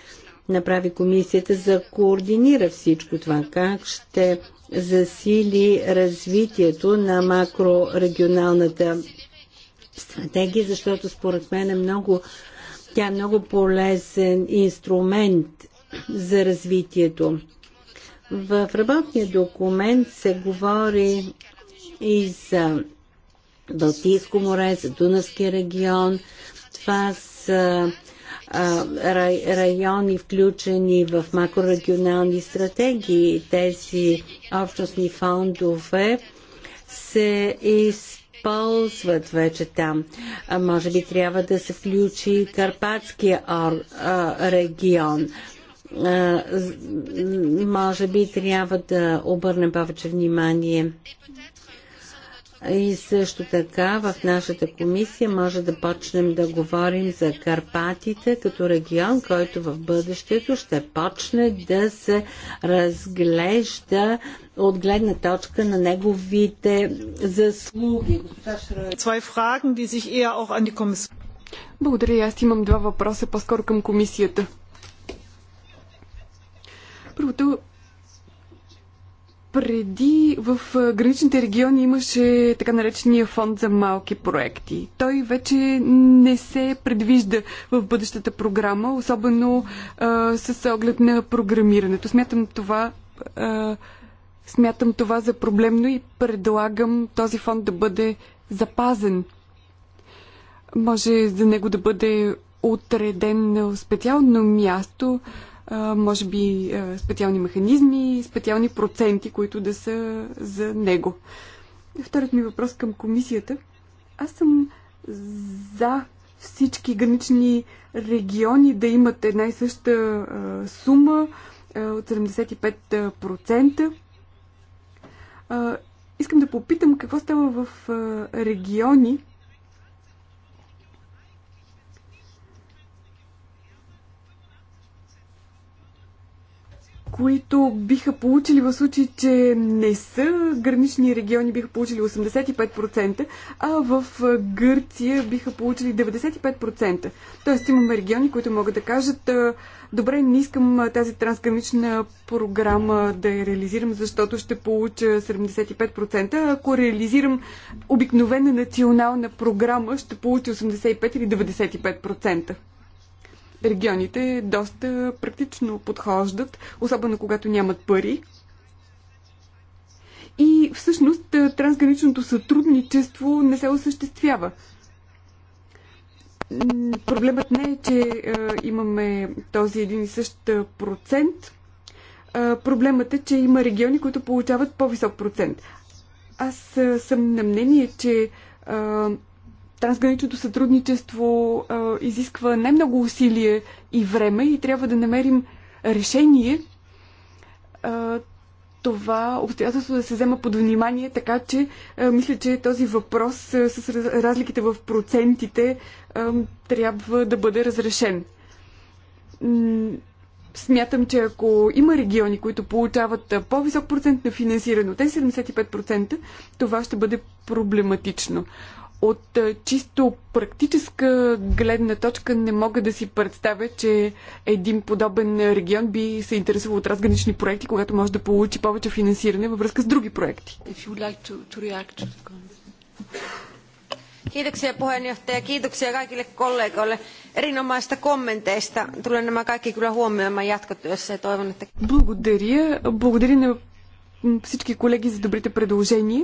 Speaker 1: направи комисията за координира всичко това? Как ще засили развитието на макрорегионалната стратегия, защото според мен е много тя е много полезен инструмент за развитието. В работния документ се говори и за Балтийско море, за Дунавския регион. Това са райони, включени в макрорегионални стратегии. Тези общностни фондове се използват използват вече там. А, може би трябва да се включи Карпатския ор, а, регион. А, може би трябва да обърнем повече внимание и също така в нашата комисия може да почнем да говорим за Карпатите като регион, който в бъдещето ще почне да се разглежда от гледна точка на неговите заслуги.
Speaker 3: Благодаря. Аз имам два въпроса по-скоро към комисията. Първото преди в граничните региони имаше така наречения фонд за малки проекти. Той вече не се предвижда в бъдещата програма, особено а, с оглед на програмирането. Смятам това, а, смятам това за проблемно и предлагам този фонд да бъде запазен. Може за него да бъде отреден специално място, може би специални механизми, специални проценти, които да са за него. Вторият ми въпрос към комисията. Аз съм за всички гранични региони да имат една и съща сума от 75%. Искам да попитам какво става в региони, които биха получили в случай, че не са гранични региони, биха получили 85%, а в Гърция биха получили 95%. Тоест имаме региони, които могат да кажат, добре, не искам тази трансгранична програма да я реализирам, защото ще получа 75%. Ако реализирам обикновена национална програма, ще получа 85 или 95% регионите доста практично подхождат, особено когато нямат пари. И всъщност трансграничното сътрудничество не се осъществява. Проблемът не е, че имаме този един и същ процент. Проблемът е, че има региони, които получават по-висок процент. Аз съм на мнение, че Трансграничното сътрудничество а, изисква не много усилие и време и трябва да намерим решение а, това обстоятелство да се взема под внимание, така че а, мисля, че този въпрос а, с разликите в процентите а, трябва да бъде разрешен. Смятам, че ако има региони, които получават по-висок процент на финансиране от тези 75%, това ще бъде проблематично. От е, чисто практическа гледна точка не мога да си представя, че един подобен регион би се интересувал от разгранични проекти, когато може да получи повече финансиране във връзка с други проекти.
Speaker 1: Kiitoksia puheenjohtaja, kiitoksia kaikille kollegoille erinomaista kommenteista. Tulen nämä kaikki kyllä huomioimaan jatkotyössä ja toivon, että...
Speaker 3: Благодаря. Благодаря на всички колеги за добрите предложения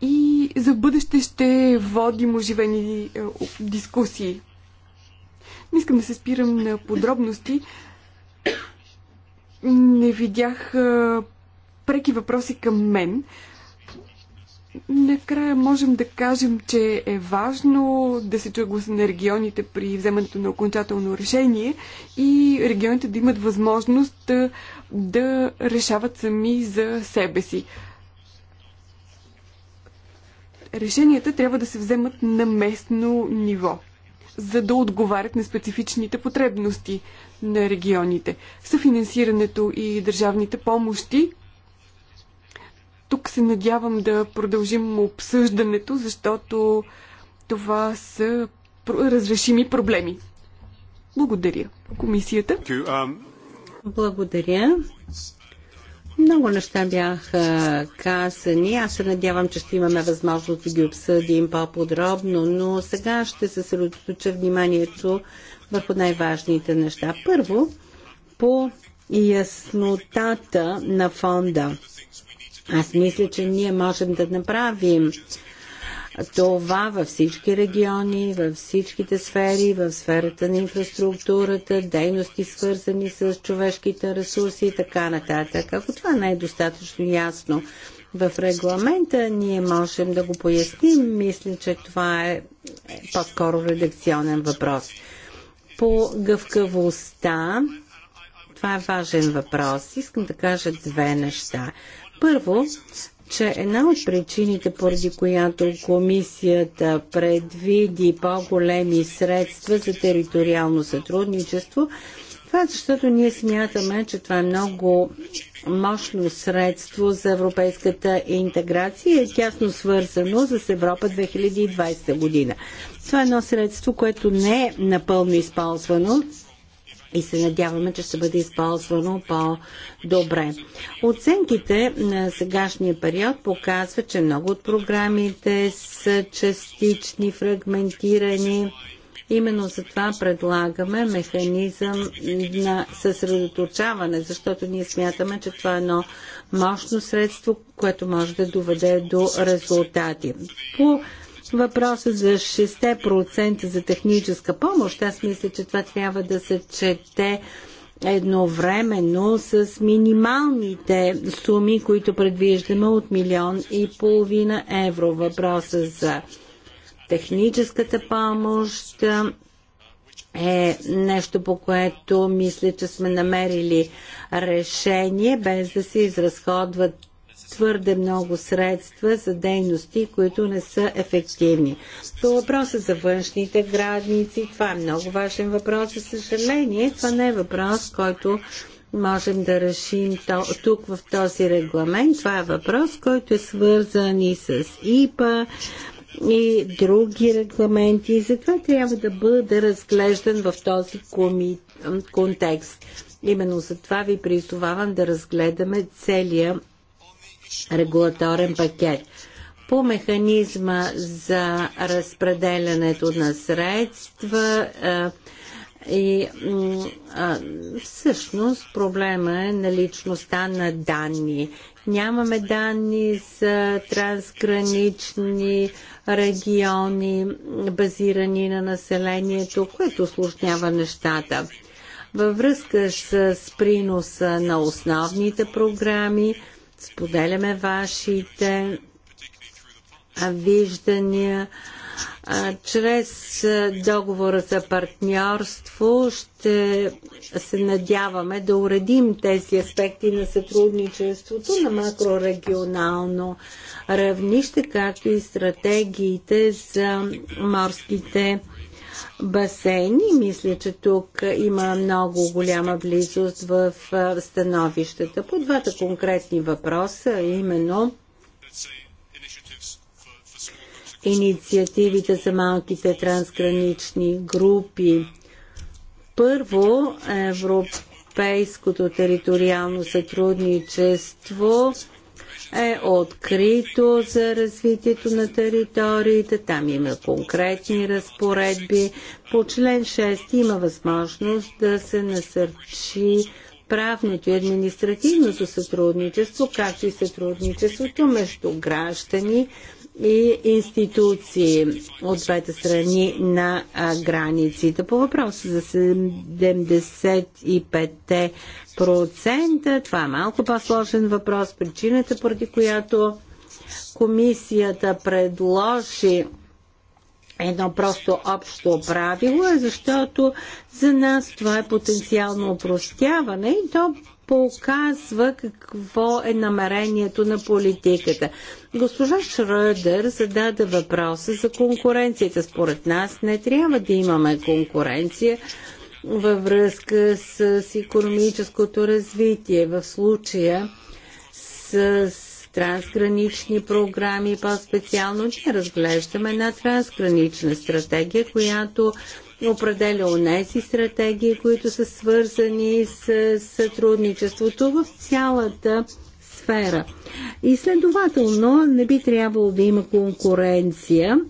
Speaker 3: и за бъдеще ще водим оживени е, дискусии. Не искам да се спирам на подробности. Не видях е, преки въпроси към мен. Накрая можем да кажем, че е важно да се чуе гласа на регионите при вземането на окончателно решение и регионите да имат възможност е, да решават сами за себе си решенията трябва да се вземат на местно ниво, за да отговарят на специфичните потребности на регионите. Съфинансирането и държавните помощи. Тук се надявам да продължим обсъждането, защото това са
Speaker 1: разрешими проблеми. Благодаря. Комисията. Um, Благодаря. Много неща бяха казани. Аз се надявам, че ще имаме възможност да ги обсъдим по-подробно, но сега ще се съсредоточа вниманието върху най-важните неща. Първо, по яснотата на фонда. Аз мисля, че ние можем да направим това във всички региони, във всичките сфери, в сферата на инфраструктурата, дейности свързани с човешките ресурси и така нататък. Ако това не е достатъчно ясно в регламента, ние можем да го поясним. Мисля, че това е по-скоро редакционен въпрос. По гъвкавостта, това е важен въпрос. Искам да кажа две неща. Първо, че една от причините, поради която комисията предвиди по-големи средства за териториално сътрудничество, това е защото ние смятаме, че това е много мощно средство за европейската интеграция и е тясно свързано с Европа 2020 година. Това е едно средство, което не е напълно използвано и се надяваме, че ще бъде използвано по-добре. Оценките на сегашния период показват, че много от програмите са частични, фрагментирани. Именно за това предлагаме механизъм на съсредоточаване, защото ние смятаме, че това е едно мощно средство, което може да доведе до резултати. По Въпросът за 6% за техническа помощ, аз мисля, че това трябва да се чете едновременно с минималните суми, които предвиждаме от милион и половина евро. Въпроса за техническата помощ е нещо, по което мисля, че сме намерили решение, без да се изразходват твърде много средства за дейности, които не са ефективни. По въпроса за външните граници, това е много важен въпрос. За съжаление, това не е въпрос, който можем да решим тук в този регламент. Това е въпрос, който е свързан и с ИПА, и други регламенти. И затова трябва да бъде разглеждан в този коми... контекст. Именно за това ви призовавам да разгледаме целия регулаторен пакет. По механизма за разпределянето на средства и всъщност проблема е наличността на данни. Нямаме данни за трансгранични региони, базирани на населението, което осложнява нещата. Във връзка с приноса на основните програми, Споделяме вашите виждания. Чрез договора за партньорство ще се надяваме да уредим тези аспекти на сътрудничеството на макрорегионално равнище, както и стратегиите за морските басейни. Мисля, че тук има много голяма близост в становищата по двата конкретни въпроса, именно инициативите за малките трансгранични групи. Първо, европейското териториално сътрудничество е открито за развитието на териториите. Там има конкретни разпоредби. По член 6 има възможност да се насърчи правното и административното сътрудничество, както и сътрудничеството между граждани и институции от двете страни на границите. По въпроса за 75%, това е малко по-сложен въпрос. Причината, поради която комисията предложи едно просто общо правило, е защото за нас това е потенциално упростяване и то показва какво е намерението на политиката. Госпожа Шръдър зададе въпроса за конкуренцията. Според нас не трябва да имаме конкуренция във връзка с, економическото развитие. В случая с трансгранични програми, по-специално ние разглеждаме една трансгранична стратегия, която определя онези стратегии, които са свързани с сътрудничеството в цялата сфера. И следователно не би трябвало да има конкуренция,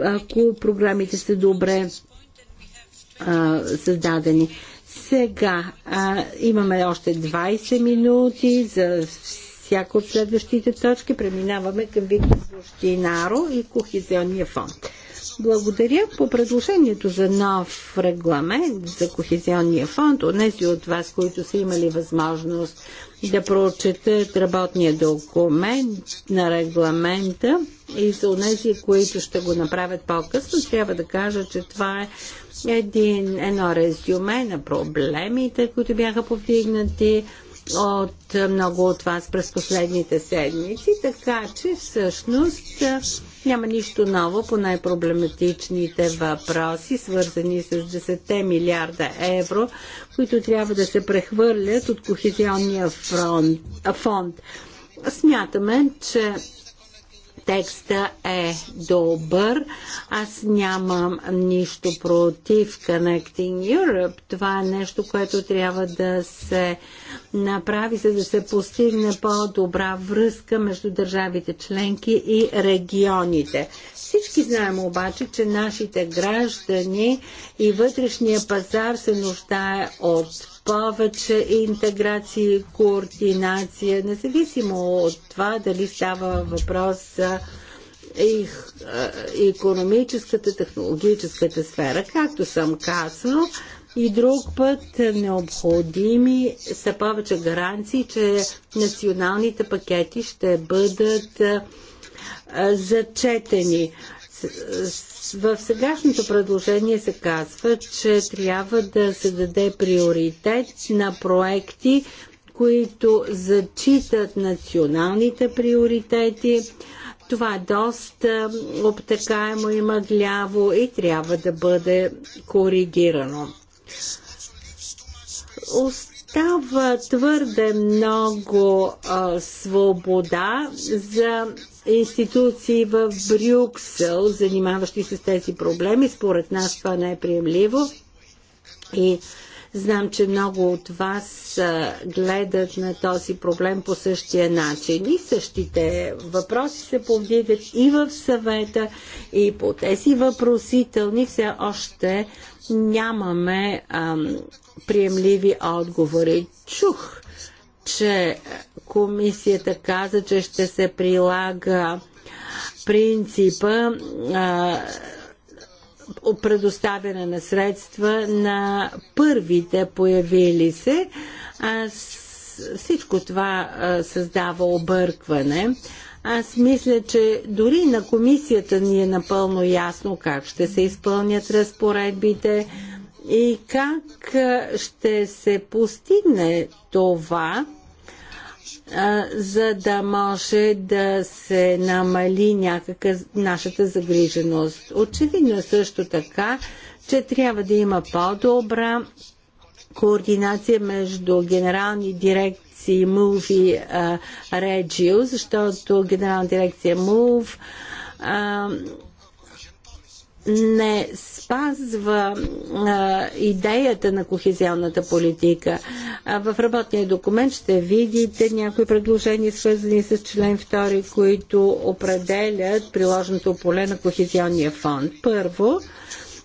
Speaker 1: ако програмите са добре създадени. Сега а, имаме още 20 минути за всяко от следващите точки. Преминаваме към Виктор Бощинаро и Кохизионния фонд. Благодаря по предложението за нов регламент за Кохезионния фонд. отнеси от вас, които са имали възможност да прочетат работния документ на регламента и за онези, които ще го направят по-късно, трябва да кажа, че това е един, едно резюме на проблемите, които бяха повдигнати от много от вас през последните седмици, така че всъщност няма нищо ново по най-проблематичните въпроси, свързани с 10 милиарда евро, които трябва да се прехвърлят от Кохезионния фонд. Смятаме, че текста е добър. Аз нямам нищо против Connecting Europe. Това е нещо, което трябва да се направи, за да се постигне по-добра връзка между държавите членки и регионите. Всички всички знаем обаче, че нашите граждани и вътрешния пазар се нуждае от повече интеграция и координация, независимо от това дали става въпрос за и економическата, технологическата сфера. Както съм казал, и друг път необходими са повече гаранции, че националните пакети ще бъдат е, зачетени в сегашното предложение се казва, че трябва да се даде приоритет на проекти, които зачитат националните приоритети. Това е доста обтекаемо и мъгляво и трябва да бъде коригирано. Остава твърде много а, свобода за институции в Брюксел, занимаващи се с тези проблеми. Според нас това не е приемливо. И Знам, че много от вас гледат на този проблем по същия начин. И същите въпроси се повдигат и в съвета, и по тези въпросителни все още нямаме ам, приемливи отговори. Чух че комисията каза, че ще се прилага принципа а, предоставяне на средства на първите появили се. всичко това а, създава объркване. Аз мисля, че дори на комисията ни е напълно ясно как ще се изпълнят разпоредбите и как ще се постигне това, за да може да се намали някакъв нашата загриженост. Очевидно е също така, че трябва да има по-добра координация между генерални дирекции MOVE и REGIO, защото генерална дирекция MOVE не спазва а, идеята на кохезионната политика. А, в работния документ ще видите някои предложения, свързани с член 2, които определят приложеното поле на кохезионния фонд. Първо,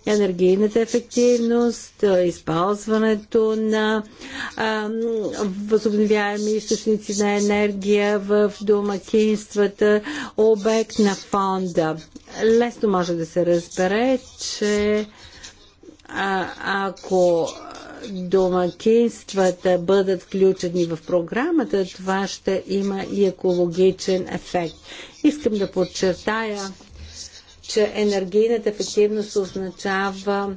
Speaker 1: енергийната ефективност, използването на възобновяеми източници на енергия в домакинствата, обект на фонда. Лесно може да се разбере, че а, ако домакинствата бъдат включени в програмата, това ще има и екологичен ефект. Искам да подчертая че енергийната ефективност означава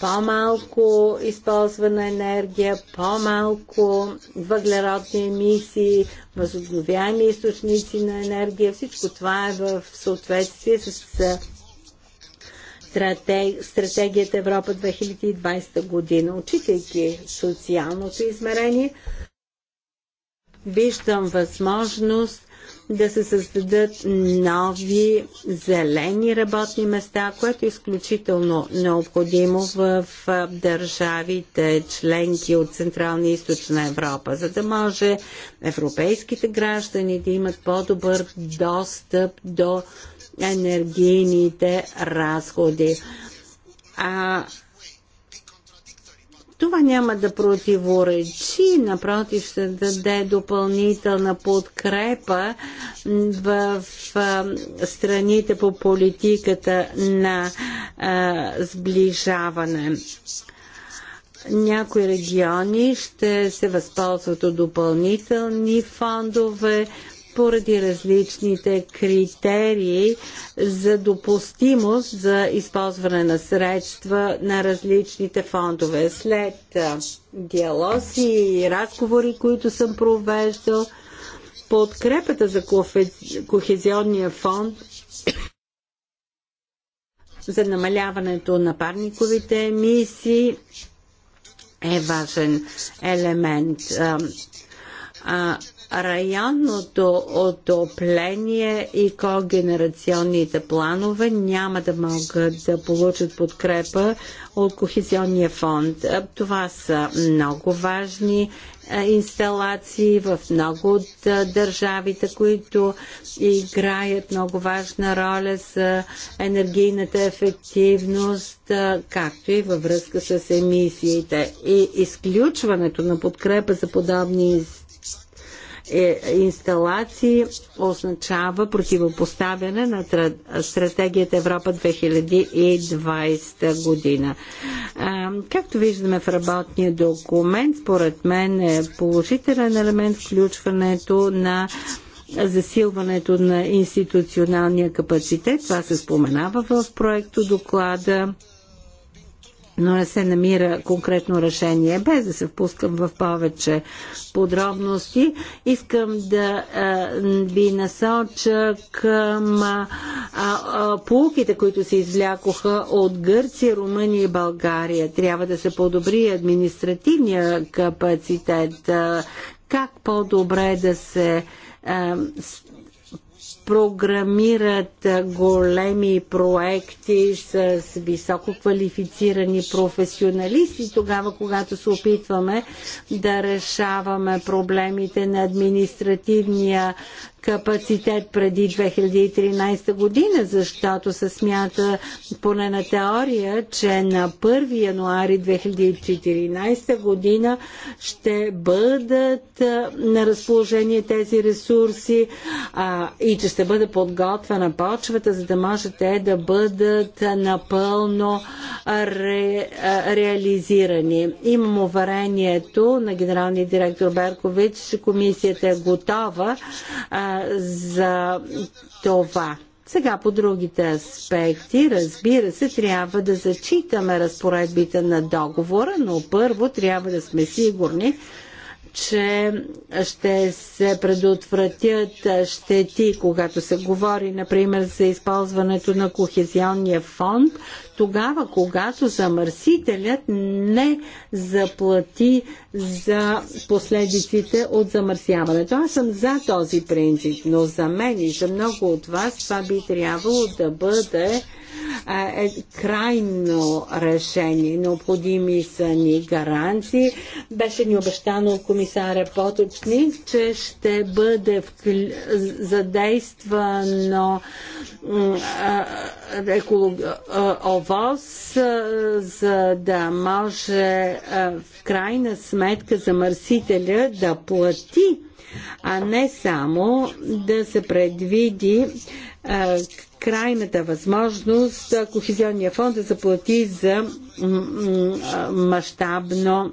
Speaker 1: по-малко използвана енергия, по-малко въглеродни емисии, възобновяеми източници на енергия. Всичко това е в съответствие с стратегията Европа 2020 година. Отчитайки социалното измерение, виждам възможност да се създадат нови зелени работни места, което е изключително необходимо в държавите членки от Централна и Източна Европа, за да може европейските граждани да имат по-добър достъп до енергийните разходи. А това няма да противоречи, напротив ще даде допълнителна подкрепа в страните по политиката на сближаване някои региони ще се възползват от допълнителни фондове, поради различните критерии за допустимост за използване на средства на различните фондове. След диалози и разговори, които съм провеждал, подкрепата за кохезионния фонд за намаляването на парниковите емисии е важен елемент. А, а, районното отопление и когенерационните планове няма да могат да получат подкрепа от Кохезионния фонд. Това са много важни инсталации в много от държавите, които играят много важна роля за енергийната ефективност, както и във връзка с емисиите. И изключването на подкрепа за подобни инсталации е, инсталации означава противопоставяне на стратегията Европа 2020 година. Както виждаме в работния документ, според мен е положителен елемент включването на засилването на институционалния капацитет. Това се споменава в проекто доклада но не се намира конкретно решение. Без да се впускам в повече подробности, искам да ви насоча към а, а, полуките, които се извлякоха от Гърция, Румъния и България. Трябва да се подобри административния капацитет. А, как по-добре да се програмират големи проекти с високо квалифицирани професионалисти, тогава когато се опитваме да решаваме проблемите на административния капацитет преди 2013 година, защото се смята поне на теория, че на 1 януари 2014 година ще бъдат на разположение тези ресурси а, и че ще бъде подготвена почвата, за да може те да бъдат напълно ре, реализирани. Имам уверението на генералния директор Беркович, че комисията е готова а, за това. Сега по другите аспекти, разбира се, трябва да зачитаме разпоредбите на договора, но първо трябва да сме сигурни, че ще се предотвратят щети, когато се говори, например, за използването на кохезионния фонд тогава, когато замърсителят не заплати за последиците от замърсяването. Аз съм за този принцип, но за мен и за много от вас това би трябвало да бъде е, е крайно решение. Необходими са ни гаранции. Беше ни обещано от комисаря Поточник, че ще бъде задействано еколог... ОВОС, за да може в крайна сметка замърсителя да плати, а не само да се предвиди крайната възможност Кохезионния фонд да заплати за мащабно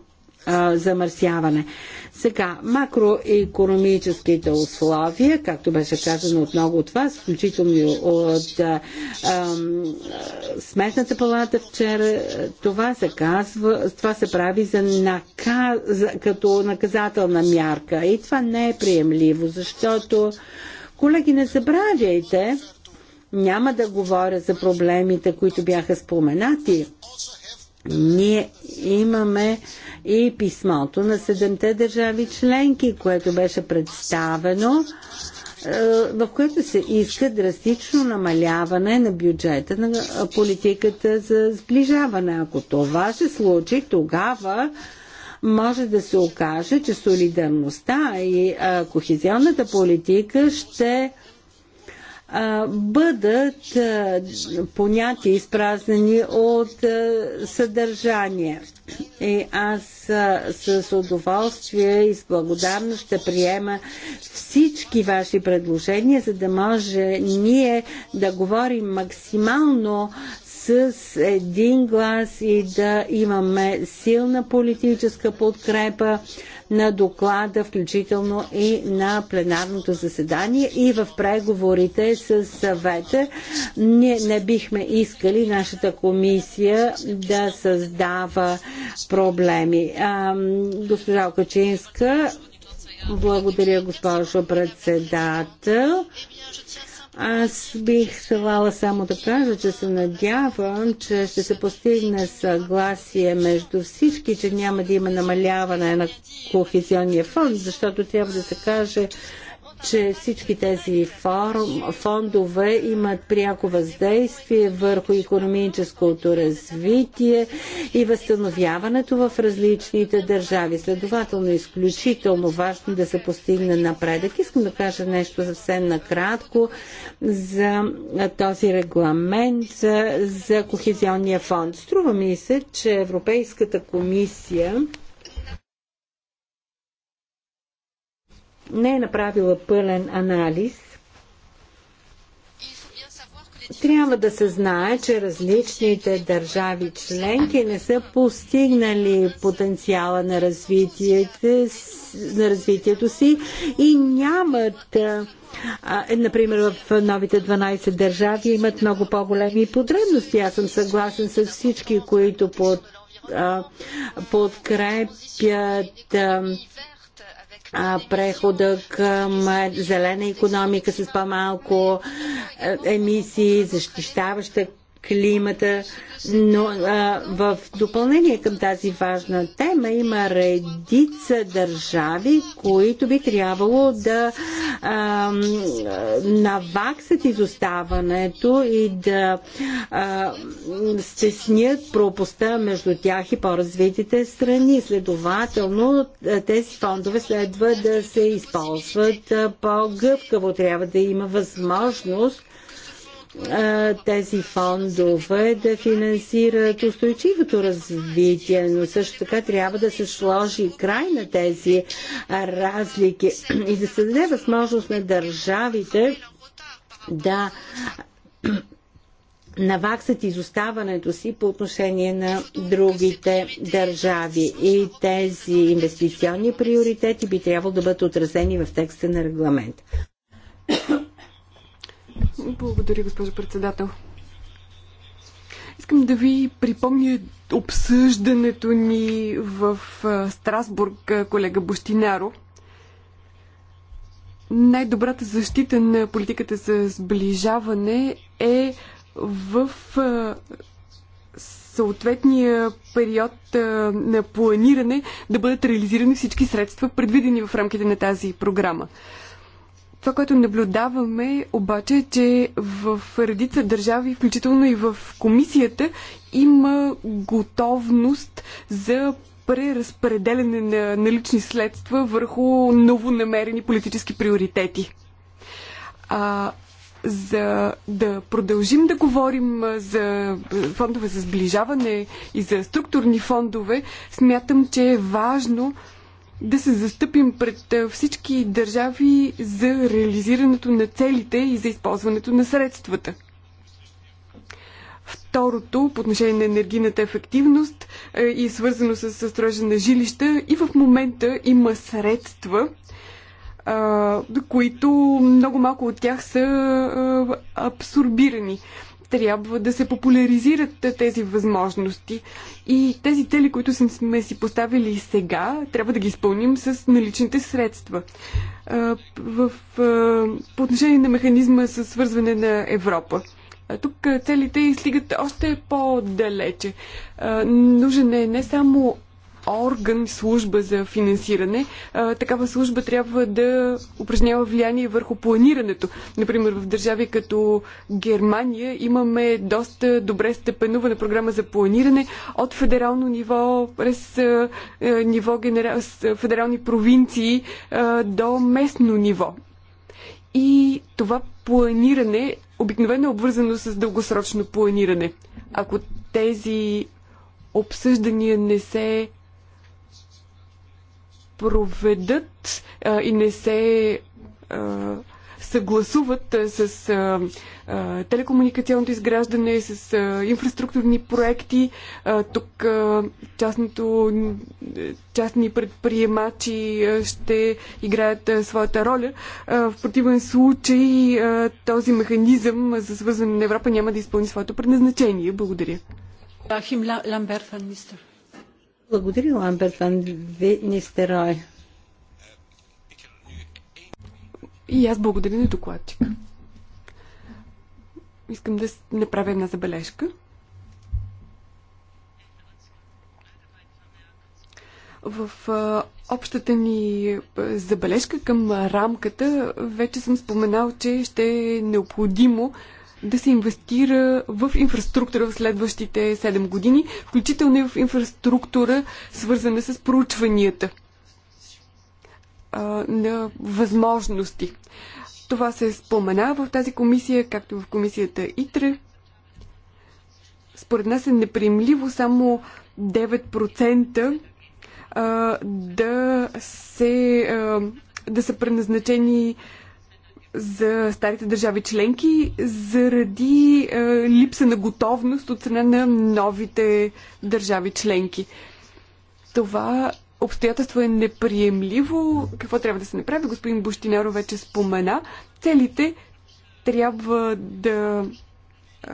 Speaker 1: замърсяване. Сега, макроекономическите условия, както беше казано от много от вас, включително и от а, Сметната палата вчера, това се казва, това се прави за наказ, като наказателна мярка. И това не е приемливо, защото, колеги, не забравяйте, няма да говоря за проблемите, които бяха споменати. Ние имаме и писмото на седемте държави членки, което беше представено, е, в което се иска драстично намаляване на бюджета на политиката за сближаване. Ако това се случи, тогава може да се окаже, че солидарността и е, кохезионната политика ще бъдат поняти изпразнени от съдържание. И аз с удоволствие и с благодарност ще приема всички ваши предложения, за да може ние да говорим максимално с един глас и да имаме силна политическа подкрепа на доклада, включително и на пленарното заседание и в преговорите с съвета. Ние не бихме искали нашата комисия да създава проблеми. госпожа Окачинска, благодаря, госпожо председател. Аз бих желала само да кажа, че се надявам, че ще се постигне съгласие между всички, че няма да има намаляване на кохезионния фонд, защото трябва да се каже че всички тези форум, фондове имат пряко въздействие върху економическото развитие и възстановяването в различните държави. Следователно е изключително важно да се постигне напредък. Искам да кажа нещо съвсем накратко за този регламент за, за Кохезионния фонд. Струва ми се, че Европейската комисия не е направила пълен анализ, трябва да се знае, че различните държави членки не са постигнали потенциала на развитието, на развитието си и нямат Например, в новите 12 държави имат много по-големи потребности. Аз съм съгласен с всички, които под, подкрепят прехода към зелена економика с по-малко емисии, защищаваща климата. Но а, в допълнение към тази важна тема има редица държави, които би трябвало да а, наваксат изоставането и да а, стеснят пропуста между тях и по-развитите страни. Следователно, тези фондове следва да се използват по-гъвкаво. Трябва да има възможност тези фондове да финансират устойчивото развитие, но също така трябва да се сложи край на тези разлики и да се даде възможност на държавите да наваксат изоставането си по отношение на другите държави. И тези инвестиционни приоритети би трябвало да бъдат отразени в текста на регламент.
Speaker 3: Благодаря, госпожо председател. Искам да ви припомня обсъждането ни в Страсбург, колега Бощинаро. Най-добрата защита на политиката за сближаване е в съответния период на планиране да бъдат реализирани всички средства, предвидени в рамките на тази програма. Това, което наблюдаваме обаче, е, че в редица държави, включително и в комисията, има готовност за преразпределене на налични следства върху новонамерени политически приоритети. А, за да продължим да говорим за фондове за сближаване и за структурни фондове, смятам, че е важно да се застъпим пред всички държави за реализирането на целите и за използването на средствата. Второто, по отношение на енергийната ефективност е, и е свързано с строежа на жилища, и в момента има средства, които много малко от тях са абсорбирани трябва да се популяризират тези възможности. И тези цели, които сме си поставили сега, трябва да ги изпълним с наличните средства. В, по отношение на механизма със свързване на Европа. Тук целите стигат още по-далече. Нужен е не само орган, служба за финансиране, а, такава служба трябва да упражнява влияние върху планирането. Например, в държави като Германия имаме доста добре степенувана програма за планиране от федерално ниво през а, ниво генера... федерални провинции а, до местно ниво. И това планиране обикновено е обвързано с дългосрочно планиране. Ако тези обсъждания не се проведат а, и не се а, съгласуват с а, а, телекомуникационното изграждане, с а, инфраструктурни проекти. А, тук а, частното, частни предприемачи а, ще играят а, своята роля. А, в противен случай а, този механизъм за свързване на Европа няма да изпълни своето предназначение. Благодаря.
Speaker 1: Ахим Ламберт, министър. Благодаря, Ламберт Ван Нистерой. И аз благодаря на докладчика.
Speaker 3: Искам да направя една забележка. В а, общата ни забележка към рамката вече съм споменал, че ще е необходимо да се инвестира в инфраструктура в следващите 7 години, включително и в инфраструктура, свързана с проучванията на възможности. Това се спомена в тази комисия, както в комисията ИТРЕ. Според нас е неприемливо само 9% да се, да са предназначени за старите държави членки заради е, липса на готовност от страна на новите държави членки. Това обстоятелство е неприемливо. Какво трябва да се направи? Господин Буштинаро вече спомена. Целите трябва да е,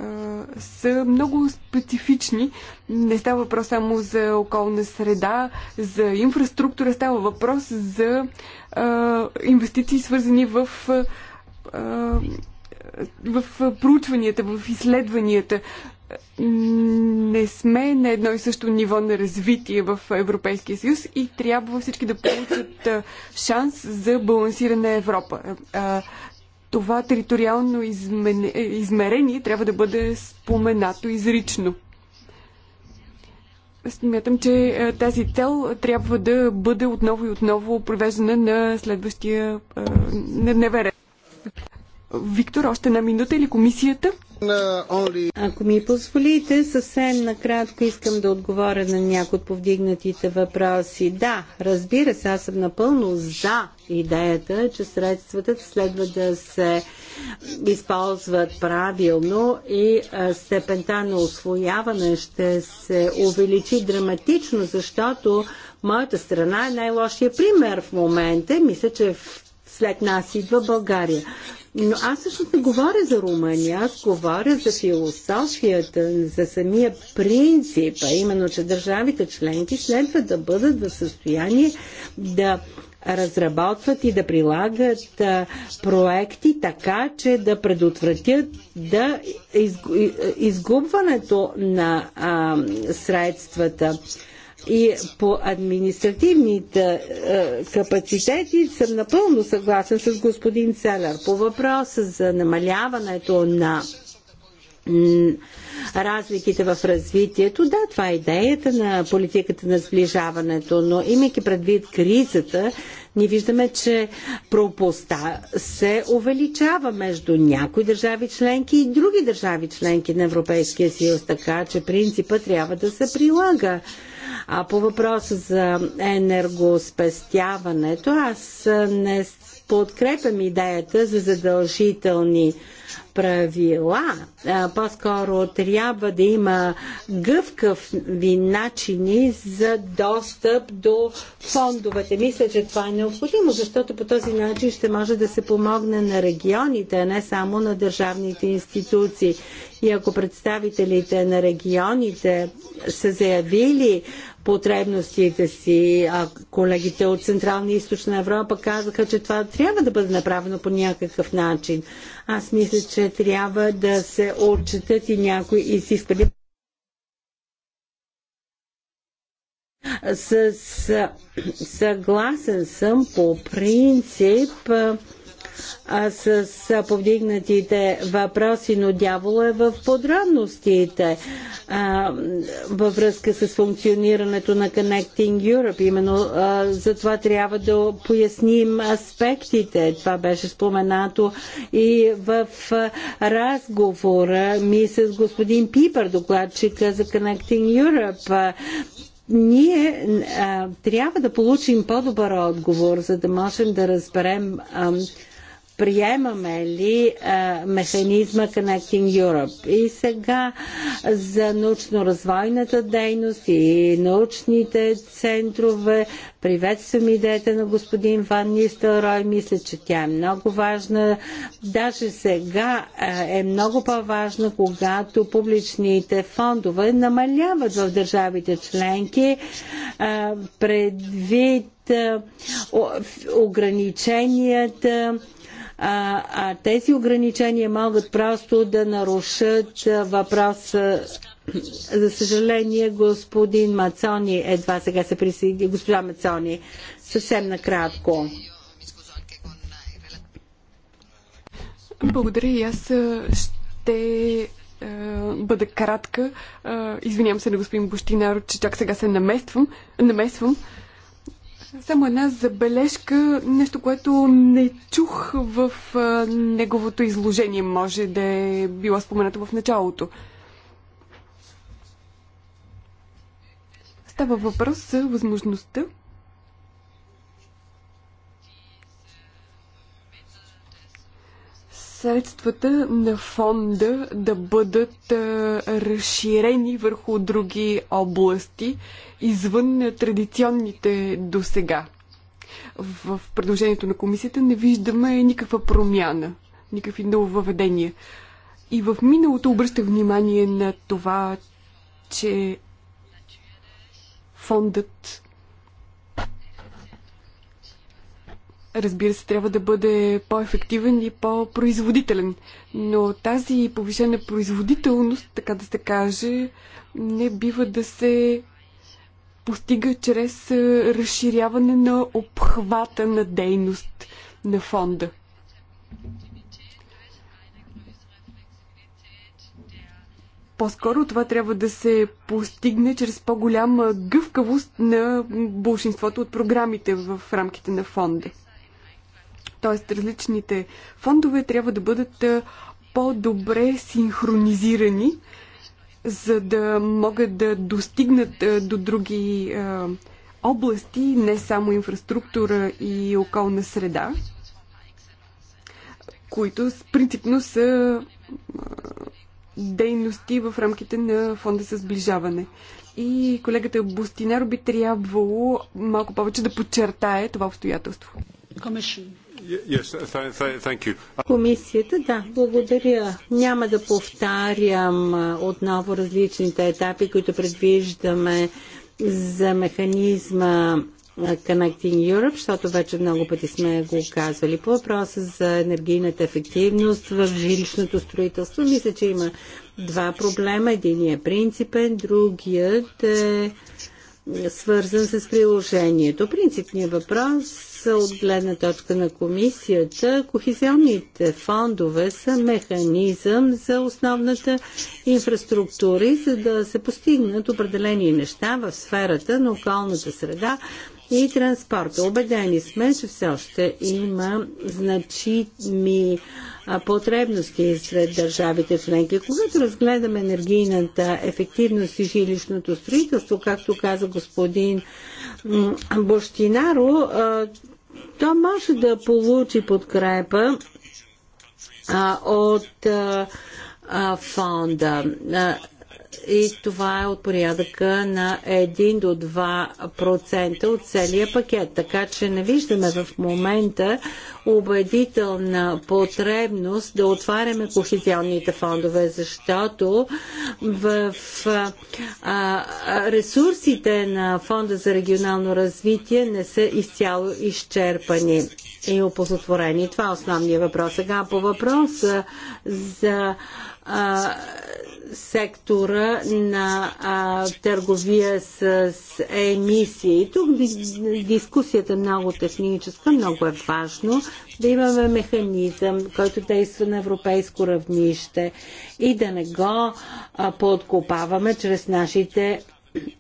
Speaker 3: са много специфични. Не става въпрос само за околна среда, за инфраструктура, става въпрос за е, инвестиции, свързани в е, в проучванията, в изследванията. Не сме на едно и също ниво на развитие в Европейския съюз и трябва всички да получат шанс за балансирана Европа. Това териториално измерение трябва да бъде споменато изрично. Смятам, че тази цел трябва да бъде отново и отново провеждана на следващия на дневен Виктор,
Speaker 1: още на минута или комисията? Ако ми позволите, съвсем накратко искам да отговоря на някои от повдигнатите въпроси. Да, разбира се, аз съм напълно за идеята, че средствата следва да се използват правилно и степента на освояване ще се увеличи драматично, защото моята страна е най-лошия пример в момента. Мисля, че в след нас идва България. Но аз всъщност не говоря за Румъния, аз говоря за философията, за самия принцип, а именно, че държавите членки следва да бъдат в състояние да разработват и да прилагат а, проекти така, че да предотвратят да изгубването на а, средствата и по административните е, капацитети съм напълно съгласен с господин Целер. По въпроса за намаляването на разликите в развитието. Да, това е идеята на политиката на сближаването, но имайки предвид кризата, ние виждаме, че пропуста се увеличава между някои държави членки и други държави членки на Европейския съюз, така че принципът трябва да се прилага. А по въпроса за енергоспестяването, аз не подкрепям идеята за задължителни правила. По-скоро трябва да има гъвкави начини за достъп до фондовете. Мисля, че това е необходимо, защото по този начин ще може да се помогне на регионите, а не само на държавните институции. И ако представителите на регионите са заявили потребностите си. А колегите от Централна и Източна Европа казаха, че това трябва да бъде направено по някакъв начин. Аз мисля, че трябва да се отчетат и някои изисквания. С, съгласен съм по принцип с повдигнатите въпроси, но дявола е в подробностите във връзка с функционирането на Connecting Europe. Именно за това трябва да поясним аспектите. Това беше споменато и в разговора ми с господин Пипър, докладчика за Connecting Europe ние а, трябва да получим по-добър отговор, за да можем да разберем а, приемаме ли а, механизма Connecting Europe. И сега за научно-развойната дейност и научните центрове. Приветствам идеята на господин Ван Нистелрой. Мисля, че тя е много важна. Даже сега а, е много по-важна, когато публичните фондове намаляват в държавите членки а, предвид ограниченията а, а тези ограничения могат просто да нарушат въпроса за съжаление, господин Мацони едва сега се присъедини. Госпожа Мацони, съвсем накратко. Благодаря
Speaker 3: и аз ще е, бъда кратка. Е, извинявам се на господин Бощинаро, че чак сега се намествам. намесвам. Само една забележка, нещо, което не чух в неговото изложение, може да е било споменато в началото. Става въпрос за възможността средствата на фонда да бъдат разширени върху други области, извън традиционните до сега. В предложението на комисията не виждаме никаква промяна, никакви нововведения. И в миналото обръща внимание на това, че фондът разбира се, трябва да бъде по-ефективен и по-производителен. Но тази повишена производителност, така да се каже, не бива да се постига чрез разширяване на обхвата на дейност на фонда. По-скоро това трябва да се постигне чрез по-голяма гъвкавост на большинството от програмите в рамките на фонда. Т.е. различните фондове трябва да бъдат по-добре синхронизирани, за да могат да достигнат до други области, не само инфраструктура и околна среда, които принципно са дейности в рамките на фонда за сближаване. И колегата Бустинаро би трябвало малко повече да подчертае това
Speaker 1: обстоятелство. Комисия. Комисията, да, благодаря. Няма да повтарям отново различните етапи, които предвиждаме за механизма Connecting Europe, защото вече много пъти сме го казвали. По въпроса за енергийната ефективност в жилищното строителство, мисля, че има два проблема. Единият е принципен, другият е свързан с приложението. Принципният въпрос са от гледна точка на комисията. Кохезионните фондове са механизъм за основната инфраструктура и за да се постигнат определени неща в сферата на околната среда и транспорта. Обедени сме, че все още има значими потребности сред държавите членки. Когато разгледаме енергийната ефективност и жилищното строителство, както каза господин Бощинаро, то може да получи подкрепа а, от а, а, фонда. А, и това е от порядъка на 1 до 2% от целия пакет. Така че не виждаме в момента убедителна потребност да отваряме кохезионните фондове, защото в а, ресурсите на Фонда за регионално развитие не са изцяло изчерпани и опозотворени. Това е основният въпрос. Сега по въпроса за а, сектора на а, търговия с, с емисии. Тук дискусията е много техническа, много е важно да имаме механизъм, който действа на европейско равнище и да не го а, подкопаваме чрез нашите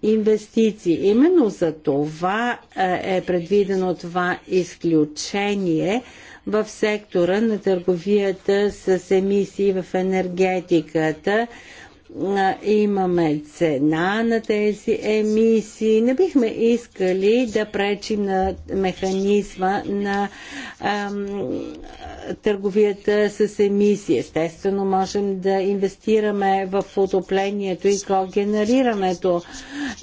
Speaker 1: инвестиции. Именно за това е предвидено това изключение в сектора на търговията с емисии в енергетиката имаме цена на тези емисии. Не бихме искали да пречим на механизма на ам, търговията с емисии. Естествено, можем да инвестираме в отоплението и когенерирането.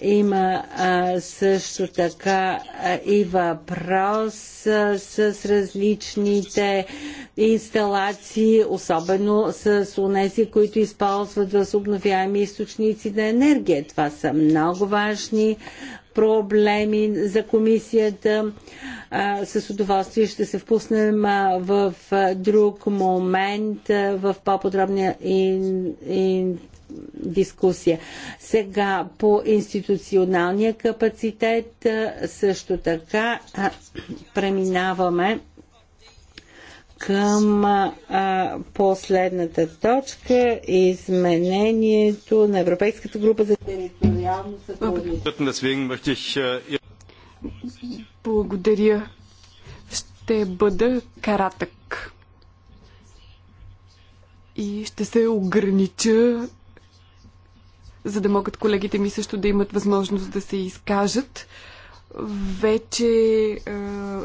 Speaker 1: Има а, също така а, и въпрос а, с различните инсталации, особено с унези, които използват възобновяеми източници на енергия. Това са много важни проблеми за комисията. с удоволствие ще се впуснем в друг момент в по-подробния дискусия. Сега по институционалния капацитет също така преминаваме към а, последната точка изменението на Европейската група за териториално
Speaker 3: сътрудничество.
Speaker 4: Äh,
Speaker 1: Благодаря.
Speaker 3: Ще бъда каратък. И ще се огранича, за да могат колегите ми също да имат възможност да се изкажат. Вече а, е,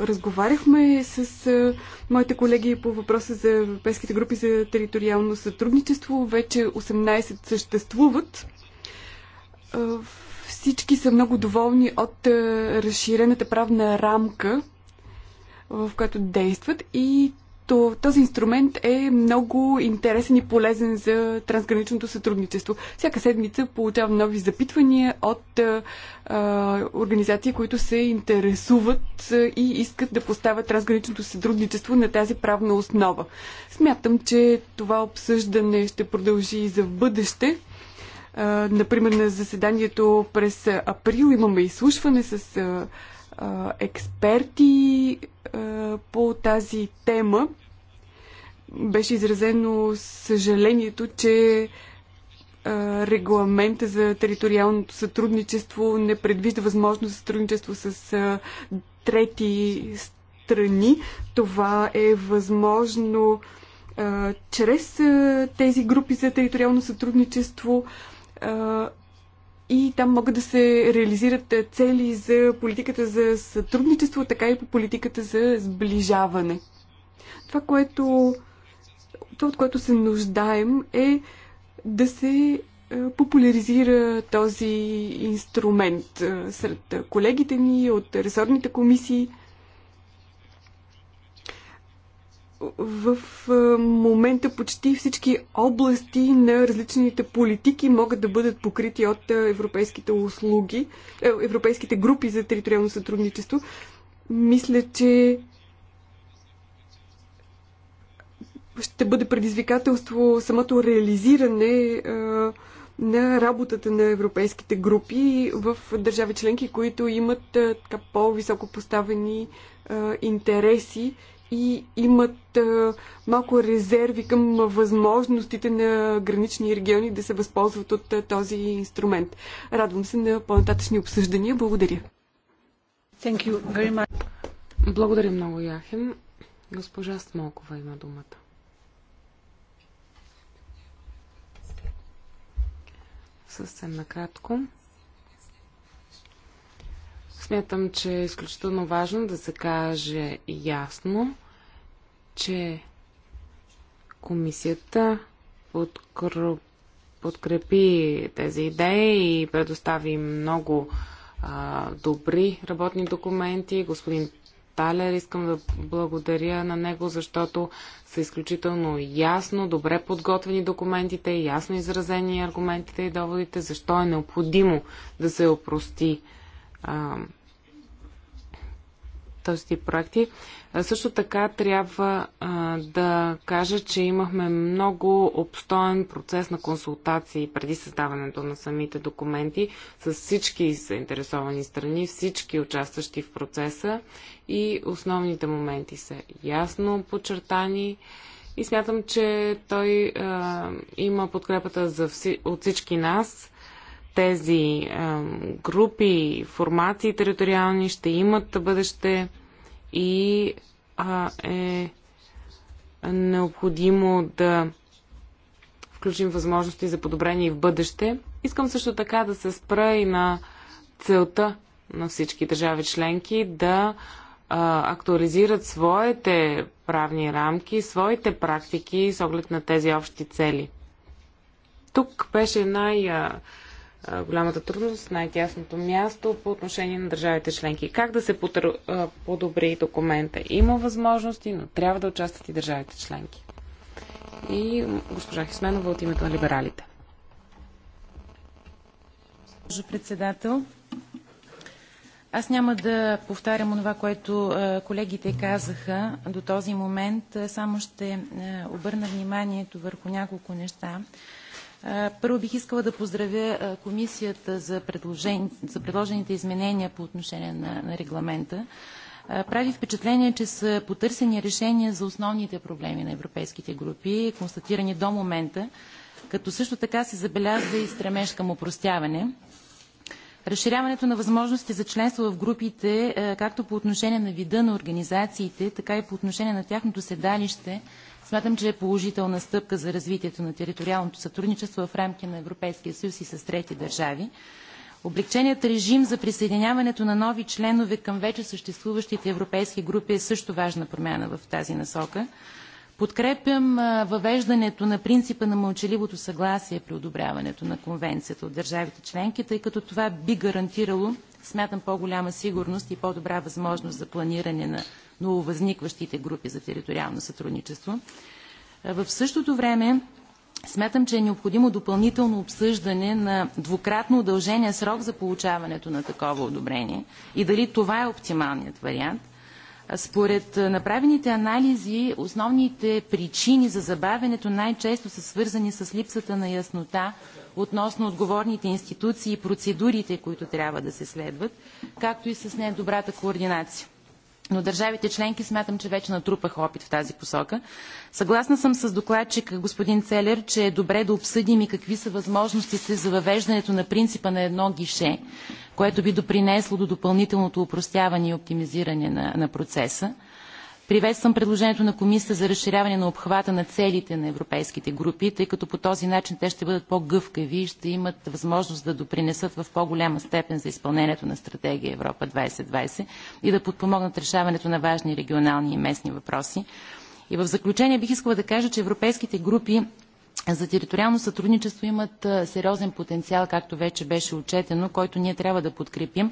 Speaker 3: разговаряхме с а, е, моите колеги по въпроса за европейските групи за териториално сътрудничество. Вече 18 съществуват. А, е, всички са много доволни от а, разширената правна рамка, в която действат и то, този инструмент е много интересен и полезен за трансграничното сътрудничество. Всяка седмица получавам нови запитвания от а, организации, които се интересуват и искат да поставят трансграничното сътрудничество на тази правна основа. Смятам, че това обсъждане ще продължи и за в бъдеще. А, например, на заседанието през април имаме изслушване с. А, а, експерти а, по тази тема. Беше изразено съжалението, че регламента за териториалното сътрудничество не предвижда възможност за сътрудничество с трети страни. Това е възможно чрез тези групи за териториално сътрудничество и там могат да се реализират цели за политиката за сътрудничество, така и по политиката за сближаване. Това, което, това от което се нуждаем е да се е, популяризира този инструмент е, сред колегите ни от ресорните комисии. в момента почти всички области на различните политики могат да бъдат покрити от европейските услуги, европейските групи за териториално сътрудничество. Мисля, че ще бъде предизвикателство самото реализиране на работата на европейските групи в държави членки, които имат така по-високо поставени интереси и имат малко резерви към възможностите на гранични региони да се възползват от този инструмент. Радвам
Speaker 2: се на по-нататъчни обсъждания. Благодаря. Thank you very much. Благодаря много, Яхем. Госпожа Смолкова има думата. Съвсем накратко. Смятам, че е изключително важно да се каже ясно, че комисията подкрепи тези идеи и предостави много а, добри работни документи. Господин Талер, искам да благодаря на него, защото са изключително ясно, добре подготвени документите, ясно изразени аргументите и доводите, защо е необходимо да се опрости този тип проекти. Също така трябва а, да кажа, че имахме много обстоен процес на консултации преди създаването на самите документи с всички заинтересовани страни, всички участващи в процеса и основните моменти са ясно подчертани и смятам, че той а, има подкрепата за вси, от всички нас тези а, групи, формации териториални ще имат бъдеще и а, е необходимо да включим възможности за подобрение и в бъдеще. Искам също така да се спра и на целта на всички държави членки да а, актуализират своите правни рамки, своите практики с оглед на тези общи цели. Тук беше най- а, голямата трудност, най-тясното място по отношение на държавите членки. Как да се подобри документа? Има възможности, но трябва да участват и държавите членки. И
Speaker 4: госпожа Хисменова от името на либералите. Госпожа председател, аз няма да повтарям това, което колегите казаха до този момент, само ще обърна вниманието върху няколко неща. Първо бих искала да поздравя комисията за, предложен... за предложените изменения по отношение на, на регламента. Прави впечатление, че са потърсени решения за основните проблеми на европейските групи, констатирани до момента, като също така се забелязва и стремеж към упростяване. Разширяването на възможности за членство в групите, както по отношение на вида на организациите, така и по отношение на тяхното седалище, Смятам, че е положителна стъпка за развитието на териториалното сътрудничество в рамките на Европейския съюз и с трети държави. Облегченият режим за присъединяването на нови членове към вече съществуващите европейски групи е също важна промяна в тази насока. Подкрепям въвеждането на принципа на мълчаливото съгласие при одобряването на конвенцията от държавите членки, тъй като това би гарантирало смятам по-голяма сигурност и по-добра възможност за планиране на нововъзникващите групи за териториално сътрудничество. В същото време смятам, че е необходимо допълнително обсъждане на двукратно удължения срок за получаването на такова одобрение и дали това е оптималният вариант. Според направените анализи, основните причини за забавянето най-често са свързани с липсата на яснота относно отговорните институции и процедурите, които трябва да се следват, както и с недобрата координация. Но държавите членки смятам, че вече натрупах опит в тази посока. Съгласна съм с докладчика господин Целер, че е добре да обсъдим и какви са възможностите за въвеждането на принципа на едно гише, което би допринесло до допълнителното упростяване и оптимизиране на, на процеса. Приветствам предложението на комисията за разширяване на обхвата на целите на европейските групи, тъй като по този начин те ще бъдат по-гъвкави и ще имат възможност да допринесат в по-голяма степен за изпълнението на стратегия Европа 2020 и да подпомогнат решаването на важни регионални и местни въпроси. И в заключение бих искала да кажа, че европейските групи за териториално сътрудничество имат сериозен потенциал, както вече беше отчетено, който ние трябва да подкрепим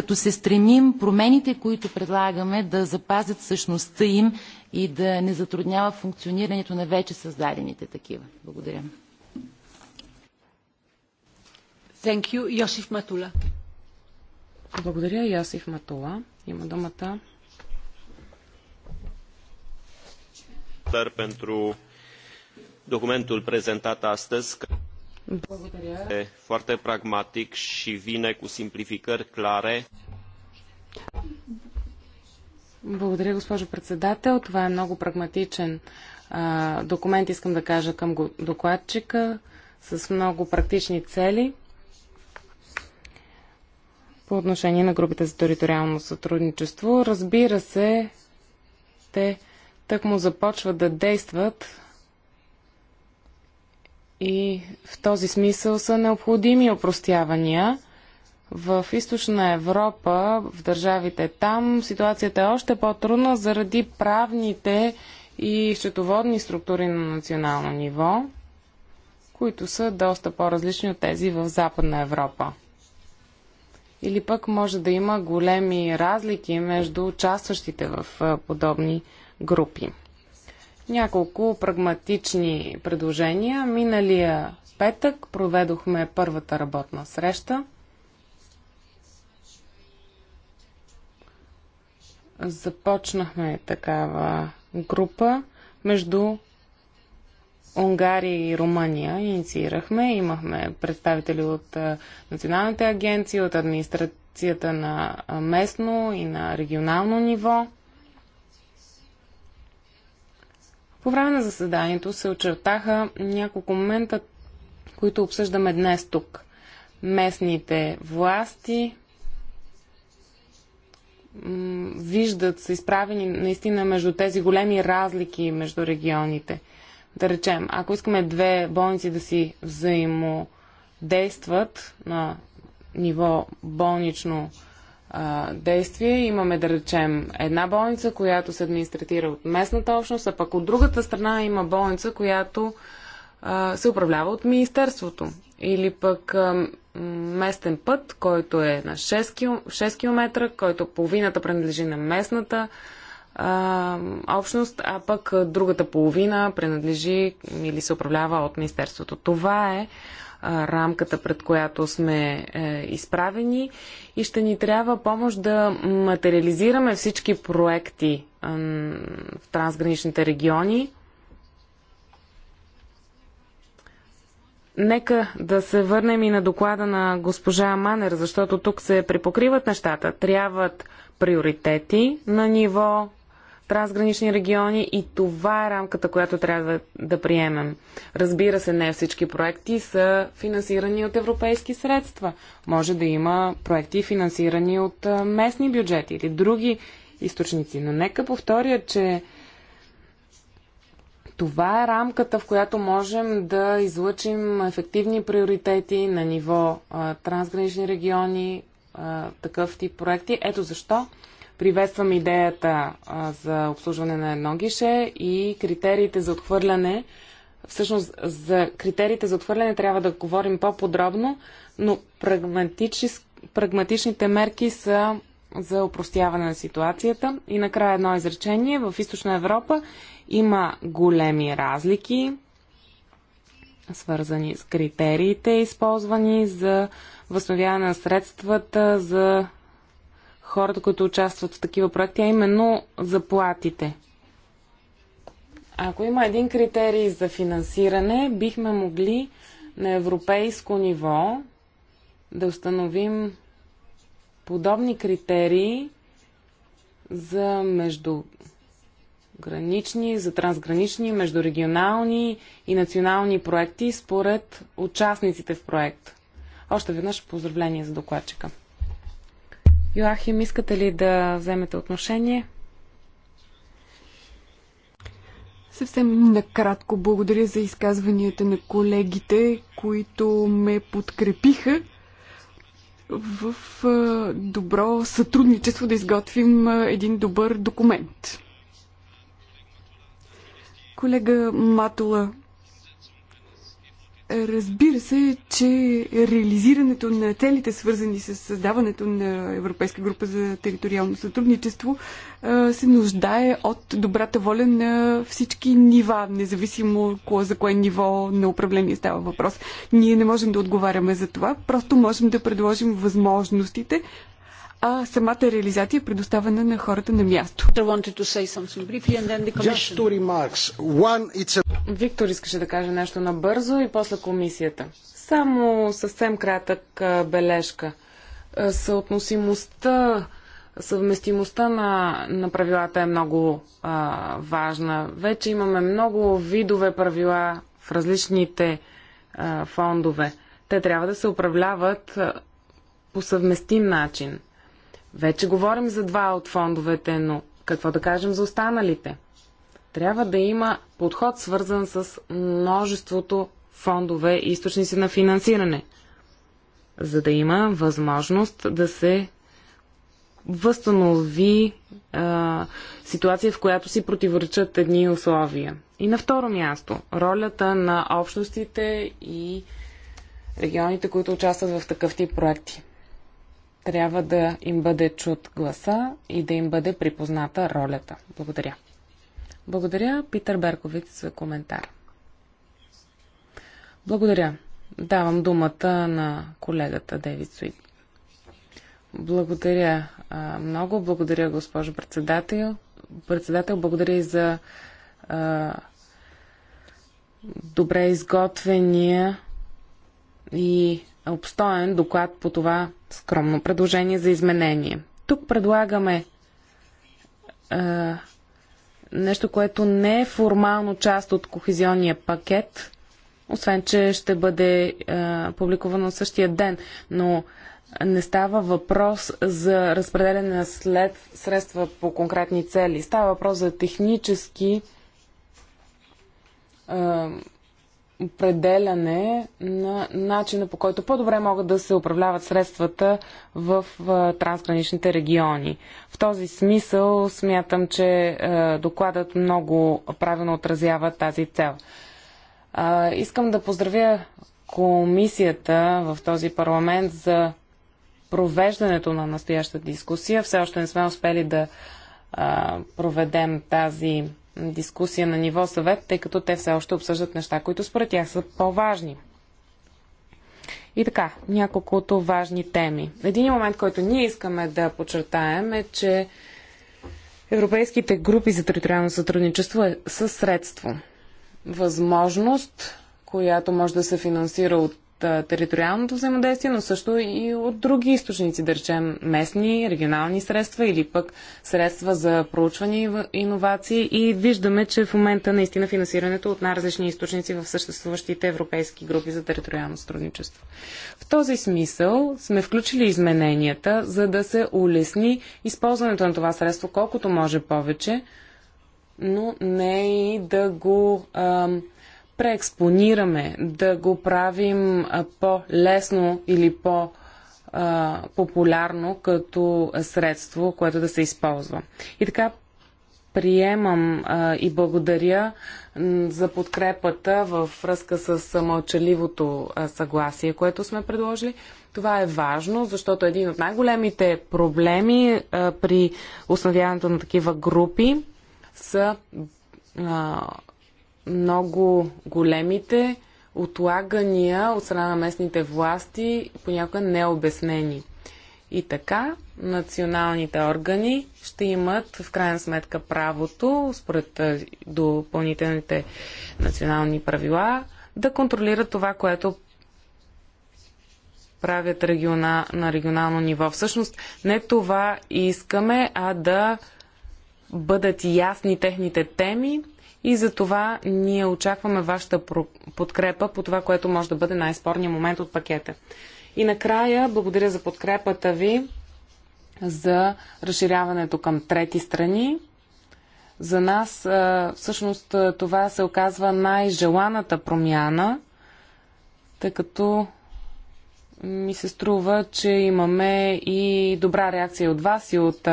Speaker 4: като се стремим промените, които предлагаме, да запазят същността им и да не затруднява функционирането на вече създадените такива. Благодаря. Thank you. Йосиф
Speaker 2: Матула. Благодаря, Йосиф Матула. Има думата. pentru documentul prezentat astăzi. Благодаря. E foarte pragmatic și vine cu simplificări clare. Благодаря, госпожо председател. Това е много прагматичен а, документ, искам да кажа към докладчика, с много практични цели по отношение на групите за териториално сътрудничество. Разбира се, те тък му започват да действат и в този смисъл са необходими опростявания. В източна Европа, в държавите там, ситуацията е още по-трудна заради правните и счетоводни структури на национално ниво, които са доста по-различни от тези в Западна Европа. Или пък може да има големи разлики между участващите в подобни групи. Няколко прагматични предложения. Миналия петък проведохме първата работна среща започнахме такава група между Унгария и Румъния. Инициирахме, имахме представители от националните агенции, от администрацията на местно и на регионално ниво. По време на заседанието се очертаха няколко момента, които обсъждаме днес тук. Местните власти виждат, са изправени наистина между тези големи разлики между регионите. Да речем, ако искаме две болници да си взаимодействат на ниво болнично а, действие. Имаме, да речем, една болница, която се администратира от местната общност, а пък от другата страна има болница, която а, се управлява от Министерството. Или пък а, местен път, който е на 6, км, който половината принадлежи на местната а, общност, а пък другата половина принадлежи или се управлява от Министерството. Това е рамката, пред която сме е, изправени и ще ни трябва помощ да материализираме всички проекти в трансграничните региони. Нека да се върнем и на доклада на госпожа Манер, защото тук се припокриват нещата. Трябват приоритети на ниво трансгранични региони и това е рамката, която трябва да приемем. Разбира се, не всички проекти са финансирани от европейски средства. Може да има проекти финансирани от местни бюджети или други източници. Но нека повторя, че това е рамката, в която можем да излъчим ефективни приоритети на ниво а, трансгранични региони, а, такъв тип проекти. Ето защо Приветствам идеята а, за обслужване на едно гише и критериите за отхвърляне. Всъщност за критериите за отхвърляне трябва да говорим по-подробно, но прагматичните мерки са за упростяване на ситуацията. И накрая едно изречение. В Източна Европа има големи разлики, свързани с критериите, използвани за възстановяване на средствата за хората, които участват в такива проекти, а именно заплатите. Ако има един критерий за финансиране, бихме могли на европейско ниво да установим подобни критерии за междугранични, за трансгранични, междурегионални и национални проекти според участниците в проект. Още веднъж поздравление за докладчика. Йоахим, искате ли да вземете отношение? Съвсем накратко благодаря за
Speaker 3: изказванията на колегите, които ме подкрепиха в добро сътрудничество да изготвим един добър документ. Колега Матула Разбира се, че реализирането на целите, свързани с създаването на Европейска група за териториално сътрудничество, се нуждае от добрата воля на всички нива, независимо за кое ниво на управление става въпрос. Ние не можем да отговаряме за това, просто можем да предложим възможностите, а самата реализация е предоставяне на хората на място.
Speaker 2: Виктор искаше да каже нещо набързо и после комисията. Само съвсем кратък бележка. Съотносимостта съвместимостта на, на правилата е много а, важна. Вече имаме много видове правила в различните а, фондове. Те трябва да се управляват а, по съвместим начин. Вече говорим за два от фондовете, но какво да кажем за останалите? Трябва да има подход свързан с множеството фондове и източници на финансиране, за да има възможност да се възстанови а, ситуация, в която си противоречат едни условия. И на второ място, ролята на общностите и регионите, които участват в такъв тип проекти трябва да им бъде чут гласа и да им бъде припозната ролята. Благодаря. Благодаря, Питър Берковиц, за коментар. Благодаря. Давам думата на колегата Девид Суит. Благодаря много. Благодаря, госпожо председател. Председател, благодаря и за а, добре изготвения и обстоен доклад по това скромно предложение за изменение. Тук предлагаме е, нещо, което не е формално част от кохезионния пакет, освен че ще бъде е, публикувано същия ден, но не става въпрос за разпределение на след средства по конкретни цели. Става въпрос за технически е, определяне на начина по който по-добре могат да се управляват средствата в трансграничните региони. В този смисъл смятам, че докладът много правилно отразява тази цел. Искам да поздравя комисията в този парламент за провеждането на настоящата дискусия. Все още не сме успели да проведем тази дискусия на ниво съвет, тъй като те все още обсъждат неща, които според тях са по-важни. И така, няколкото важни теми. Един момент, който ние искаме да подчертаем е, че европейските групи за териториално сътрудничество е, са средство. Възможност, която може да се финансира от териториалното взаимодействие, но също и от други източници, да речем местни, регионални средства или пък средства за проучване и иновации. И виждаме, че в момента наистина финансирането от най-различни източници в съществуващите европейски групи за териториално сътрудничество. В този смисъл сме включили измененията, за да се улесни използването на това средство колкото може повече, но не и да го. Ам, преекспонираме, да го правим по-лесно или по- популярно като средство, което да се използва. И така приемам и благодаря за подкрепата във връзка с мълчаливото съгласие, което сме предложили. Това е важно, защото е един от най-големите проблеми при установяването на такива групи са много големите отлагания от страна на местните власти, понякога необяснени. И така, националните органи ще имат в крайна сметка правото, според допълнителните национални правила, да контролират това, което правят региона, на регионално ниво. Всъщност не това искаме, а да бъдат ясни техните теми и за това ние очакваме вашата подкрепа по това, което може да бъде най-спорният момент от пакета. И накрая, благодаря за подкрепата ви за разширяването към трети страни. За нас всъщност това се оказва най-желаната промяна, тъй като ми се струва, че имаме и добра реакция от вас и от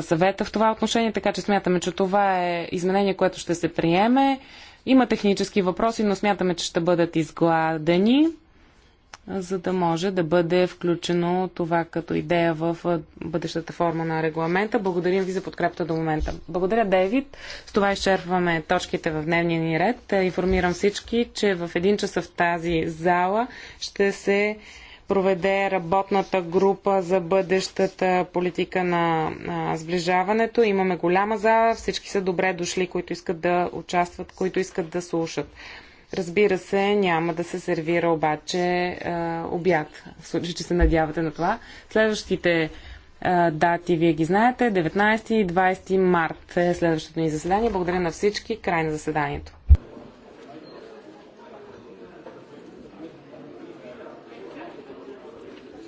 Speaker 2: съвета в това отношение, така че смятаме, че това е изменение, което ще се приеме. Има технически въпроси, но смятаме, че ще бъдат изгладени, за да може да бъде включено това като идея в бъдещата форма на регламента. Благодарим ви за подкрепата до момента. Благодаря, Дейвид. С това изчерпваме точките в дневния ни ред. Информирам всички, че в един час в тази зала ще се проведе работната група за бъдещата политика на сближаването. Имаме голяма зала, всички са добре дошли, които искат да участват, които искат да слушат. Разбира се, няма да се сервира обаче обяд, в случай, че се надявате на това. Следващите дати вие ги знаете. 19 и 20 март е следващото ни заседание. Благодаря на всички. Край на заседанието.